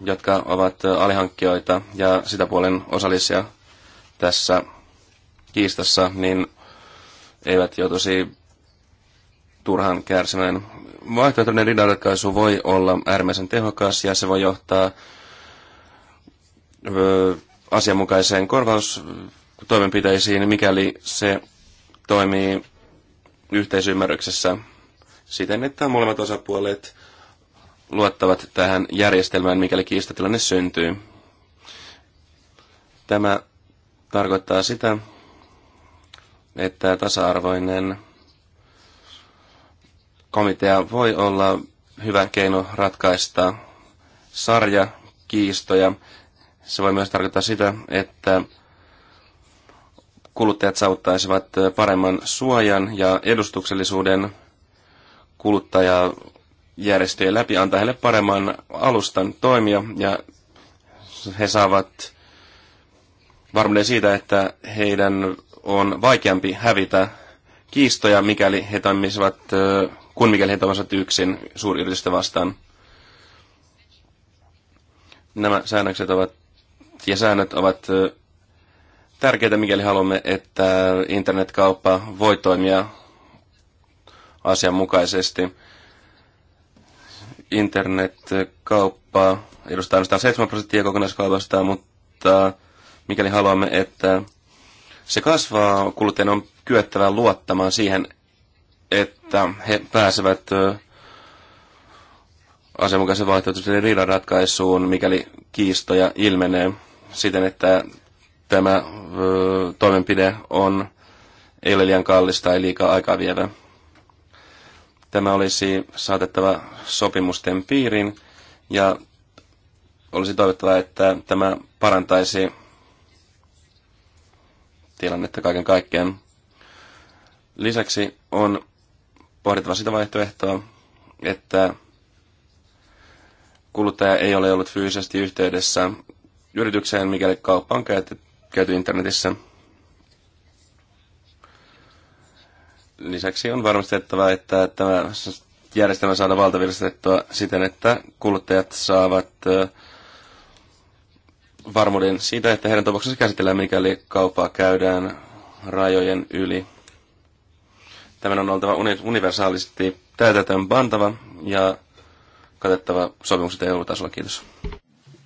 jotka ovat alihankkijoita ja sitä puolen osallisia tässä kiistassa, niin eivät joutuisi turhan kärsimään. Vaihtoehtoinen riidanratkaisu voi olla äärimmäisen tehokas ja se voi johtaa ö, asianmukaiseen korvaustoimenpiteisiin, mikäli se toimii yhteisymmärryksessä siten, että molemmat osapuolet luottavat tähän järjestelmään, mikäli kiistatilanne syntyy. Tämä tarkoittaa sitä, että tasa-arvoinen komitea voi olla hyvä keino ratkaista sarja kiistoja. Se voi myös tarkoittaa sitä, että kuluttajat saavuttaisivat paremman suojan ja edustuksellisuuden kuluttajajärjestöjen läpi, antaa heille paremman alustan toimia ja he saavat varmuuden siitä, että heidän on vaikeampi hävitä kiistoja, mikäli he toimisivat, kun mikäli he toimisivat yksin suuryritystä vastaan. Nämä säännökset ovat, ja säännöt ovat tärkeitä, mikäli haluamme, että internetkauppa voi toimia asianmukaisesti. internetkauppa edustaa ainoastaan 7 prosenttia kokonaiskaupasta, mutta mikäli haluamme, että se kasvaa, kuluttajan on kyettävä luottamaan siihen, että he pääsevät asianmukaisen vaihtoehtoisen riidan ratkaisuun, mikäli kiistoja ilmenee siten, että tämä ö, toimenpide on ei ole liian kallista tai liikaa aikaa vievä. Tämä olisi saatettava sopimusten piiriin ja olisi toivottavaa, että tämä parantaisi tilannetta kaiken kaikkiaan. Lisäksi on pohdittava sitä vaihtoehtoa, että kuluttaja ei ole ollut fyysisesti yhteydessä yritykseen, mikäli kauppa on käyty, käyty internetissä. Lisäksi on varmistettava, että tämä järjestelmä saada valtavirastettua siten, että kuluttajat saavat varmuuden siitä, että heidän tapauksensa käsitellään, mikäli kaupaa käydään rajojen yli. Tämän on oltava universaalisti täytäntöön pantava ja katettava sopimukset EU-tasolla. Kiitos.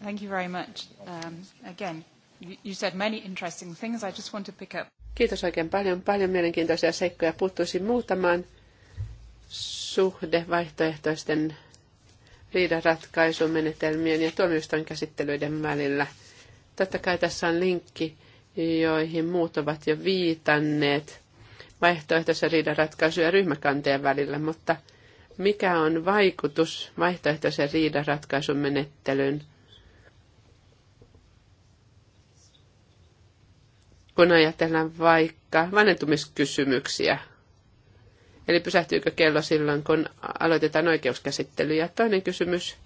Thank you very much. Um, again, you said many interesting things. I just want to pick up. Kiitos oikein paljon. Paljon mielenkiintoisia seikkoja. Puuttuisin muutamaan suhdevaihtoehtoisten riidanratkaisumenetelmien ja tuomioistuin käsittelyiden välillä. Totta kai tässä on linkki, joihin muut ovat jo viitanneet vaihtoehtoisen riidanratkaisun ja ryhmäkanteen välillä, mutta mikä on vaikutus vaihtoehtoisen riidanratkaisumenettelyn kun ajatellaan vaikka vanhentumiskysymyksiä. Eli pysähtyykö kello silloin, kun aloitetaan oikeuskäsittely? Ja toinen kysymys,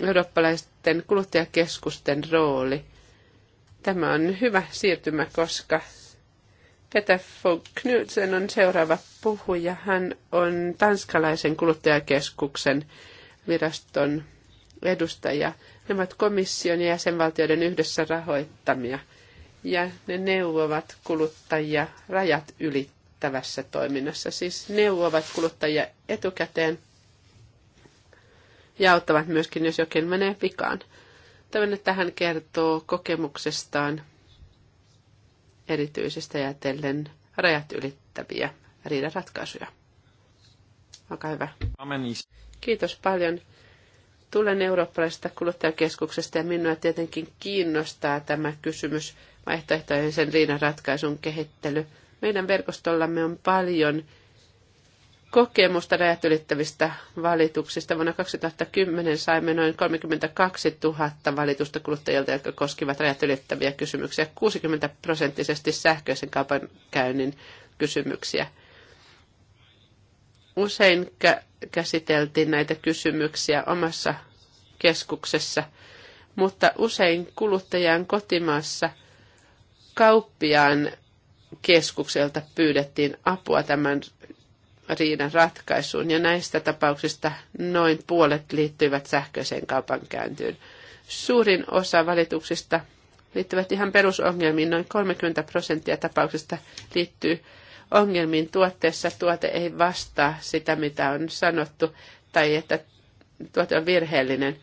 eurooppalaisten kuluttajakeskusten rooli. Tämä on hyvä siirtymä, koska Peter Fogg Knudsen on seuraava puhuja. Hän on tanskalaisen kuluttajakeskuksen viraston edustaja. Ne ovat komission ja jäsenvaltioiden yhdessä rahoittamia ja ne neuvovat kuluttajia rajat ylittävässä toiminnassa. Siis neuvovat kuluttajia etukäteen ja auttavat myöskin, jos jokin menee vikaan. Tämmöinen tähän kertoo kokemuksestaan erityisesti ajatellen rajat ylittäviä riidaratkaisuja. Olkaa hyvä. Kiitos paljon. Tulen eurooppalaisesta kuluttajakeskuksesta ja minua tietenkin kiinnostaa tämä kysymys vaihtoehtoisen ratkaisun kehittely. Meidän verkostollamme on paljon kokemusta rajat ylittävistä valituksista. Vuonna 2010 saimme noin 32 000 valitusta kuluttajilta, jotka koskivat rajat ylittäviä kysymyksiä, 60 prosenttisesti sähköisen kaupankäynnin kysymyksiä. Usein käsiteltiin näitä kysymyksiä omassa keskuksessa, mutta usein kuluttajan kotimaassa kauppiaan keskukselta pyydettiin apua tämän riidan ratkaisuun, ja näistä tapauksista noin puolet liittyivät sähköiseen kaupankäyntiin. Suurin osa valituksista liittyvät ihan perusongelmiin, noin 30 prosenttia tapauksista liittyy ongelmiin tuotteessa, tuote ei vastaa sitä, mitä on sanottu, tai että tuote on virheellinen.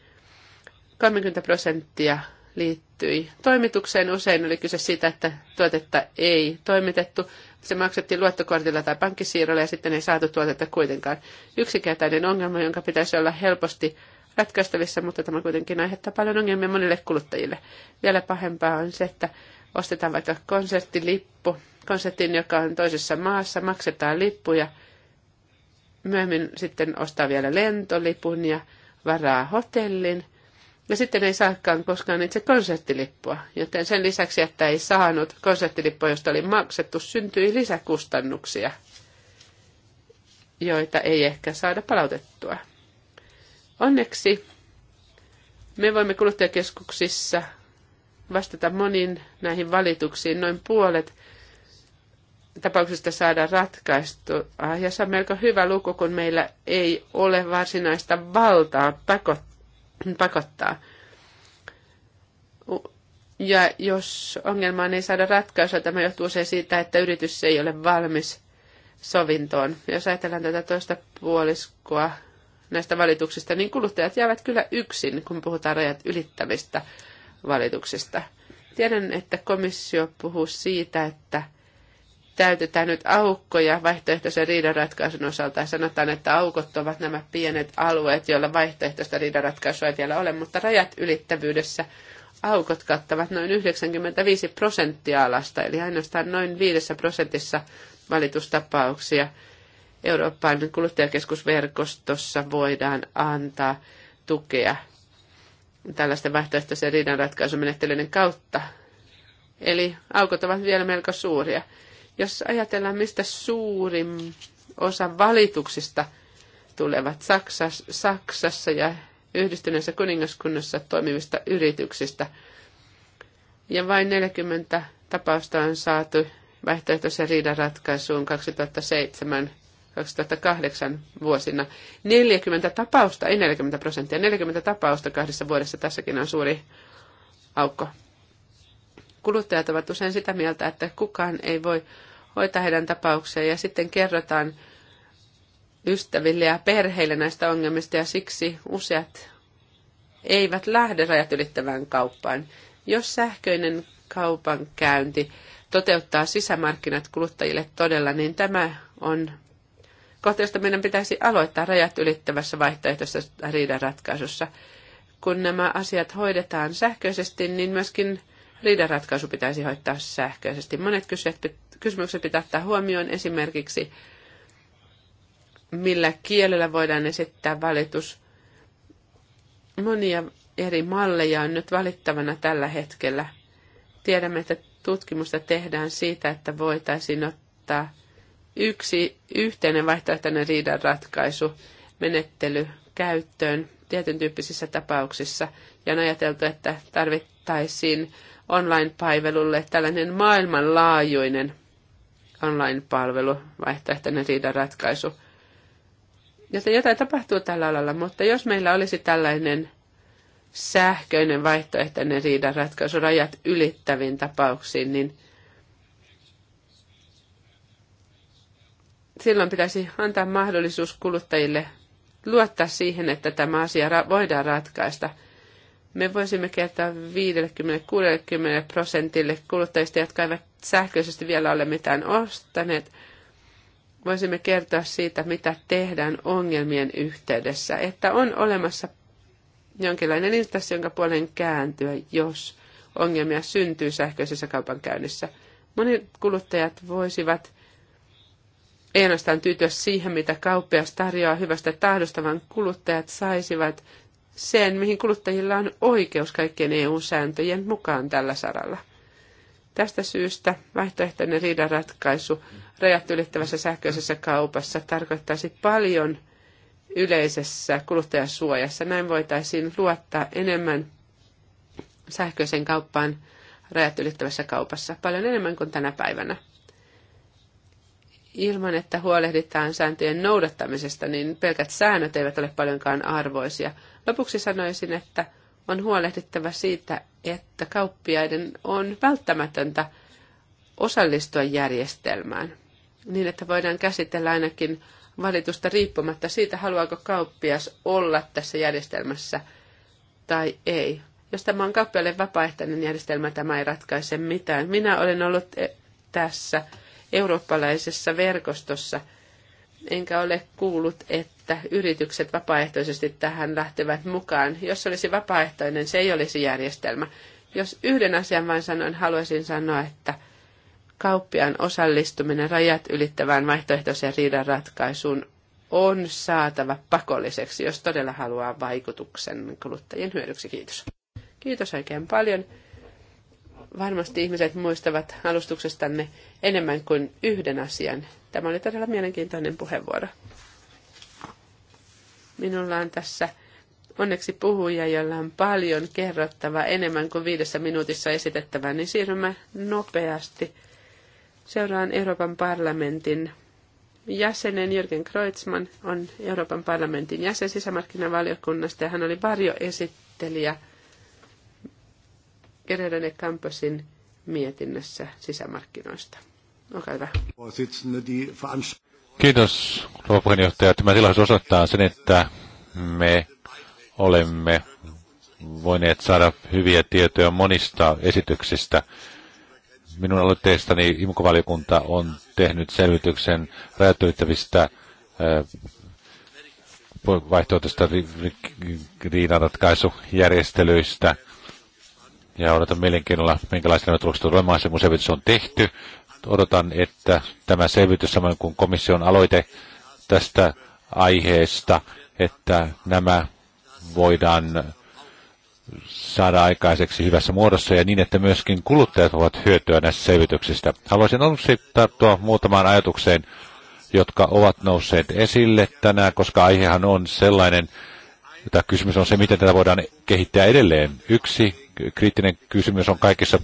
30 prosenttia liittyi toimitukseen. Usein oli kyse siitä, että tuotetta ei toimitettu. Se maksettiin luottokortilla tai pankkisiirrolla ja sitten ei saatu tuotetta kuitenkaan. Yksinkertainen ongelma, jonka pitäisi olla helposti ratkaistavissa, mutta tämä kuitenkin aiheuttaa paljon ongelmia monille kuluttajille. Vielä pahempaa on se, että ostetaan vaikka konserttilippu, konserttiin, joka on toisessa maassa, maksetaan ja myöhemmin sitten ostaa vielä lentolipun ja varaa hotellin. Ja sitten ei saakaan koskaan itse konserttilippua, joten sen lisäksi, että ei saanut konserttilippua, josta oli maksettu, syntyi lisäkustannuksia, joita ei ehkä saada palautettua. Onneksi me voimme kuluttajakeskuksissa vastata moniin näihin valituksiin. Noin puolet tapauksista saada ratkaistua. Ah, ja se on melko hyvä luku, kun meillä ei ole varsinaista valtaa pakottaa. Ja jos ongelmaan ei saada ratkaisua, tämä johtuu usein siitä, että yritys ei ole valmis sovintoon. Jos ajatellaan tätä toista puoliskoa näistä valituksista, niin kuluttajat jäävät kyllä yksin, kun puhutaan rajat ylittävistä valituksista. Tiedän, että komissio puhuu siitä, että täytetään nyt aukkoja vaihtoehtoisen riidanratkaisun osalta. Sanotaan, että aukot ovat nämä pienet alueet, joilla vaihtoehtoista riidanratkaisua ei vielä ole, mutta rajat ylittävyydessä aukot kattavat noin 95 prosenttia alasta, eli ainoastaan noin 5 prosentissa valitustapauksia Euroopan kuluttajakeskusverkostossa voidaan antaa tukea tällaisten vaihtoehtoisen riidanratkaisumenettelyiden kautta. Eli aukot ovat vielä melko suuria. Jos ajatellaan, mistä suurin osa valituksista tulevat Saksas, Saksassa ja yhdistyneessä kuningaskunnassa toimivista yrityksistä, ja vain 40 tapausta on saatu vaihtoehtoisen riidanratkaisuun 2007 2008 vuosina. 40 tapausta, ei 40 prosenttia, 40 tapausta kahdessa vuodessa tässäkin on suuri aukko. Kuluttajat ovat usein sitä mieltä, että kukaan ei voi hoitaa heidän tapauksia ja sitten kerrotaan ystäville ja perheille näistä ongelmista ja siksi useat eivät lähde rajat ylittävään kauppaan. Jos sähköinen kaupankäynti toteuttaa sisämarkkinat kuluttajille todella, niin tämä on kohta, josta meidän pitäisi aloittaa rajat ylittävässä vaihtoehtoisessa riidanratkaisussa. Kun nämä asiat hoidetaan sähköisesti, niin myöskin riidanratkaisu pitäisi hoitaa sähköisesti. Monet kysymykset pitää ottaa huomioon esimerkiksi, millä kielellä voidaan esittää valitus. Monia eri malleja on nyt valittavana tällä hetkellä. Tiedämme, että tutkimusta tehdään siitä, että voitaisiin ottaa yksi yhteinen vaihtoehtoinen riidan ratkaisu menettely käyttöön tietyn tyyppisissä tapauksissa. Ja on ajateltu, että tarvittaisiin online-palvelulle tällainen maailmanlaajuinen online-palvelu, vaihtoehtoinen riidan ratkaisu. Joten jotain tapahtuu tällä alalla, mutta jos meillä olisi tällainen sähköinen vaihtoehtoinen riidan ratkaisu rajat ylittäviin tapauksiin, niin – silloin pitäisi antaa mahdollisuus kuluttajille luottaa siihen, että tämä asia voidaan ratkaista. Me voisimme kertoa 50-60 prosentille kuluttajista, jotka eivät sähköisesti vielä ole mitään ostaneet. Voisimme kertoa siitä, mitä tehdään ongelmien yhteydessä, että on olemassa jonkinlainen instanssi, jonka puolen kääntyä, jos ongelmia syntyy sähköisessä kaupankäynnissä. Monet kuluttajat voisivat ei ainoastaan tyytyä siihen, mitä kauppias tarjoaa hyvästä tahdosta, vaan kuluttajat saisivat sen, mihin kuluttajilla on oikeus kaikkien EU-sääntöjen mukaan tällä saralla. Tästä syystä vaihtoehtoinen riidanratkaisu rajat ylittävässä sähköisessä kaupassa tarkoittaisi paljon yleisessä kuluttajasuojassa. Näin voitaisiin luottaa enemmän sähköisen kauppaan rajat ylittävässä kaupassa, paljon enemmän kuin tänä päivänä ilman, että huolehditaan sääntöjen noudattamisesta, niin pelkät säännöt eivät ole paljonkaan arvoisia. Lopuksi sanoisin, että on huolehdittava siitä, että kauppiaiden on välttämätöntä osallistua järjestelmään, niin että voidaan käsitellä ainakin valitusta riippumatta siitä, haluaako kauppias olla tässä järjestelmässä tai ei. Jos tämä on kauppiaille vapaaehtoinen järjestelmä, tämä ei ratkaise mitään. Minä olen ollut e- tässä eurooppalaisessa verkostossa, enkä ole kuullut, että yritykset vapaaehtoisesti tähän lähtevät mukaan. Jos olisi vapaaehtoinen, se ei olisi järjestelmä. Jos yhden asian vain sanoin, haluaisin sanoa, että kauppiaan osallistuminen rajat ylittävään vaihtoehtoiseen riidan ratkaisuun on saatava pakolliseksi, jos todella haluaa vaikutuksen kuluttajien hyödyksi. Kiitos. Kiitos oikein paljon. Varmasti ihmiset muistavat alustuksestanne enemmän kuin yhden asian. Tämä oli todella mielenkiintoinen puheenvuoro. Minulla on tässä onneksi puhuja, jolla on paljon kerrottavaa enemmän kuin viidessä minuutissa esitettävää, niin siirrymme nopeasti. Seuraan Euroopan parlamentin jäsenen Jürgen Kreutzmann on Euroopan parlamentin jäsen sisämarkkinavaliokunnasta ja hän oli varjoesittelijä – Guerrero de mietinnössä sisämarkkinoista. Olkaa hyvä. Kiitos, rouva puheenjohtaja. Tämä tilaisuus osoittaa sen, että me olemme voineet saada hyviä tietoja monista esityksistä. Minun aloitteestani imkovaliokunta on tehnyt selvityksen rajoittavista vaihtoehtoista riidanratkaisujärjestelyistä – ja odotan mielenkiinnolla, nämä tulokset tulemaan se, mun selvitys on tehty. Odotan, että tämä selvitys, samoin kuin komission aloite tästä aiheesta, että nämä voidaan saada aikaiseksi hyvässä muodossa ja niin, että myöskin kuluttajat voivat hyötyä näistä selvityksistä. Haluaisin aluksi tarttua muutamaan ajatukseen, jotka ovat nousseet esille tänään, koska aihehan on sellainen, että kysymys on se, miten tätä voidaan kehittää edelleen. Yksi kriittinen kysymys on kaikissa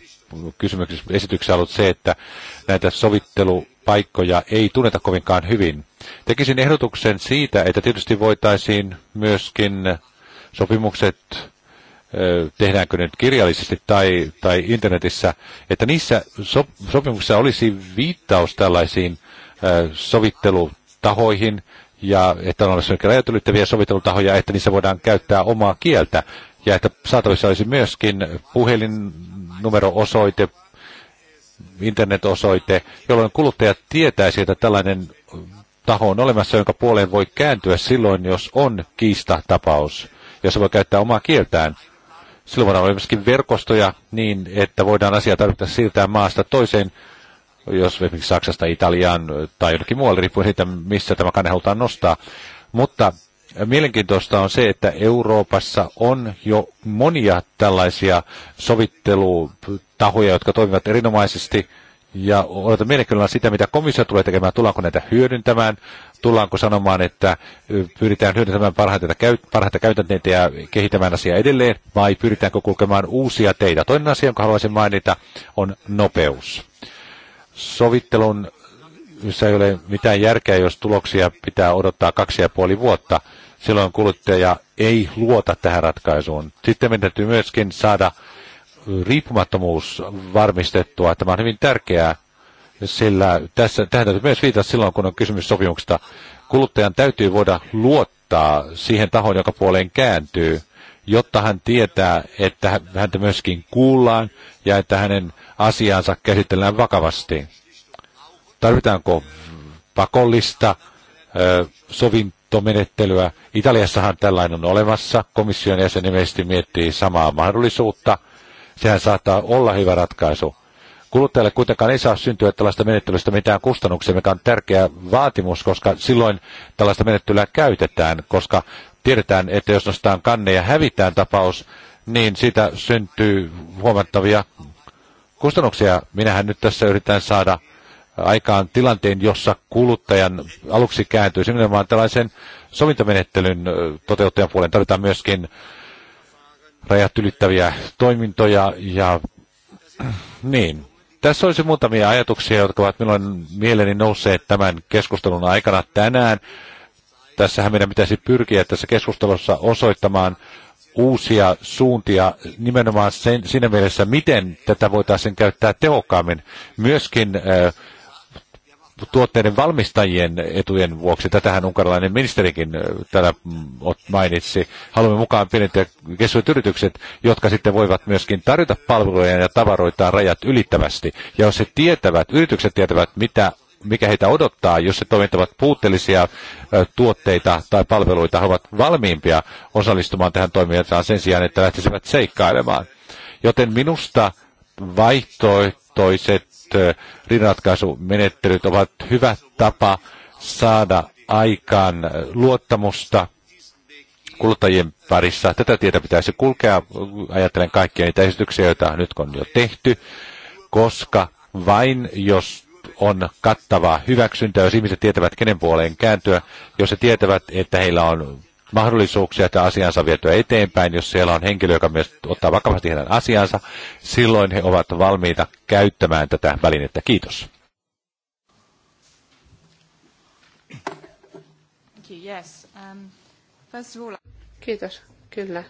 kysymyksissä esityksessä ollut se, että näitä sovittelupaikkoja ei tunneta kovinkaan hyvin. Tekisin ehdotuksen siitä, että tietysti voitaisiin myöskin sopimukset tehdäänkö nyt kirjallisesti tai, tai internetissä, että niissä so, sopimuksissa olisi viittaus tällaisiin sovittelutahoihin ja että on olemassa rajat ylittäviä sovittelutahoja, että niissä voidaan käyttää omaa kieltä ja että saatavissa olisi myöskin puhelinnumero-osoite, internetosoite, jolloin kuluttajat tietäisivät, että tällainen taho on olemassa, jonka puoleen voi kääntyä silloin, jos on kiistatapaus, se voi käyttää omaa kieltään. Silloin voidaan olla myöskin verkostoja niin, että voidaan asia tarvittaessa siirtää maasta toiseen, jos esimerkiksi Saksasta Italiaan tai jonnekin muualle, riippuen siitä, missä tämä kanne halutaan nostaa. Mutta Mielenkiintoista on se, että Euroopassa on jo monia tällaisia sovittelutahoja, jotka toimivat erinomaisesti. Ja odotan mielenkiinnolla sitä, mitä komissio tulee tekemään. Tullaanko näitä hyödyntämään? Tullaanko sanomaan, että pyritään hyödyntämään parhaita, parhaita käytänteitä ja kehittämään asiaa edelleen? Vai pyritäänkö kulkemaan uusia teitä? Toinen asia, jonka haluaisin mainita, on nopeus. Sovittelun missä ei ole mitään järkeä, jos tuloksia pitää odottaa kaksi ja puoli vuotta silloin kuluttaja ei luota tähän ratkaisuun. Sitten meidän täytyy myöskin saada riippumattomuus varmistettua. Tämä on hyvin tärkeää, sillä tässä, tähän täytyy myös viitata silloin, kun on kysymys sopimuksesta. Kuluttajan täytyy voida luottaa siihen tahoon, joka puoleen kääntyy, jotta hän tietää, että häntä myöskin kuullaan ja että hänen asiansa käsitellään vakavasti. Tarvitaanko pakollista sovin veto-oikeusmenettelyä. Italiassahan tällainen on olemassa. Komission jäsen ilmeisesti miettii samaa mahdollisuutta. Sehän saattaa olla hyvä ratkaisu. Kuluttajalle kuitenkaan ei saa syntyä tällaista menettelystä mitään kustannuksia, mikä on tärkeä vaatimus, koska silloin tällaista menettelyä käytetään, koska tiedetään, että jos nostaan kanne ja hävitään tapaus, niin siitä syntyy huomattavia kustannuksia. Minähän nyt tässä yritän saada aikaan tilanteen, jossa kuluttajan aluksi kääntyy nimenomaan tällaisen sovintomenettelyn toteuttajan puolen. Tarvitaan myöskin rajat ylittäviä toimintoja ja niin. Tässä olisi muutamia ajatuksia, jotka ovat minulle mieleni nousseet tämän keskustelun aikana tänään. Tässähän meidän pitäisi pyrkiä tässä keskustelussa osoittamaan uusia suuntia nimenomaan sen, siinä mielessä, miten tätä voitaisiin käyttää tehokkaammin. Myöskin äh, tuotteiden valmistajien etujen vuoksi. Tätähän unkarilainen ministerikin täällä mm, mainitsi. Haluamme mukaan pienet ja kesuit yritykset, jotka sitten voivat myöskin tarjota palveluja ja tavaroita rajat ylittävästi. Ja jos he tietävät, yritykset tietävät, mitä mikä heitä odottaa, jos he toimittavat puutteellisia tuotteita tai palveluita, he ovat valmiimpia osallistumaan tähän toimintaan sen sijaan, että lähtisivät seikkailemaan. Joten minusta vaihtoehtoiset riidanratkaisumenettelyt ovat hyvä tapa saada aikaan luottamusta kuluttajien parissa. Tätä tietä pitäisi kulkea, ajattelen kaikkia niitä esityksiä, joita nyt on jo tehty, koska vain jos on kattavaa hyväksyntää, jos ihmiset tietävät, kenen puoleen kääntyä, jos he tietävät, että heillä on mahdollisuuksia että asiansa vietyä eteenpäin, jos siellä on henkilö, joka myös ottaa vakavasti heidän asiansa, silloin he ovat valmiita käyttämään tätä välinettä. Kiitos. Yes. Um, first of all... Kiitos, kyllä.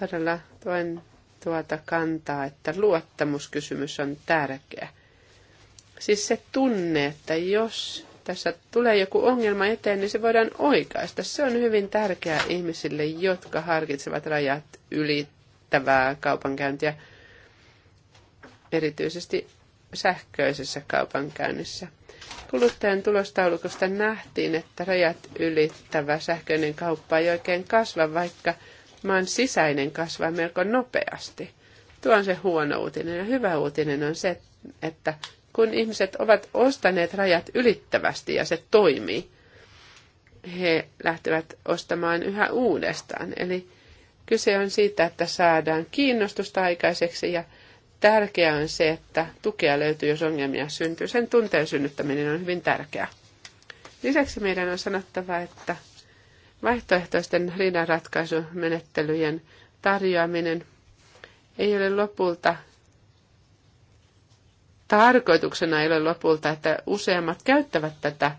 Todella tuen tuota kantaa, että luottamuskysymys on tärkeä. Siis se tunne, että jos tässä tulee joku ongelma eteen, niin se voidaan oikaista. Se on hyvin tärkeää ihmisille, jotka harkitsevat rajat ylittävää kaupankäyntiä, erityisesti sähköisessä kaupankäynnissä. Kuluttajan tulostaulukosta nähtiin, että rajat ylittävä sähköinen kauppa ei oikein kasva, vaikka maan sisäinen kasvaa melko nopeasti. Tuo on se huono uutinen. Ja hyvä uutinen on se, että kun ihmiset ovat ostaneet rajat ylittävästi ja se toimii, he lähtevät ostamaan yhä uudestaan. Eli kyse on siitä, että saadaan kiinnostusta aikaiseksi ja tärkeää on se, että tukea löytyy, jos ongelmia syntyy. Sen tunteen synnyttäminen on hyvin tärkeää. Lisäksi meidän on sanottava, että vaihtoehtoisten riidanratkaisumenettelyjen tarjoaminen ei ole lopulta tarkoituksena ei ole lopulta, että useammat käyttävät tätä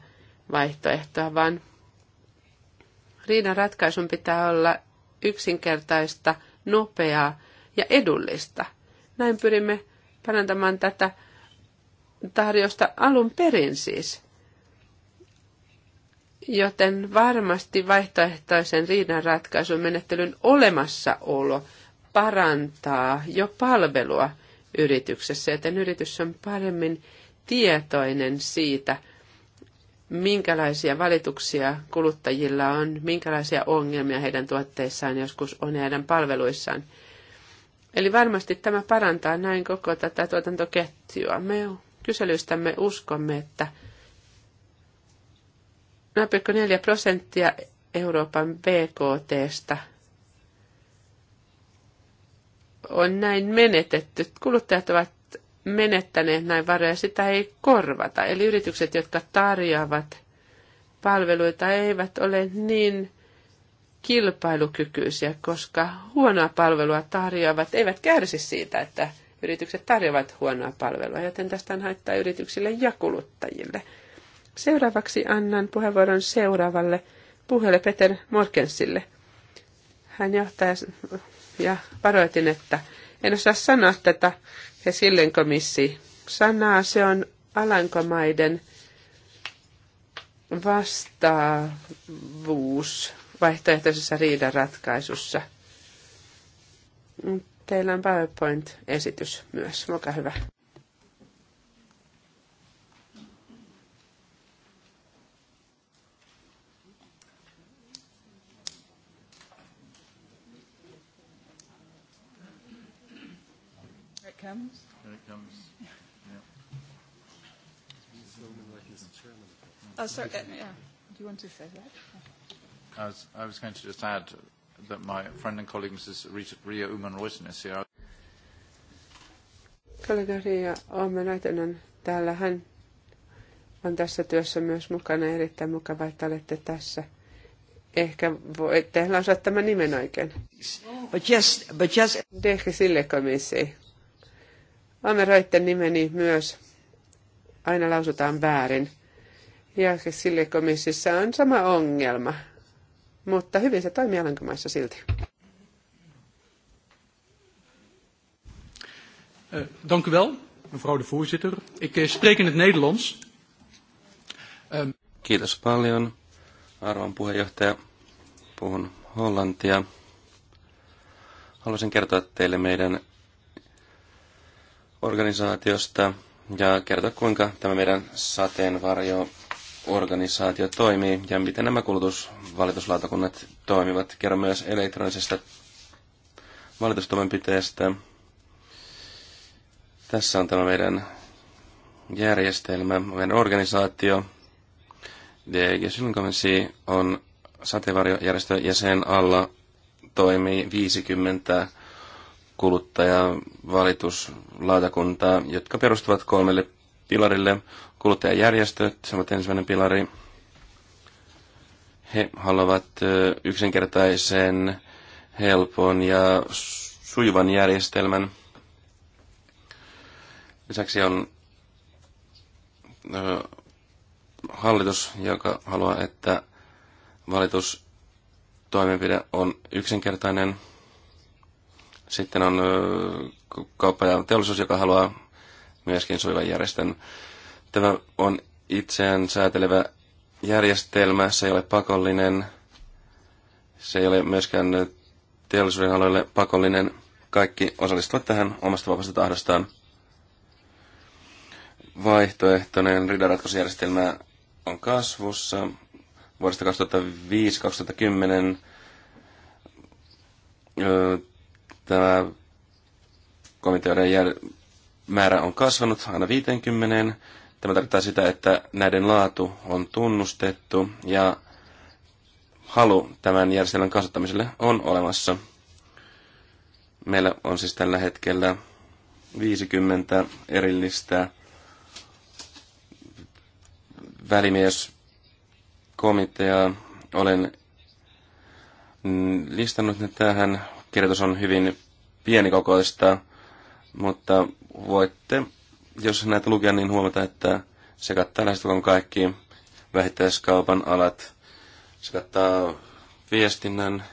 vaihtoehtoa, vaan riidan ratkaisun pitää olla yksinkertaista, nopeaa ja edullista. Näin pyrimme parantamaan tätä tarjosta alun perin siis. Joten varmasti vaihtoehtoisen ratkaisun menettelyn olemassaolo parantaa jo palvelua – yrityksessä, joten yritys on paremmin tietoinen siitä, minkälaisia valituksia kuluttajilla on, minkälaisia ongelmia heidän tuotteissaan joskus on ja heidän palveluissaan. Eli varmasti tämä parantaa näin koko tätä tuotantoketjua. Me kyselyistämme uskomme, että 0,4 prosenttia Euroopan BKTstä – on näin menetetty. Kuluttajat ovat menettäneet näin varoja, sitä ei korvata. Eli yritykset, jotka tarjoavat palveluita, eivät ole niin kilpailukykyisiä, koska huonoa palvelua tarjoavat eivät kärsi siitä, että yritykset tarjoavat huonoa palvelua, joten tästä on haittaa yrityksille ja kuluttajille. Seuraavaksi annan puheenvuoron seuraavalle puheelle Peter Morkensille. Hän johtaa ja varoitin, että en osaa sanoa tätä Hesillen komissi sanaa. Se on Alankomaiden vastaavuus vaihtoehtoisessa riidanratkaisussa. Teillä on PowerPoint-esitys myös. Olkaa hyvä. comes. Here it comes. Yeah. Oh, sorry. Uh, yeah. Do you want to say that? I was, I was going to just add that my friend and colleague Mrs. Rita, Ria Uman-Royton is here. Kollega Ria Uman-Royton on täällä. Hän on tässä työssä myös mukana. Erittäin mukava, että olette tässä. Ehkä voitte lausua tämän nimen oikein. But yes, but yes. sille komissi. Ameroitten nimeni myös aina lausutaan väärin. Ja sille komississa on sama ongelma, mutta hyvin se toimii Alankomaissa silti. Eh, dank u wel, mevrouw de voorzitter. Ik eh, spreek in het Nederlands. Ehm, Kiitos paljon, arvon puheenjohtaja. Puhun hollantia. Haluaisin kertoa teille meidän organisaatiosta ja kertoa, kuinka tämä meidän sateenvarjo organisaatio toimii ja miten nämä kulutusvalituslautakunnat toimivat. Kerro myös elektronisesta valitustoimenpiteestä. Tässä on tämä meidän järjestelmä, meidän organisaatio. DG Synkomensi on sateenvarjojärjestöjäsen alla toimii 50 kuluttajavalituslautakuntaa, jotka perustuvat kolmelle pilarille. Kuluttajajärjestöt, se on ensimmäinen pilari. He haluavat yksinkertaisen, helpon ja sujuvan järjestelmän. Lisäksi on hallitus, joka haluaa, että valitus toimenpide on yksinkertainen sitten on kauppa ja teollisuus, joka haluaa myöskin sujuvan järjestön. Tämä on itseään säätelevä järjestelmä, se ei ole pakollinen. Se ei ole myöskään teollisuuden aloille pakollinen. Kaikki osallistuvat tähän omasta vapaasta tahdostaan. Vaihtoehtoinen ridaratkaisujärjestelmä on kasvussa. Vuodesta 2005-2010 Tämä komiteoiden määrä on kasvanut aina 50. Tämä tarkoittaa sitä, että näiden laatu on tunnustettu ja halu tämän järjestelmän kasvattamiselle on olemassa. Meillä on siis tällä hetkellä 50 erillistä välimieskomiteaa. Olen listannut ne tähän kirjoitus on hyvin pienikokoista, mutta voitte, jos näitä lukea, niin huomata, että se kattaa lähestulkoon kaikki vähittäiskaupan alat. Se kattaa viestinnän.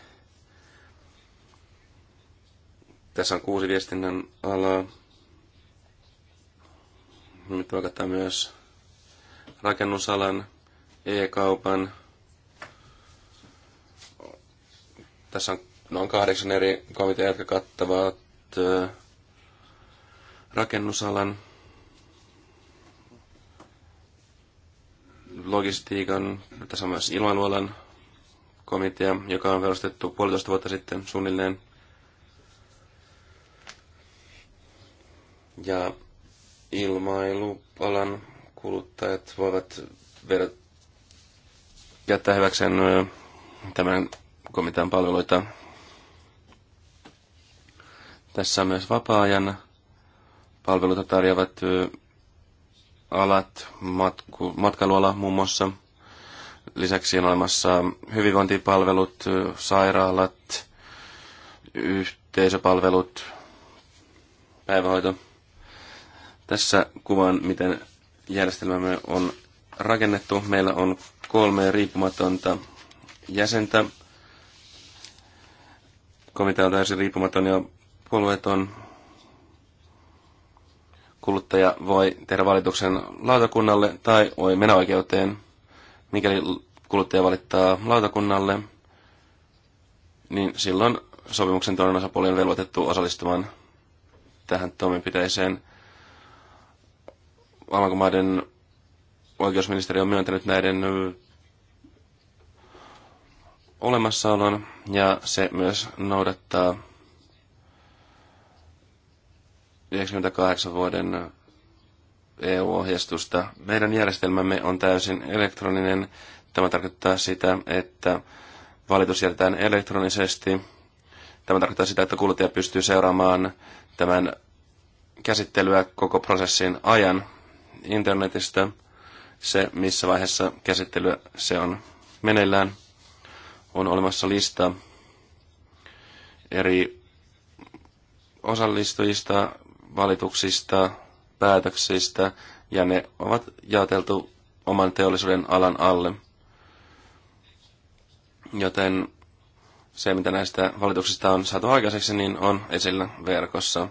Tässä on kuusi viestinnän alaa. Nyt voi kattaa myös rakennusalan, e-kaupan. Tässä on noin kahdeksan eri komitea, jotka kattavat rakennusalan, logistiikan, tässä on myös ilmailualan komitea, joka on perustettu puolitoista vuotta sitten suunnilleen. Ja ilmailualan kuluttajat voivat vedä, jättää hyväkseen tämän komitean palveluita tässä on myös vapaa-ajan palveluita tarjoavat alat, matku, matkailuala muun muassa. Lisäksi on olemassa hyvinvointipalvelut, sairaalat, yhteisöpalvelut, päivähoito. Tässä kuvan, miten järjestelmämme on rakennettu. Meillä on kolme riippumatonta jäsentä. Komitea on täysin riippumaton ja puolueeton kuluttaja voi tehdä valituksen lautakunnalle tai voi mennä oikeuteen. Mikäli kuluttaja valittaa lautakunnalle, niin silloin sopimuksen toinen osapuoli on velvoitettu osallistumaan tähän toimenpiteeseen. Alankomaiden oikeusministeri on myöntänyt näiden olemassaolon ja se myös noudattaa 98 vuoden EU-ohjeistusta. Meidän järjestelmämme on täysin elektroninen. Tämä tarkoittaa sitä, että valitus jätetään elektronisesti. Tämä tarkoittaa sitä, että kuluttaja pystyy seuraamaan tämän käsittelyä koko prosessin ajan internetistä. Se, missä vaiheessa käsittelyä se on meneillään, on olemassa lista eri osallistujista, valituksista, päätöksistä, ja ne ovat jaoteltu oman teollisuuden alan alle. Joten se, mitä näistä valituksista on saatu aikaiseksi, niin on esillä verkossa.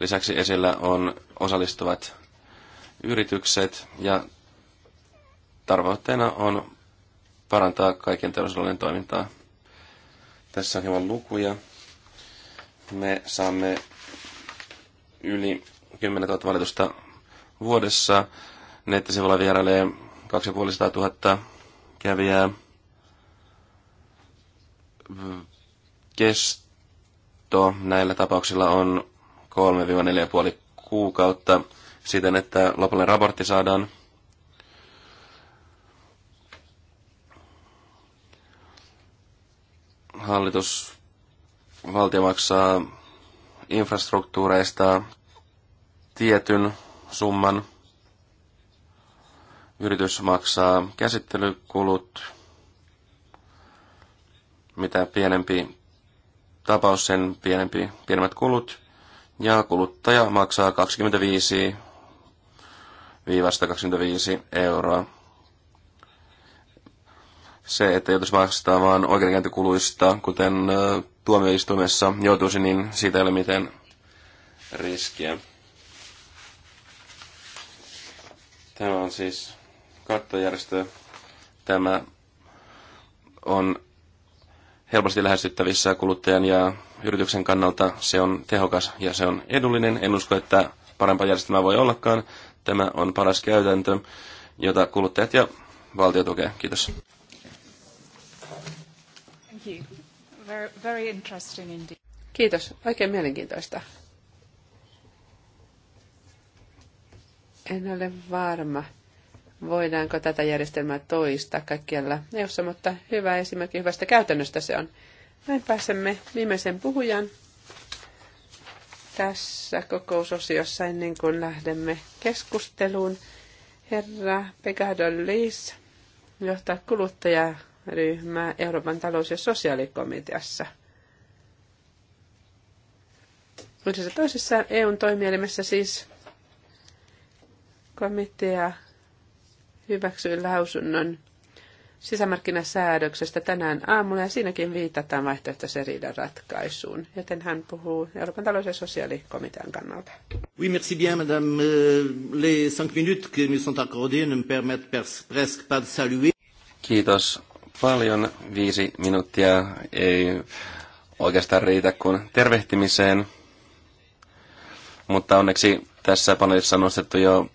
Lisäksi esillä on osallistuvat yritykset ja tarvoitteena on parantaa kaiken teollisuuden toimintaa. Tässä on hieman lukuja. Me saamme yli 10 000 valitusta vuodessa. Nettisivulla vierailee 2500 000 kävijää. Kesto näillä tapauksilla on 3-4,5 kuukautta siten, että lopullinen raportti saadaan hallitus, valtio maksaa infrastruktuureista tietyn summan. Yritys maksaa käsittelykulut. Mitä pienempi tapaus, sen pienempi, pienemmät kulut. Ja kuluttaja maksaa 25 viivasta 25 euroa se, että joutuisi vastaamaan oikeudenkäyntikuluista, kuten tuomioistuimessa joutuisi, niin siitä ei ole mitään riskiä. Tämä on siis kattojärjestö. Tämä on helposti lähestyttävissä kuluttajan ja yrityksen kannalta. Se on tehokas ja se on edullinen. En usko, että parempaa järjestelmää voi ollakaan. Tämä on paras käytäntö, jota kuluttajat ja valtio tukee. Kiitos. Very, very interesting indeed. Kiitos, oikein mielenkiintoista. En ole varma, voidaanko tätä järjestelmää toistaa kaikkialla EUssa, mutta hyvä esimerkki hyvästä käytännöstä se on. Näin pääsemme viimeisen puhujan tässä kokousosiossa ennen kuin lähdemme keskusteluun. Herra Pegadon Liis johtaa kuluttajaa ryhmää Euroopan talous- ja sosiaalikomiteassa. Toisessa toisessa EUn toimielimessä siis komitea hyväksyi lausunnon sisämarkkinasäädöksestä tänään aamulla ja siinäkin viitataan vaihtoehtoisen riidan ratkaisuun, joten hän puhuu Euroopan talous- ja sosiaalikomitean kannalta. Oui, merci bien, madame. Euh, les cinq minutes que nous sont accordées ne me permettent presque pas de saluer. Kiitos paljon. Viisi minuuttia ei oikeastaan riitä kuin tervehtimiseen. Mutta onneksi tässä paneelissa on nostettu jo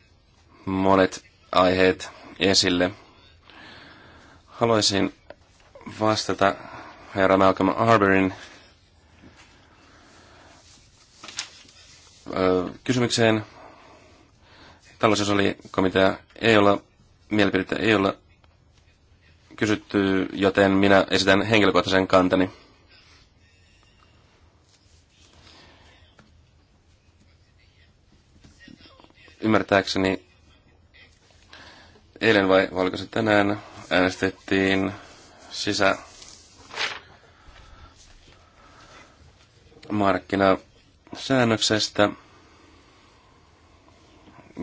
monet aiheet esille. Haluaisin vastata herra Malcolm Arberin kysymykseen. Talousosalikomitea ei olla, mielipidettä ei olla kysytty, joten minä esitän henkilökohtaisen kantani. Ymmärtääkseni eilen vai oliko se tänään äänestettiin sisä markkinasäännöksestä,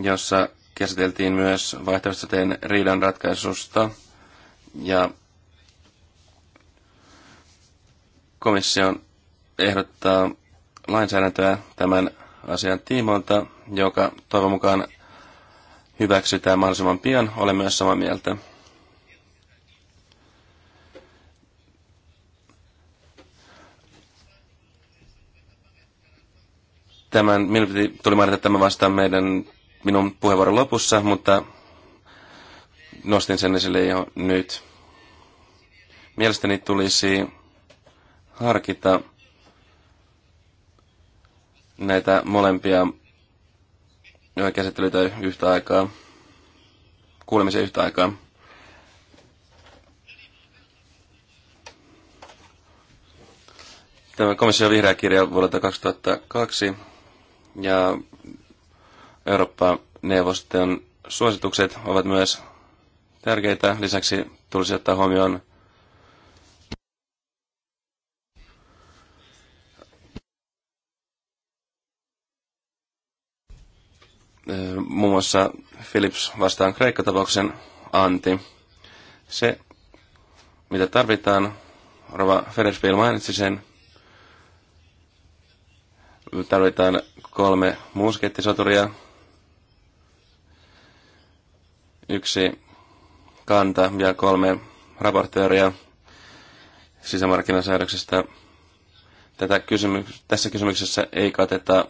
jossa käsiteltiin myös vaihtoehtoisten riidan ratkaisusta – ja komissio ehdottaa lainsäädäntöä tämän asian tiimoilta, joka toivon mukaan hyväksytään mahdollisimman pian. Olen myös samaa mieltä. Tämän, minun tuli mainita tämä vasta meidän, minun puheenvuoron lopussa, mutta nostin sen esille jo nyt. Mielestäni tulisi harkita näitä molempia käsittelyitä yhtä aikaa, kuulemisen yhtä aikaa. Tämä komission vihreä kirja vuodelta 2002 ja Eurooppa-neuvoston suositukset ovat myös tärkeitä. Lisäksi tulisi ottaa huomioon muun muassa Philips vastaan kreikkatapauksen anti. Se, mitä tarvitaan, Rova Federspiel mainitsi sen, tarvitaan kolme muskettisoturia, yksi kanta ja kolme raportööriä sisämarkkinasäädöksestä. Tätä kysymyks- tässä kysymyksessä ei kateta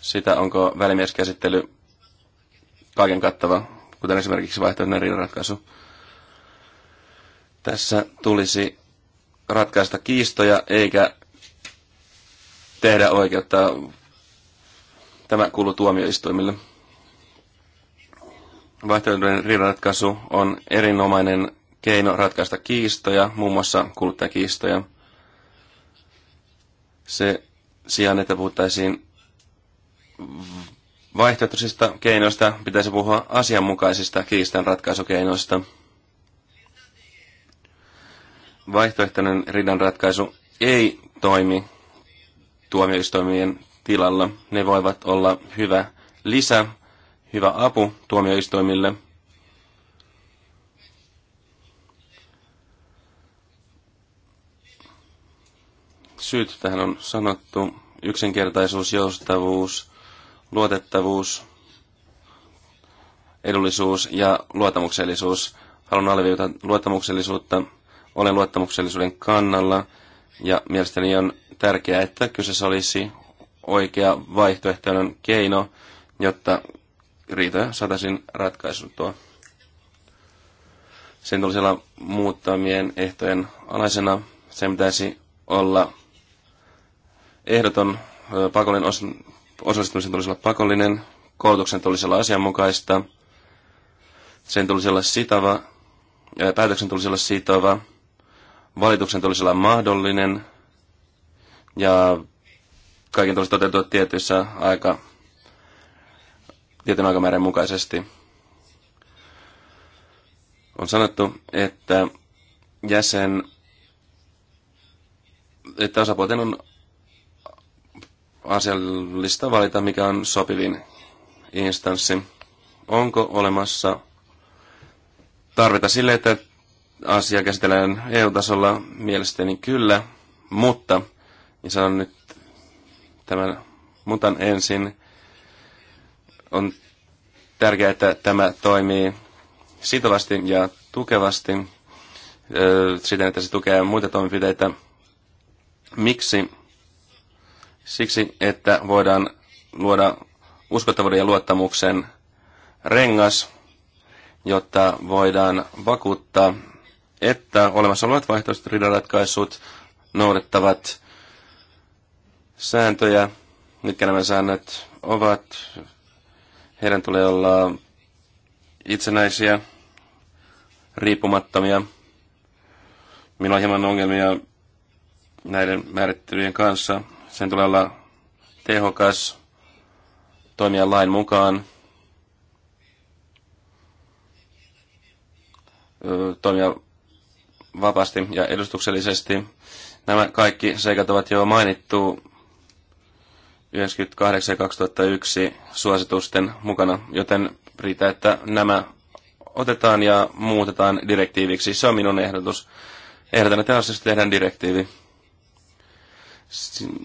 sitä, onko välimieskäsittely kaiken kattava, kuten esimerkiksi vaihtoehtoinen riidanratkaisu. Tässä tulisi ratkaista kiistoja eikä tehdä oikeutta. Tämä kuuluu tuomioistuimille vaihtoehtojen riidanratkaisu on erinomainen keino ratkaista kiistoja, muun muassa kuluttajakiistoja. Se sijaan, että puhuttaisiin vaihtoehtoisista keinoista, pitäisi puhua asianmukaisista kiistan ratkaisukeinoista. Vaihtoehtoinen riidanratkaisu ei toimi tuomioistuimien tilalla. Ne voivat olla hyvä lisä hyvä apu tuomioistuimille. Syyt tähän on sanottu. Yksinkertaisuus, joustavuus, luotettavuus, edullisuus ja luottamuksellisuus. Haluan alleviivata luottamuksellisuutta. Olen luottamuksellisuuden kannalla ja mielestäni on tärkeää, että kyseessä olisi oikea vaihtoehtoinen keino, jotta riita saataisiin ratkaisuttua. Sen tulisi olla muuttamien ehtojen alaisena. Sen pitäisi olla ehdoton pakollinen os, osallistumisen tulisi olla pakollinen, koulutuksen tulisi olla asianmukaista, sen tulisi olla sitava, päätöksen tulisi olla sitova, valituksen tulisi olla mahdollinen ja kaiken tulisi toteutua tietyissä aika tietyn aikamäärän mukaisesti. On sanottu, että jäsen, että osapuolten on asiallista valita, mikä on sopivin instanssi. Onko olemassa tarvita sille, että asia käsitellään EU-tasolla? Mielestäni kyllä, mutta, niin sanon nyt tämän mutan ensin, on tärkeää, että tämä toimii sitovasti ja tukevasti siten, että se tukee muita toimenpiteitä. Miksi? Siksi, että voidaan luoda uskottavuuden ja luottamuksen rengas, jotta voidaan vakuuttaa, että olemassa olevat vaihtoehtoiset riidanratkaisut noudattavat sääntöjä, mitkä nämä säännöt ovat, heidän tulee olla itsenäisiä, riippumattomia. Minulla on hieman ongelmia näiden määrittelyjen kanssa. Sen tulee olla tehokas, toimia lain mukaan, toimia vapaasti ja edustuksellisesti. Nämä kaikki seikat ovat jo mainittu 98 ja 2001 suositusten mukana, joten riitä, että nämä otetaan ja muutetaan direktiiviksi. Se on minun ehdotus. Ehdotan, että asiasta tehdään direktiivi.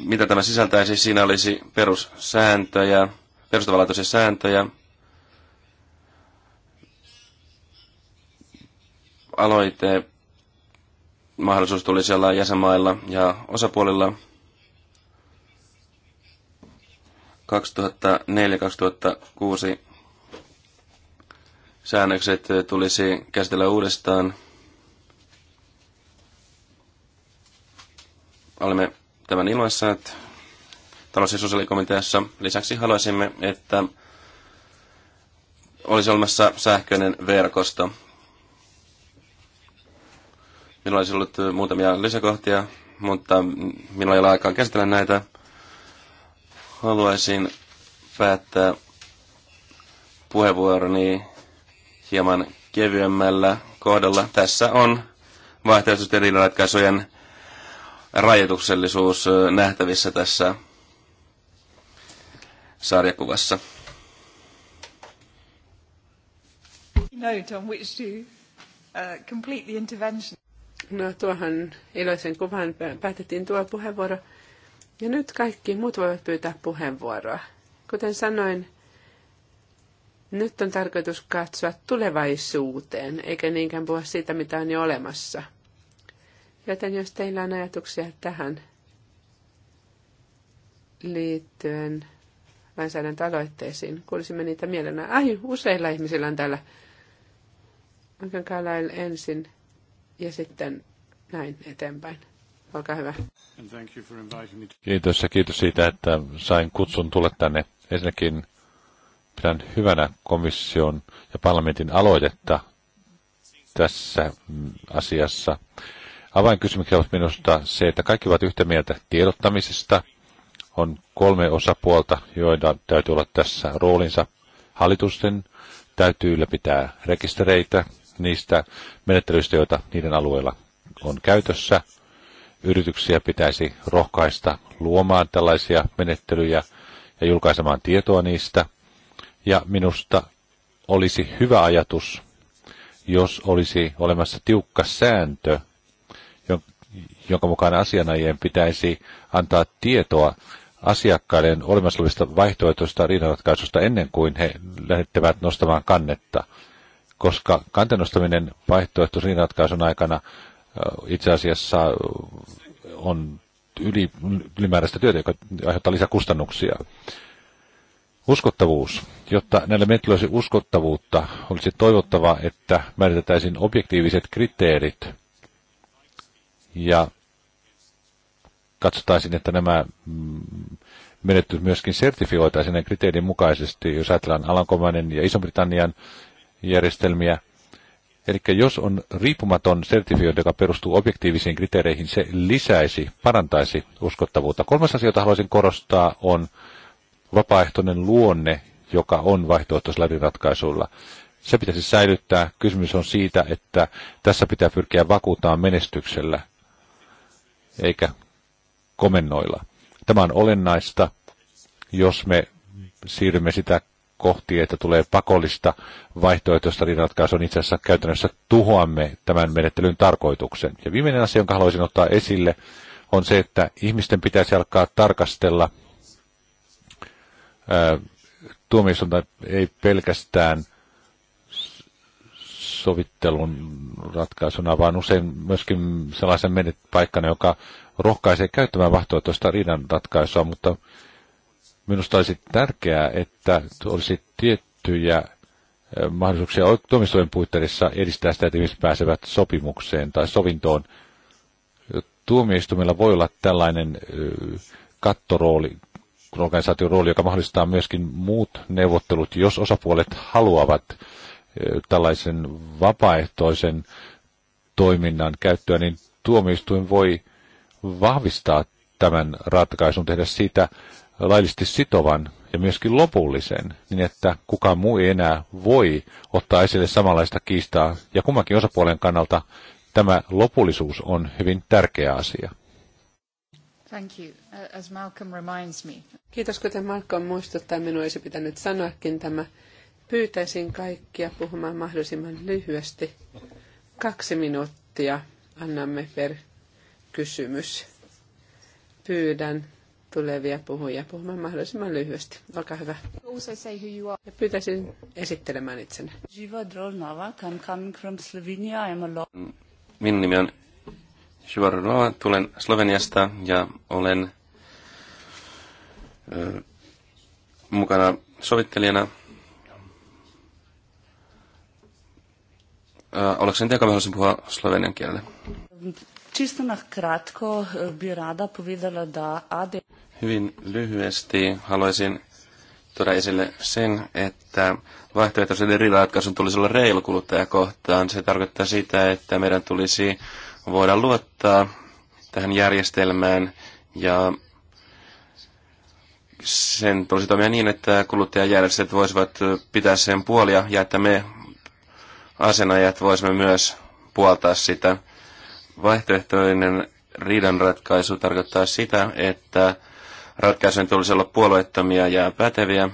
Mitä tämä sisältäisi? Siinä olisi perussääntöjä, perustavanlaatuisia sääntöjä, aloite mahdollisuus tulisi olla jäsenmailla ja osapuolilla – 2004-2006 säännökset tulisi käsitellä uudestaan. Olemme tämän että talous- ja sosiaalikomiteassa. Lisäksi haluaisimme, että olisi olemassa sähköinen verkosto. Minulla olisi ollut muutamia lisäkohtia, mutta minulla ei ole aikaa käsitellä näitä. Haluaisin päättää puheenvuoroni hieman kevyemmällä kohdalla. Tässä on vaihtoehtoisten riidanratkaisujen rajoituksellisuus nähtävissä tässä sarjakuvassa. Uh, no tuohon iloisen kuvan päätettiin tuo puheenvuoro. Ja nyt kaikki muut voivat pyytää puheenvuoroa. Kuten sanoin, nyt on tarkoitus katsoa tulevaisuuteen, eikä niinkään puhua siitä, mitä on jo olemassa. Joten jos teillä on ajatuksia tähän liittyen lainsäädäntöaloitteisiin, kuulisimme niitä mielellään. Ai, useilla ihmisillä on täällä. Onko ensin ja sitten näin eteenpäin. Olkaa hyvä. Kiitos ja kiitos siitä, että sain kutsun tulla tänne. Ensinnäkin pidän hyvänä komission ja parlamentin aloitetta tässä asiassa. Avainkysymyksiä on minusta se, että kaikki ovat yhtä mieltä tiedottamisesta. On kolme osapuolta, joilla täytyy olla tässä roolinsa. Hallitusten täytyy ylläpitää rekistereitä niistä menettelyistä, joita niiden alueella on käytössä yrityksiä pitäisi rohkaista luomaan tällaisia menettelyjä ja julkaisemaan tietoa niistä. Ja minusta olisi hyvä ajatus, jos olisi olemassa tiukka sääntö, jonka mukaan asianajien pitäisi antaa tietoa asiakkaiden olemassa olevista vaihtoehtoista riidanratkaisusta ennen kuin he lähettävät nostamaan kannetta, koska kantenostaminen nostaminen vaihtoehtoisen riidanratkaisun aikana itse asiassa on yli, ylimääräistä työtä, joka aiheuttaa lisäkustannuksia. Uskottavuus. Jotta näille menettelyillä olisi uskottavuutta, olisi toivottava, että määritettäisiin objektiiviset kriteerit ja katsotaisiin, että nämä mm, menettelyt myöskin sertifioitaisiin kriteerin mukaisesti, jos ajatellaan Alankomainen ja Iso-Britannian järjestelmiä – Eli jos on riippumaton sertifiointi, joka perustuu objektiivisiin kriteereihin, se lisäisi, parantaisi uskottavuutta. Kolmas asia, jota haluaisin korostaa, on vapaaehtoinen luonne, joka on vaihtoehtoisella ratkaisuilla. Se pitäisi säilyttää. Kysymys on siitä, että tässä pitää pyrkiä vakuuttamaan menestyksellä, eikä komennoilla. Tämä on olennaista, jos me siirrymme sitä kohti, että tulee pakollista vaihtoehtoista riidanratkaisua, niin itse asiassa käytännössä tuhoamme tämän menettelyn tarkoituksen. Ja viimeinen asia, jonka haluaisin ottaa esille, on se, että ihmisten pitäisi alkaa tarkastella tuomioistuinta ei pelkästään sovittelun ratkaisuna, vaan usein myöskin sellaisen menet paikkana, joka rohkaisee käyttämään vaihtoehtoista riidan ratkaisua, mutta Minusta olisi tärkeää, että olisi tiettyjä mahdollisuuksia tuomistojen puitteissa edistää sitä, että ihmiset pääsevät sopimukseen tai sovintoon. Tuomioistumilla voi olla tällainen kattorooli, organisaation rooli, joka mahdollistaa myöskin muut neuvottelut, jos osapuolet haluavat tällaisen vapaaehtoisen toiminnan käyttöä, niin tuomioistuin voi vahvistaa tämän ratkaisun, tehdä siitä laillisesti sitovan ja myöskin lopullisen, niin että kukaan muu ei enää voi ottaa esille samanlaista kiistaa, ja kummankin osapuolen kannalta tämä lopullisuus on hyvin tärkeä asia. Thank you. Uh, as Malcolm reminds me. Kiitos, kuten Malcolm muistuttaa, minun olisi pitänyt sanoakin tämä. Pyytäisin kaikkia puhumaan mahdollisimman lyhyesti. Kaksi minuuttia annamme per kysymys. Pyydän tulevia puhujia puhumaan mahdollisimman lyhyesti. Olkaa hyvä. Ja pyytäisin esittelemään itsenä. Mm, Minun nimi on Jiva Drolnova, tulen Sloveniasta ja olen ö, mukana sovittelijana. Olekseni tiedä, haluaisin puhua slovenian kielellä. Čisto na kratko bi rada povedala, da AD... Hyvin lyhyesti haluaisin tuoda esille sen, että vaihtoehtoisen eri tulisi olla reilu kuluttajakohtaan. Se tarkoittaa sitä, että meidän tulisi voida luottaa tähän järjestelmään ja sen tulisi toimia niin, että kuluttajajärjestöt voisivat pitää sen puolia ja että me asenajat voisimme myös puoltaa sitä. Vaihtoehtoinen riidanratkaisu tarkoittaa sitä, että ratkaisujen tulisi olla puolueettomia ja päteviä.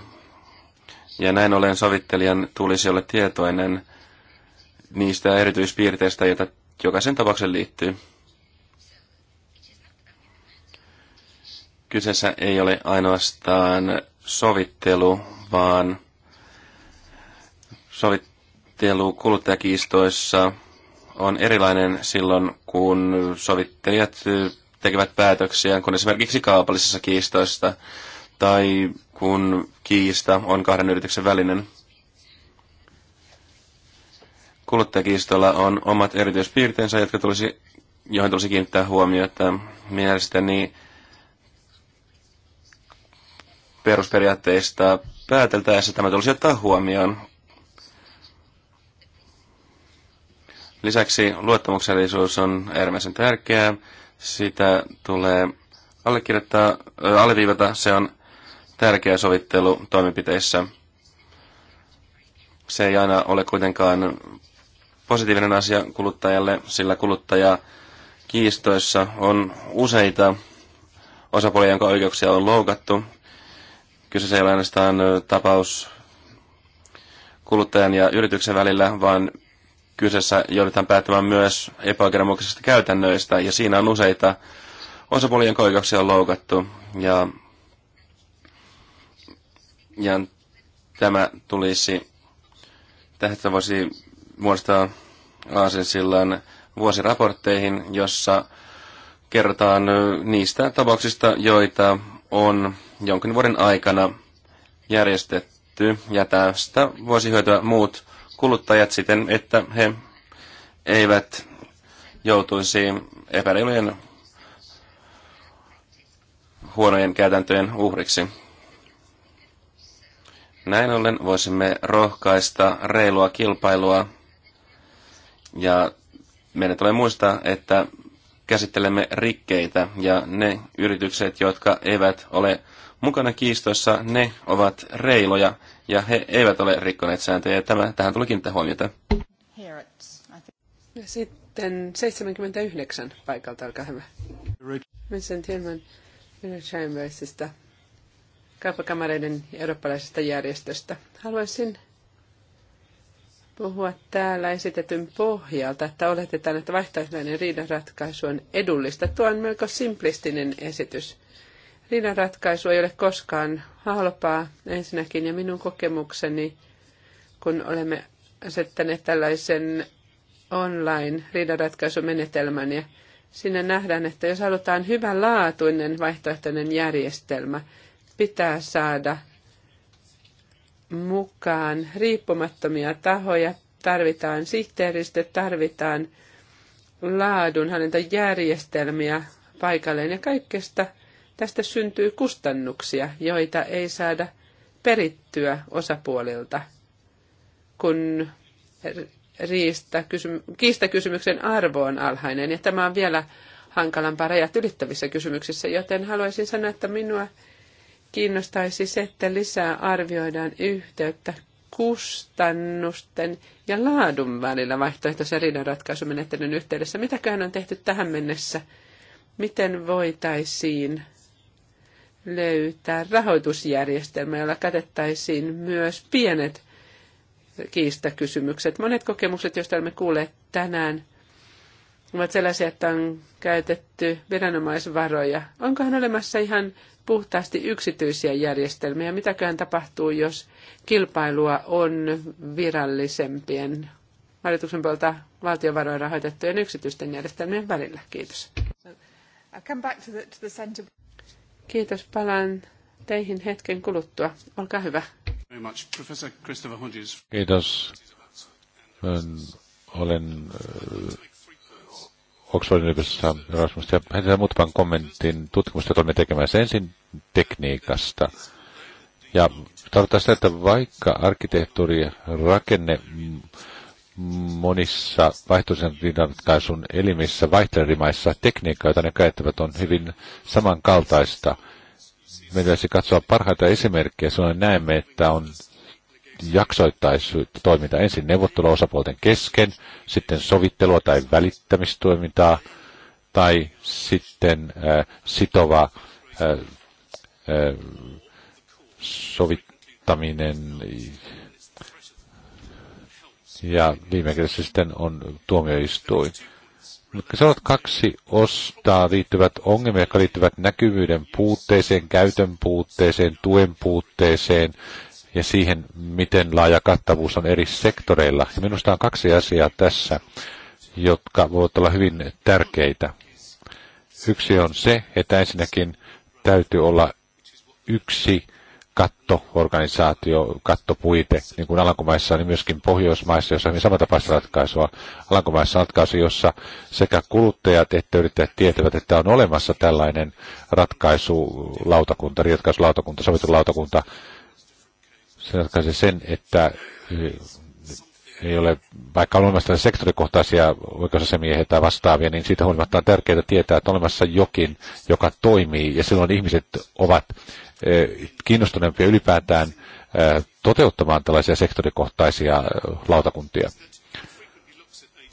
Ja näin ollen sovittelijan tulisi olla tietoinen niistä erityispiirteistä, joita jokaisen tapauksen liittyy. Kyseessä ei ole ainoastaan sovittelu, vaan sovittelu kuluttajakiistoissa on erilainen silloin, kun sovittelijat tekevät päätöksiä, kun esimerkiksi kaupallisissa kiistoista tai kun kiista on kahden yrityksen välinen. Kuluttajakiistolla on omat erityispiirteensä, jotka tulisi, joihin tulisi kiinnittää huomiota. Mielestäni perusperiaatteista pääteltäessä tämä tulisi ottaa huomioon. Lisäksi luottamuksellisuus on äärimmäisen tärkeää. Sitä tulee allekirjoittaa, alleviivata. Se on tärkeä sovittelu toimenpiteissä. Se ei aina ole kuitenkaan positiivinen asia kuluttajalle, sillä kuluttaja kiistoissa on useita osapuolia, jonka oikeuksia on loukattu. Kyseessä ei ole ainoastaan tapaus kuluttajan ja yrityksen välillä, vaan kyseessä joudutaan päättämään myös epäoikeudenmukaisista käytännöistä, ja siinä on useita osapuolien oikeuksia on loukattu, ja, ja tämä tulisi, tästä voisi muodostaa sillan vuosiraportteihin, jossa kerrotaan niistä tapauksista, joita on jonkin vuoden aikana järjestetty, ja tästä voisi hyötyä muut kuluttajat siten, että he eivät joutuisi epäreilujen huonojen käytäntöjen uhriksi. Näin ollen voisimme rohkaista reilua kilpailua ja meidän tulee muistaa, että käsittelemme rikkeitä ja ne yritykset, jotka eivät ole mukana kiistossa, ne ovat reiloja ja he eivät ole rikkoneet sääntöjä. Tämä, tähän tulikin kiinnittää huomiota. Sitten 79 paikalta, olkaa hyvä. Vincent Hillman Chambersista, kauppakamareiden eurooppalaisesta järjestöstä. Haluaisin puhua täällä esitetyn pohjalta, että oletetaan, että vaihtoehtoinen riidanratkaisu on edullista. Tuo on melko simplistinen esitys. Riidan ratkaisu ei ole koskaan halpaa ensinnäkin, ja minun kokemukseni, kun olemme asettaneet tällaisen online riidanratkaisumenetelmän, ja siinä nähdään, että jos halutaan hyvänlaatuinen vaihtoehtoinen järjestelmä, pitää saada mukaan riippumattomia tahoja, tarvitaan sihteeristö, tarvitaan laadunhallintajärjestelmiä paikalleen ja kaikesta – Tästä syntyy kustannuksia, joita ei saada perittyä osapuolilta, kun riista, kysym, kiistakysymyksen arvo on alhainen. Ja tämä on vielä hankalampaa rajat ylittävissä kysymyksissä, joten haluaisin sanoa, että minua kiinnostaisi se, että lisää arvioidaan yhteyttä kustannusten ja laadun välillä vaihtoehtoisen riidanratkaisumenettelyn yhteydessä. Mitäköhän on tehty tähän mennessä? Miten voitaisiin löytää rahoitusjärjestelmä, jolla katettaisiin myös pienet kiistakysymykset. Monet kokemukset, joista olemme kuulleet tänään, ovat sellaisia, että on käytetty viranomaisvaroja. Onkohan olemassa ihan puhtaasti yksityisiä järjestelmiä? Mitäköhän tapahtuu, jos kilpailua on virallisempien hallituksen puolta valtiovaroja rahoitettujen yksityisten järjestelmien välillä? Kiitos. Kiitos, palaan teihin hetken kuluttua. Olkaa hyvä. Kiitos. Olen äh, Oxfordin yliopistossa Erasmus. Ja hän muutaman kommentin tutkimusta, jota olemme tekemässä ensin tekniikasta. Ja tarkoittaa sitä, että vaikka arkkitehtuuri, rakenne, monissa vaihtoisen ratkaisun elimissä vaihtelerimaissa tekniikka, jota ne käyttävät, on hyvin samankaltaista. Meidän pitäisi katsoa parhaita esimerkkejä, silloin näemme, että on jaksoittaisuutta toiminta. Ensin neuvotteluosapuolten kesken, sitten sovittelua tai välittämistoimintaa, tai sitten äh, sitova äh, äh, sovittaminen, ja viime kädessä sitten on tuomioistuin. Sanot kaksi ostaa liittyvät ongelmia, jotka liittyvät näkyvyyden puutteeseen, käytön puutteeseen, tuen puutteeseen ja siihen, miten laaja kattavuus on eri sektoreilla. Ja minusta on kaksi asiaa tässä, jotka voivat olla hyvin tärkeitä. Yksi on se, että ensinnäkin täytyy olla yksi kattoorganisaatio, kattopuite, niin kuin Alankomaissa, niin myöskin Pohjoismaissa, jossa on hyvin samantapaista ratkaisua. Alankomaissa ratkaisu, jossa sekä kuluttajat että yrittäjät tietävät, että on olemassa tällainen ratkaisulautakunta, ratkaisulautakunta, sovitulautakunta. Se ratkaisee sen, että ei ole, vaikka on olemassa sektorikohtaisia oikeusasemiehiä tai vastaavia, niin siitä huolimatta on tärkeää tietää, että on olemassa jokin, joka toimii, ja silloin ihmiset ovat eh, kiinnostuneempia ylipäätään eh, toteuttamaan tällaisia sektorikohtaisia eh, lautakuntia.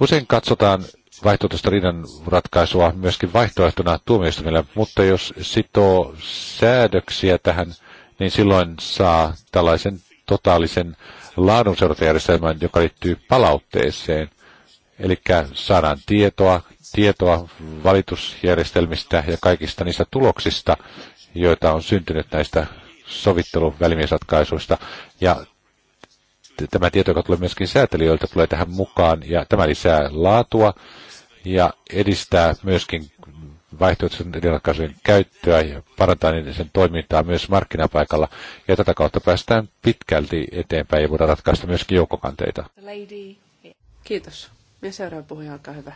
Usein katsotaan vaihtoehtoista riidan ratkaisua myöskin vaihtoehtona tuomioistuimille, mutta jos sitoo säädöksiä tähän, niin silloin saa tällaisen totaalisen äh, laadunseurantajärjestelmän, joka liittyy palautteeseen. Eli saadaan tietoa, tietoa valitusjärjestelmistä ja kaikista niistä tuloksista, joita on syntynyt näistä sovitteluvälimiesratkaisuista. Ja tämä tieto, joka tulee myöskin säätelijöiltä, tulee tähän mukaan ja tämä lisää laatua ja edistää myöskin vaihtoehtoisen ratkaisujen käyttöä ja parantaa niiden sen toimintaa myös markkinapaikalla. Ja tätä kautta päästään pitkälti eteenpäin ja voidaan ratkaista myöskin joukkokanteita. Kiitos. Ja seuraava puhuja, olkaa hyvä.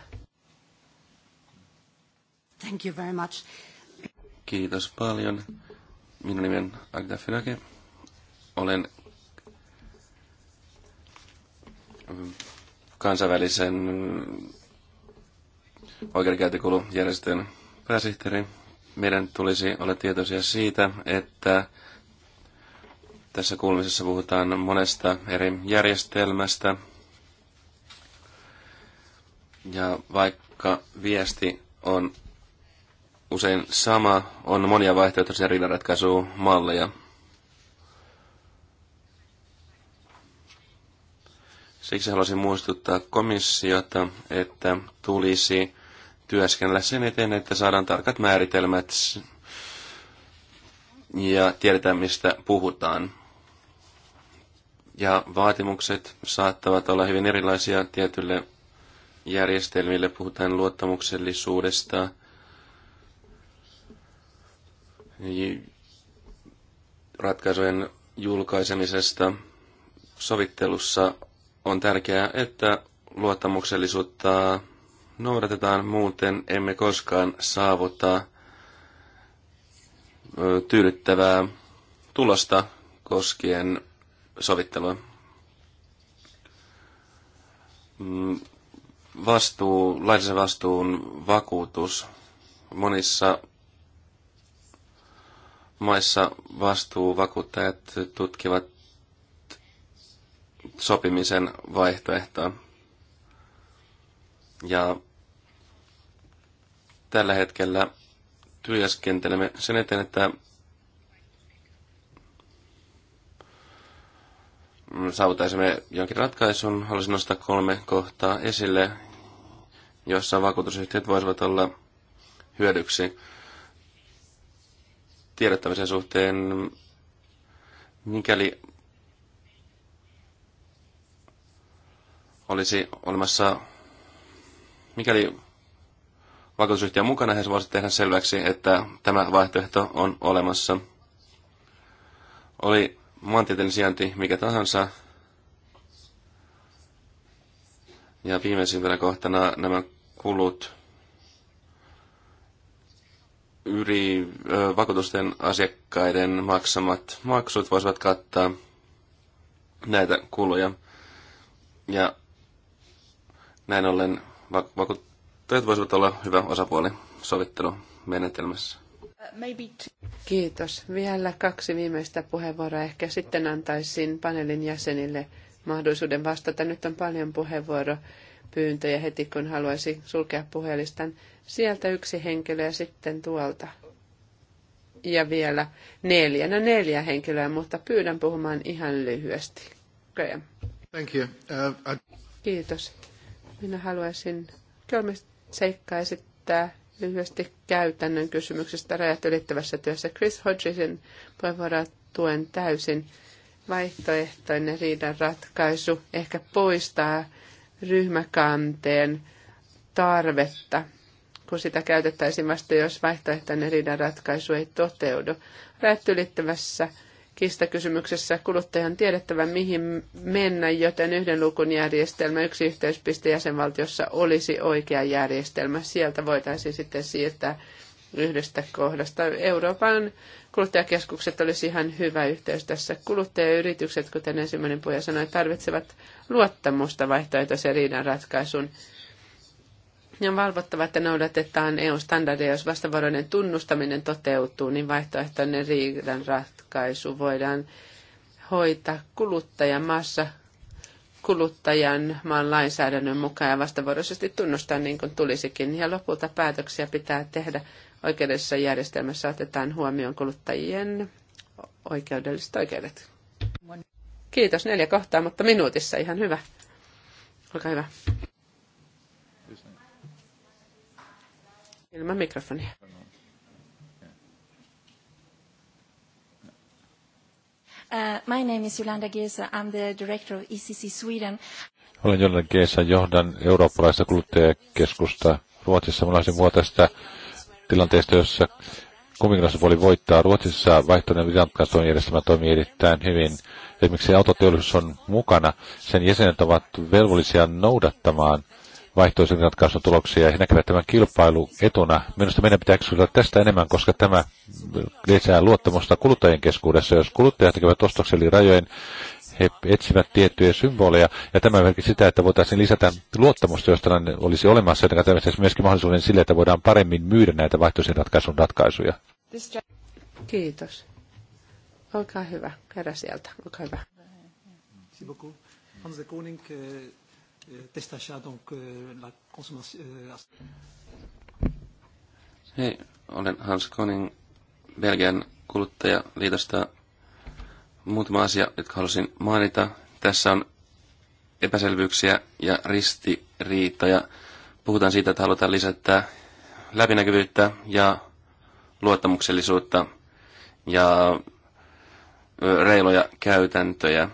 Thank you very much. Kiitos paljon. Minun nimeni on Agda Finake. Olen kansainvälisen oikeudenkäyntikulujärjestön Pääsihteeri, meidän tulisi olla tietoisia siitä, että tässä kuulumisessa puhutaan monesta eri järjestelmästä. Ja vaikka viesti on usein sama, on monia vaihtoehtoisia riidanratkaisumalleja. Siksi haluaisin muistuttaa komissiota, että tulisi työskennellä sen eteen, että saadaan tarkat määritelmät ja tiedetään, mistä puhutaan. Ja vaatimukset saattavat olla hyvin erilaisia tietylle järjestelmille. Puhutaan luottamuksellisuudesta, ratkaisujen julkaisemisesta. Sovittelussa on tärkeää, että luottamuksellisuutta noudatetaan, muuten emme koskaan saavuta tyydyttävää tulosta koskien sovittelua. Mm, vastuu, laillisen vastuun vakuutus. Monissa maissa vastuuvakuuttajat tutkivat sopimisen vaihtoehtoa. Ja tällä hetkellä työskentelemme sen eteen, että saavutaisimme jonkin ratkaisun. Haluaisin nostaa kolme kohtaa esille, jossa vakuutusyhtiöt voisivat olla hyödyksi tiedottamisen suhteen, mikäli olisi olemassa Mikäli vakuutusyhtiö on mukana, he voisivat tehdä selväksi, että tämä vaihtoehto on olemassa. Oli maantieteellinen sijainti mikä tahansa. Ja viimeisimpänä kohtana nämä kulut yri ö, vakuutusten asiakkaiden maksamat maksut voisivat kattaa näitä kuluja. Ja näin ollen vakuuttajat voisivat olla hyvä osapuoli sovittelumenetelmässä. Kiitos. Vielä kaksi viimeistä puheenvuoroa. Ehkä sitten antaisin paneelin jäsenille mahdollisuuden vastata. Nyt on paljon puheenvuoropyyntöjä heti, kun haluaisin sulkea puhelistan. Sieltä yksi henkilö ja sitten tuolta. Ja vielä neljä. No neljä henkilöä, mutta pyydän puhumaan ihan lyhyesti. Okay. Thank you. Uh, I... Kiitos. Minä haluaisin kolme seikkaa esittää lyhyesti käytännön kysymyksestä rajat ylittävässä työssä. Chris Hodgesin puheenvuoroa tuen täysin vaihtoehtoinen riidan ratkaisu ehkä poistaa ryhmäkanteen tarvetta, kun sitä käytettäisiin vasta, jos vaihtoehtoinen riidan ratkaisu ei toteudu. Rajat ylittävässä kistakysymyksessä kuluttajan tiedettävä, mihin mennä, joten yhden lukun järjestelmä, yksi yhteyspiste jäsenvaltiossa olisi oikea järjestelmä. Sieltä voitaisiin sitten siirtää yhdestä kohdasta. Euroopan kuluttajakeskukset olisi ihan hyvä yhteys tässä. Kuluttajayritykset, kuten ensimmäinen puhuja sanoi, tarvitsevat luottamusta vaihtoehtoisen riidan ratkaisun ja on valvottava, että noudatetaan EU-standardeja. Jos vastavuoroinen tunnustaminen toteutuu, niin vaihtoehtoinen riidan ratkaisu voidaan hoitaa kuluttajan maassa kuluttajan maan lainsäädännön mukaan ja vastavuoroisesti tunnustaa niin kuin tulisikin. Ja lopulta päätöksiä pitää tehdä oikeudellisessa järjestelmässä otetaan huomioon kuluttajien oikeudelliset oikeudet. Kiitos neljä kohtaa, mutta minuutissa ihan hyvä. Olkaa hyvä. Ilman mikrofonia. Uh, my name is Yolanda Gesa. I'm the director of ECC Sweden. Olen Jolanda Gesa, johdan eurooppalaista kuluttajakeskusta Ruotsissa. Minulla olisi tästä tilanteesta, jossa kuningaspuoli voittaa. Ruotsissa vaihtoehtoinen viranomaisen järjestelmä toimii erittäin hyvin. Esimerkiksi autoteollisuus on mukana. Sen jäsenet ovat velvollisia noudattamaan – vaihtoisen ratkaisun tuloksia ja näkevät tämän etuna. Minusta meidän pitää kysyä tästä enemmän, koska tämä lisää luottamusta kuluttajien keskuudessa. Jos kuluttajat tekevät ostoksen eli rajojen, he etsivät tiettyjä symboleja, ja tämä merkki sitä, että voitaisiin lisätä luottamusta, josta olisi olemassa, ja myöskin mahdollisuuden sille, että voidaan paremmin myydä näitä vaihtoisen ratkaisun ratkaisuja. Kiitos. Olkaa hyvä, herra sieltä, olkaa hyvä. Merci beaucoup. Hans de Koning, eh, Euh, test achat, donc euh, la consommation... Euh, Hei, olen Hans Koning Belgian kuluttajaliitosta. Muutama asia, jotka halusin mainita. Tässä on epäselvyyksiä ja ristiriitoja. Puhutaan siitä, että halutaan lisätä läpinäkyvyyttä ja luottamuksellisuutta ja reiloja käytäntöjä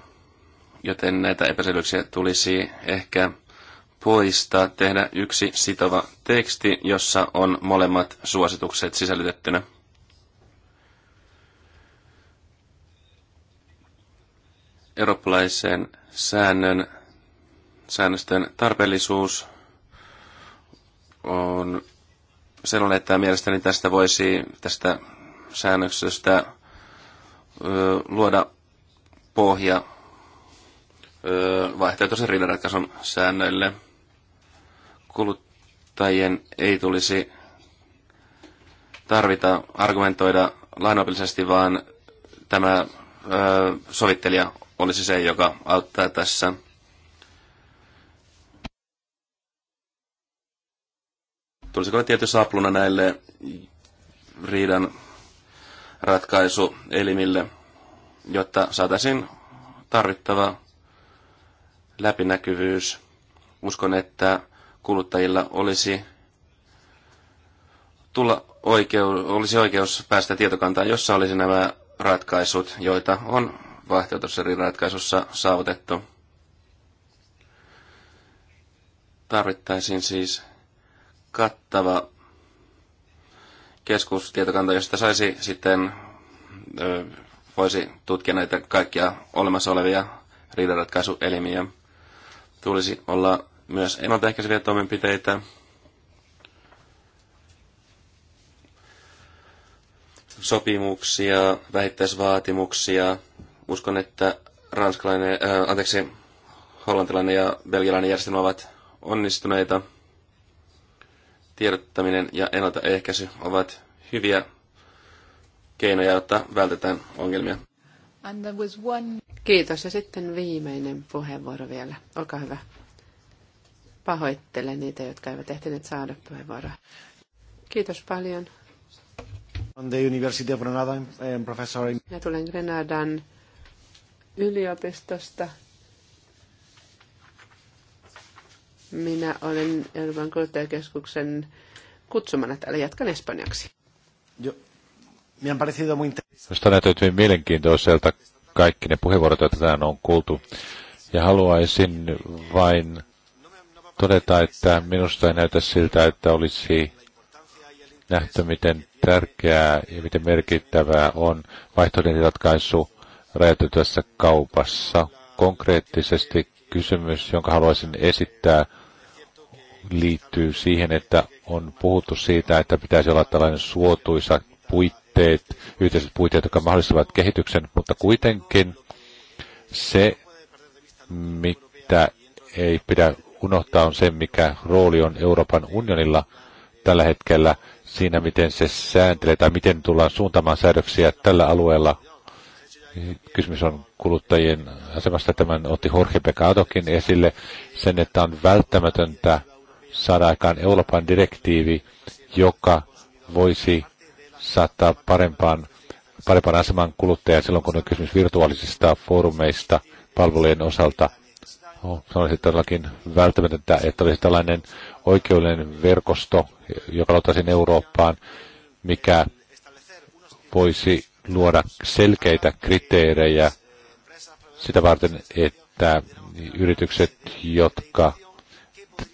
joten näitä epäselvyyksiä tulisi ehkä poistaa, tehdä yksi sitova teksti, jossa on molemmat suositukset sisällytettynä. Eurooppalaisen säännön, säännösten tarpeellisuus on sellainen, että mielestäni tästä voisi tästä säännöksestä luoda pohja vaihtoehtoisen riidaratkaisun säännöille. Kuluttajien ei tulisi tarvita argumentoida lainopillisesti, vaan tämä öö, sovittelija olisi se, joka auttaa tässä. Tulisiko olla tietty sapluna näille riidan ratkaisuelimille, jotta saataisiin tarvittava läpinäkyvyys. Uskon, että kuluttajilla olisi tulla oikeus, olisi oikeus päästä tietokantaan, jossa olisi nämä ratkaisut, joita on vaihtoehtoisessa saavutettu. Tarvittaisiin siis kattava keskustietokanta, josta saisi sitten, voisi tutkia näitä kaikkia olemassa olevia riidanratkaisuelimiä tulisi olla myös ennaltaehkäiseviä toimenpiteitä. Sopimuksia, vähittäisvaatimuksia. Uskon, että ranskalainen, äh, anteeksi, hollantilainen ja belgialainen järjestelmä ovat onnistuneita. Tiedottaminen ja ennaltaehkäisy ovat hyviä keinoja, jotta vältetään ongelmia. And there was one... Kiitos. Ja sitten viimeinen puheenvuoro vielä. Olkaa hyvä. Pahoittelen niitä, jotka eivät ehtineet saada puheenvuoroa. Kiitos paljon. On the University of Granada, um, eh, professor... Minä tulen Grenadan yliopistosta. Minä olen Euroopan kuluttajakeskuksen kutsumana täällä. Jatkan espanjaksi. Joo. Minusta näyttäytyy hyvin mielenkiintoiselta kaikki ne puheenvuorot, joita tänään on kuultu. Ja haluaisin vain todeta, että minusta ei näytä siltä, että olisi nähty, miten tärkeää ja miten merkittävää on vaihtoehtoinen ratkaisu rajatytyssä kaupassa. Konkreettisesti kysymys, jonka haluaisin esittää, liittyy siihen, että on puhuttu siitä, että pitäisi olla tällainen suotuisa puitteet puitteet, yhteiset puitteet, jotka mahdollistavat kehityksen, mutta kuitenkin se, mitä ei pidä unohtaa, on se, mikä rooli on Euroopan unionilla tällä hetkellä siinä, miten se sääntelee tai miten tullaan suuntamaan säädöksiä tällä alueella. Kysymys on kuluttajien asemasta. Tämän otti Jorge Pekadokin esille sen, että on välttämätöntä saada aikaan Euroopan direktiivi, joka voisi saattaa parempaan, parempaan asemaan kuluttaja silloin, kun on kysymys virtuaalisista foorumeista palvelujen osalta. Oh, sanoisin todellakin välttämätöntä, että olisi tällainen oikeudellinen verkosto, joka luotaisiin Eurooppaan, mikä voisi luoda selkeitä kriteerejä sitä varten, että yritykset, jotka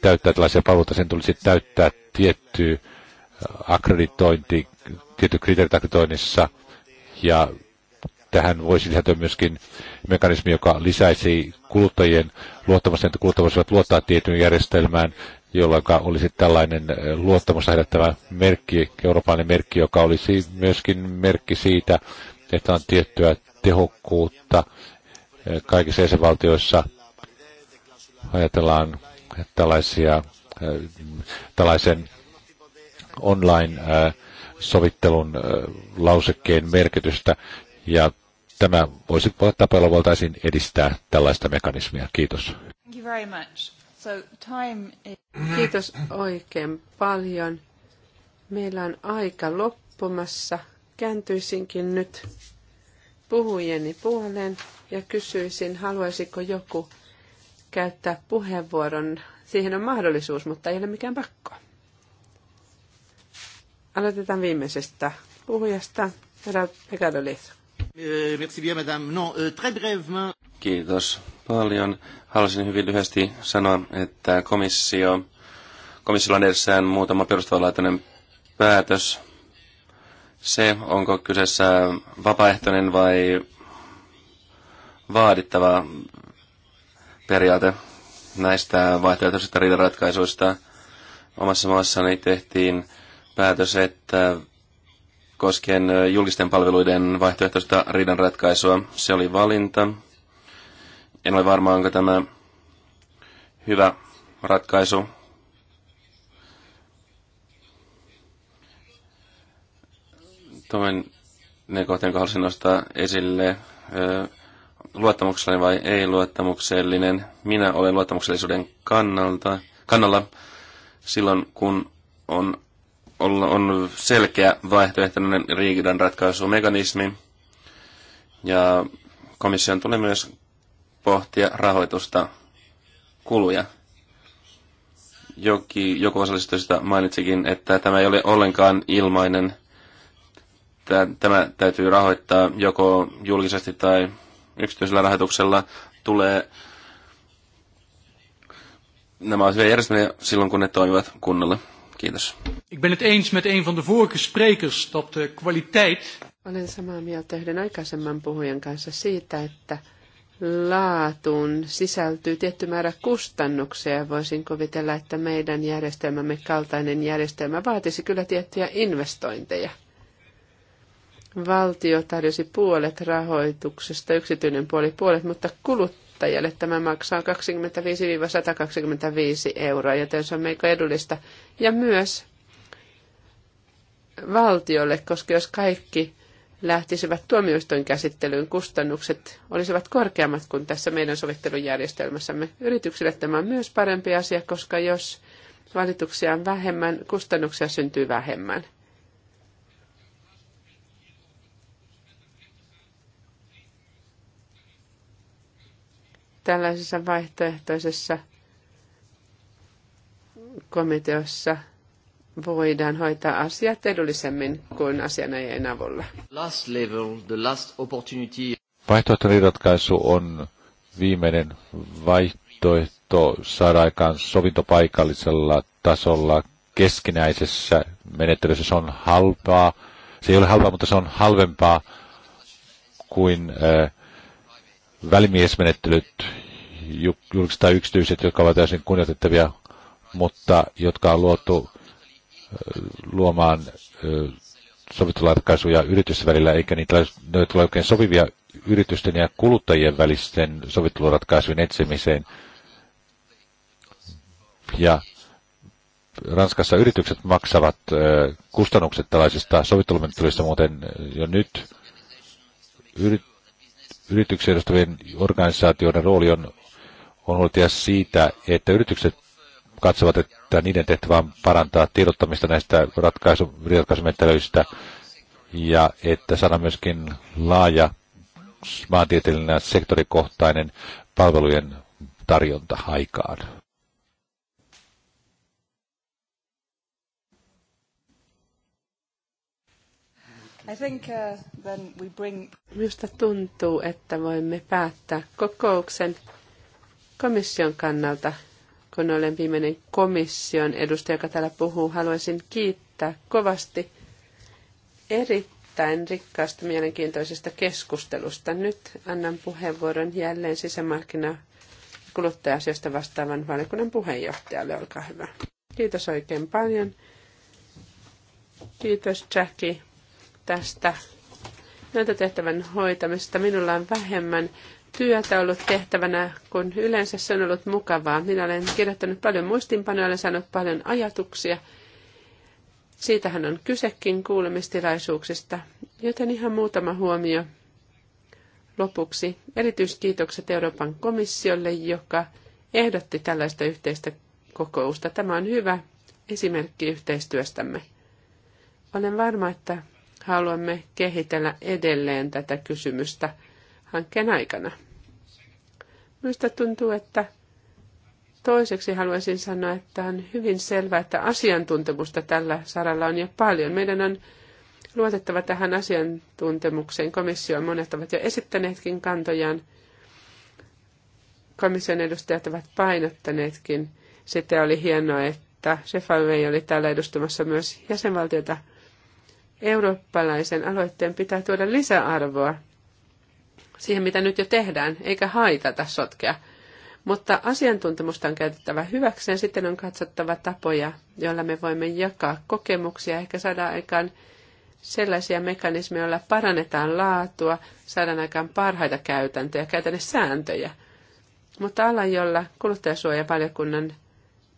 täyttää tällaisia palveluita, sen tulisi täyttää tietty äh, akkreditointi tietyt kriteerit akreditoinnissa ja tähän voisi lisätä myöskin mekanismi, joka lisäisi kuluttajien luottamusta, että kuluttajat voisivat luottaa tietyn järjestelmään, jolloin olisi tällainen äh, luottamusta herättävä merkki, eurooppalainen merkki, joka olisi myöskin merkki siitä, että on tiettyä tehokkuutta äh, kaikissa jäsenvaltioissa. Ajatellaan tällaisia, äh, tällaisen online äh, sovittelun lausekkeen merkitystä, ja tämä voisi tapailla voitaisiin edistää tällaista mekanismia. Kiitos. Kiitos oikein paljon. Meillä on aika loppumassa. Kääntyisinkin nyt puhujeni puoleen ja kysyisin, haluaisiko joku käyttää puheenvuoron. Siihen on mahdollisuus, mutta ei ole mikään pakko. Aloitetaan viimeisestä puhujasta, herra Pekadolis. Eh, merci bien, madame. Non, eh, très brièvement. Kiitos paljon. Haluaisin hyvin lyhyesti sanoa, että komissio, komissiolla on edessään muutama perustavanlaatuinen päätös. Se, onko kyseessä vapaaehtoinen vai vaadittava periaate näistä vaihtoehtoisista riidaratkaisuista. Omassa maassani tehtiin päätös, että koskien julkisten palveluiden vaihtoehtoista ratkaisua se oli valinta. En ole varma, onko tämä hyvä ratkaisu. Toinen ne kohta, jonka haluaisin nostaa esille, luottamuksellinen vai ei-luottamuksellinen. Minä olen luottamuksellisuuden kannalta, kannalla silloin, kun on on selkeä vaihtoehtoinen riikidan ratkaisumekanismi, ja komission tulee myös pohtia rahoitusta kuluja. Joki, joku osallistujista mainitsikin, että tämä ei ole ollenkaan ilmainen. Tämä täytyy rahoittaa joko julkisesti tai yksityisellä rahoituksella. Tulee nämä ovat järjestelmiä silloin, kun ne toimivat kunnolla. Kiitos. Ik ben het eens met een van de vorige sprekers dat de kwaliteit... Olen samaa mieltä yhden aikaisemman puhujan kanssa siitä, että laatuun sisältyy tietty määrä kustannuksia. Voisin kuvitella, että meidän järjestelmämme kaltainen järjestelmä vaatisi kyllä tiettyjä investointeja. Valtio tarjosi puolet rahoituksesta, yksityinen puoli puolet, mutta kulut kuluttajalle tämä maksaa 25-125 euroa, joten se on melko edullista. Ja myös valtiolle, koska jos kaikki lähtisivät tuomioistuin käsittelyyn, kustannukset olisivat korkeammat kuin tässä meidän sovittelujärjestelmässämme. Yrityksille tämä on myös parempi asia, koska jos valituksia on vähemmän, kustannuksia syntyy vähemmän. tällaisessa vaihtoehtoisessa komiteossa voidaan hoitaa asiat edullisemmin kuin asianajien avulla. Last level, the last opportunity. Vaihtoehtoinen ratkaisu on viimeinen vaihtoehto saada aikaan sovintopaikallisella tasolla keskinäisessä menettelyssä. Se on halpaa. Se ei ole halpaa, mutta se on halvempaa kuin äh, välimiesmenettelyt, julkiset tai yksityiset, jotka ovat täysin kunnioitettavia, mutta jotka on luotu luomaan sovitteluratkaisuja yritysten välillä, eikä niitä ne ole oikein sopivia yritysten ja kuluttajien välisten sovitteluratkaisujen etsimiseen. Ja Ranskassa yritykset maksavat kustannukset tällaisista sovittelumenettelyistä muuten jo nyt. Yrit- yrityksen edustavien organisaatioiden rooli on, on huolehtia siitä, että yritykset katsovat, että niiden tehtävä on parantaa tiedottamista näistä ratkaisu, ratkaisumenettelyistä ja että saadaan myöskin laaja maantieteellinen sektorikohtainen palvelujen tarjonta aikaan. I think, uh, then we bring... Minusta tuntuu, että voimme päättää kokouksen komission kannalta. Kun olen viimeinen komission edustaja, joka täällä puhuu, haluaisin kiittää kovasti erittäin rikkaasta mielenkiintoisesta keskustelusta. Nyt annan puheenvuoron jälleen sisämarkkina- kuluttaja-asioista vastaavan valiokunnan puheenjohtajalle. Olkaa hyvä. Kiitos oikein paljon. Kiitos Jackie tästä myöntötehtävän hoitamisesta. Minulla on vähemmän työtä ollut tehtävänä, kun yleensä se on ollut mukavaa. Minä olen kirjoittanut paljon muistinpanoja, olen saanut paljon ajatuksia. Siitähän on kysekin kuulemistilaisuuksista, joten ihan muutama huomio lopuksi. Erityiskiitokset Euroopan komissiolle, joka ehdotti tällaista yhteistä kokousta. Tämä on hyvä esimerkki yhteistyöstämme. Olen varma, että haluamme kehitellä edelleen tätä kysymystä hankkeen aikana. Minusta tuntuu, että toiseksi haluaisin sanoa, että on hyvin selvää, että asiantuntemusta tällä saralla on jo paljon. Meidän on luotettava tähän asiantuntemukseen. Komissio monet ovat jo esittäneetkin kantojaan. Komission edustajat ovat painottaneetkin. Sitten oli hienoa, että Shefalvey oli täällä edustamassa myös jäsenvaltiota eurooppalaisen aloitteen pitää tuoda lisäarvoa siihen, mitä nyt jo tehdään, eikä haitata sotkea. Mutta asiantuntemusta on käytettävä hyväkseen, sitten on katsottava tapoja, joilla me voimme jakaa kokemuksia, ehkä saada aikaan sellaisia mekanismeja, joilla parannetaan laatua, saadaan aikaan parhaita käytäntöjä, käytännön sääntöjä. Mutta ala, jolla kuluttajasuojavaliokunnan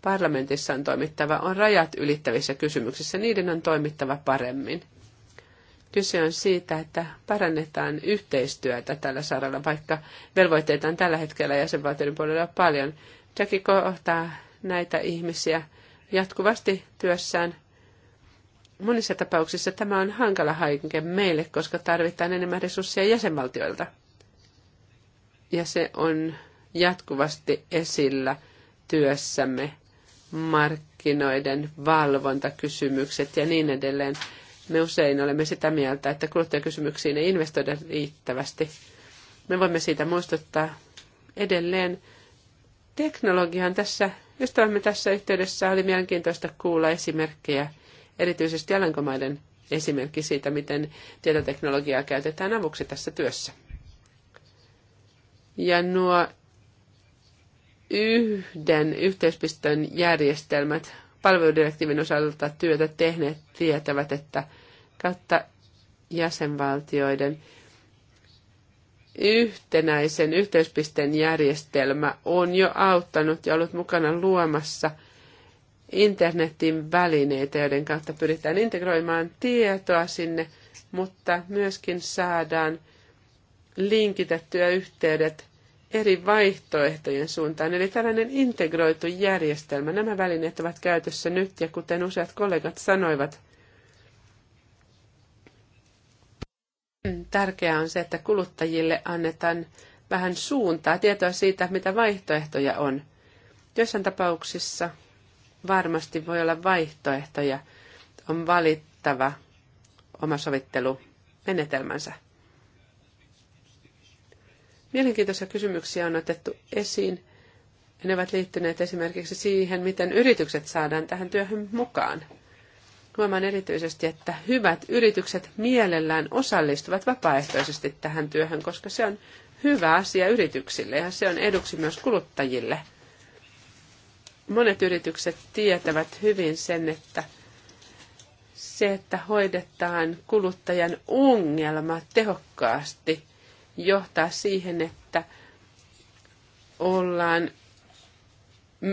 parlamentissa on toimittava on rajat ylittävissä kysymyksissä. Niiden on toimittava paremmin. Kyse on siitä, että parannetaan yhteistyötä tällä saralla, vaikka velvoitteita on tällä hetkellä jäsenvaltioiden puolella paljon. Jackie kohtaa näitä ihmisiä jatkuvasti työssään. Monissa tapauksissa tämä on hankala hanke meille, koska tarvitaan enemmän resursseja jäsenvaltioilta. Ja se on jatkuvasti esillä työssämme markkinoiden valvontakysymykset ja niin edelleen. Me usein olemme sitä mieltä, että kuluttajakysymyksiin ei investoida riittävästi. Me voimme siitä muistuttaa edelleen. Teknologian tässä, ystävämme tässä yhteydessä oli mielenkiintoista kuulla esimerkkejä, erityisesti Alankomaiden esimerkki siitä, miten tietoteknologiaa käytetään avuksi tässä työssä. Ja nuo yhden yhteispistön järjestelmät palveludirektiivin osalta työtä tehneet tietävät, että kautta jäsenvaltioiden yhtenäisen yhteispisten järjestelmä on jo auttanut ja ollut mukana luomassa internetin välineitä, joiden kautta pyritään integroimaan tietoa sinne, mutta myöskin saadaan linkitettyä yhteydet eri vaihtoehtojen suuntaan. Eli tällainen integroitu järjestelmä. Nämä välineet ovat käytössä nyt ja kuten useat kollegat sanoivat, tärkeää on se, että kuluttajille annetaan vähän suuntaa, tietoa siitä, mitä vaihtoehtoja on. Joissain tapauksissa varmasti voi olla vaihtoehtoja. On valittava oma sovittelumenetelmänsä. Mielenkiintoisia kysymyksiä on otettu esiin. Ne ovat liittyneet esimerkiksi siihen, miten yritykset saadaan tähän työhön mukaan. Huomaan erityisesti, että hyvät yritykset mielellään osallistuvat vapaaehtoisesti tähän työhön, koska se on hyvä asia yrityksille ja se on eduksi myös kuluttajille. Monet yritykset tietävät hyvin sen, että se, että hoidetaan kuluttajan ongelma tehokkaasti, johtaa siihen, että ollaan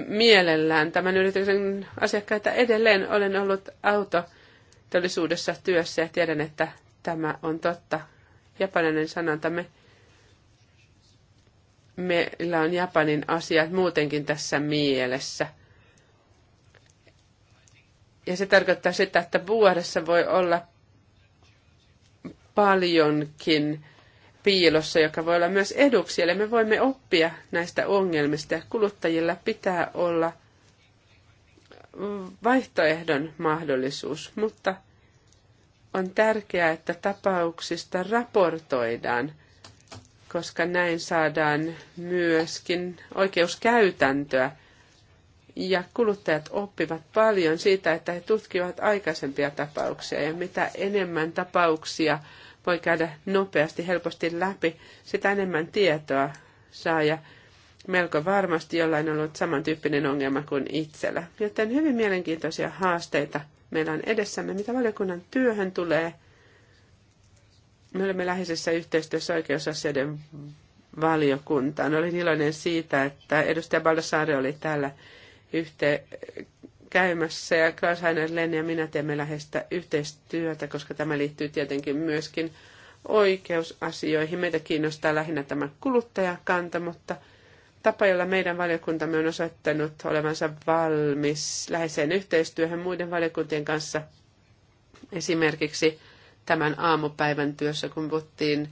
mielellään tämän yrityksen asiakkaita edelleen. Olen ollut autotollisuudessa työssä ja tiedän, että tämä on totta. Japanilainen sanonta, me, meillä on Japanin asiat muutenkin tässä mielessä. Ja se tarkoittaa sitä, että vuodessa voi olla paljonkin piilossa, joka voi olla myös eduksi. Eli me voimme oppia näistä ongelmista ja kuluttajilla pitää olla vaihtoehdon mahdollisuus, mutta on tärkeää, että tapauksista raportoidaan, koska näin saadaan myöskin oikeuskäytäntöä. Ja kuluttajat oppivat paljon siitä, että he tutkivat aikaisempia tapauksia ja mitä enemmän tapauksia voi käydä nopeasti, helposti läpi, sitä enemmän tietoa saa ja melko varmasti jollain on ollut samantyyppinen ongelma kuin itsellä. Joten hyvin mielenkiintoisia haasteita meillä on edessämme, mitä valiokunnan työhön tulee. Me olemme läheisessä yhteistyössä oikeusasioiden valiokuntaan. Olin iloinen siitä, että edustaja Baldassare oli täällä yhte- käymässä ja Klaus Heiner, ja minä teemme lähestä yhteistyötä, koska tämä liittyy tietenkin myöskin oikeusasioihin. Meitä kiinnostaa lähinnä tämä kuluttajakanta, mutta tapa, jolla meidän valiokuntamme on osoittanut olevansa valmis läheiseen yhteistyöhön muiden valiokuntien kanssa, esimerkiksi tämän aamupäivän työssä, kun puhuttiin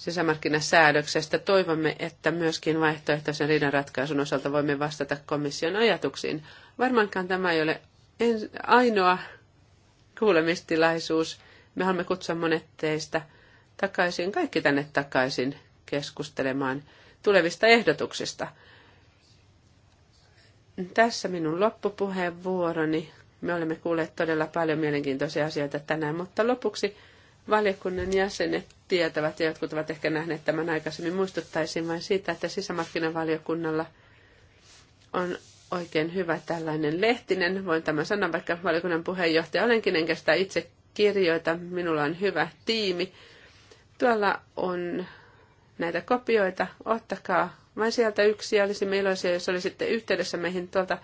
sisämarkkinasäädöksestä. Toivomme, että myöskin vaihtoehtoisen ratkaisun osalta voimme vastata komission ajatuksiin. Varmaankaan tämä ei ole ainoa kuulemistilaisuus. Me haluamme kutsua monet teistä takaisin, kaikki tänne takaisin keskustelemaan tulevista ehdotuksista. Tässä minun loppupuheenvuoroni. Me olemme kuulleet todella paljon mielenkiintoisia asioita tänään, mutta lopuksi valiokunnan jäsenet tietävät ja jotkut ovat ehkä nähneet tämän aikaisemmin. Muistuttaisin vain siitä, että sisämarkkinavaliokunnalla on oikein hyvä tällainen lehtinen. Voin tämän sanoa, vaikka valiokunnan puheenjohtaja olenkin, enkä sitä itse kirjoita. Minulla on hyvä tiimi. Tuolla on näitä kopioita. Ottakaa vain sieltä yksi. Olisimme iloisia, jos olisitte yhteydessä meihin tuolta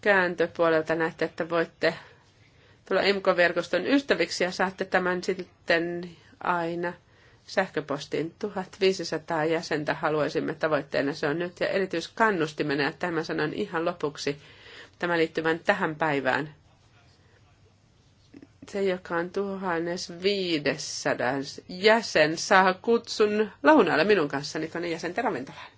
kääntöpuolelta. Näette, että voitte tulla IMCO-verkoston ystäviksi ja saatte tämän sitten aina sähköpostiin. 1500 jäsentä haluaisimme tavoitteena, se on nyt. Ja erityiskannustimena, ja tämän sanon ihan lopuksi, tämän liittyvän tähän päivään. Se, joka on 1500 jäsen, saa kutsun lounaalle minun kanssani tuonne jäsenten ravintolaan.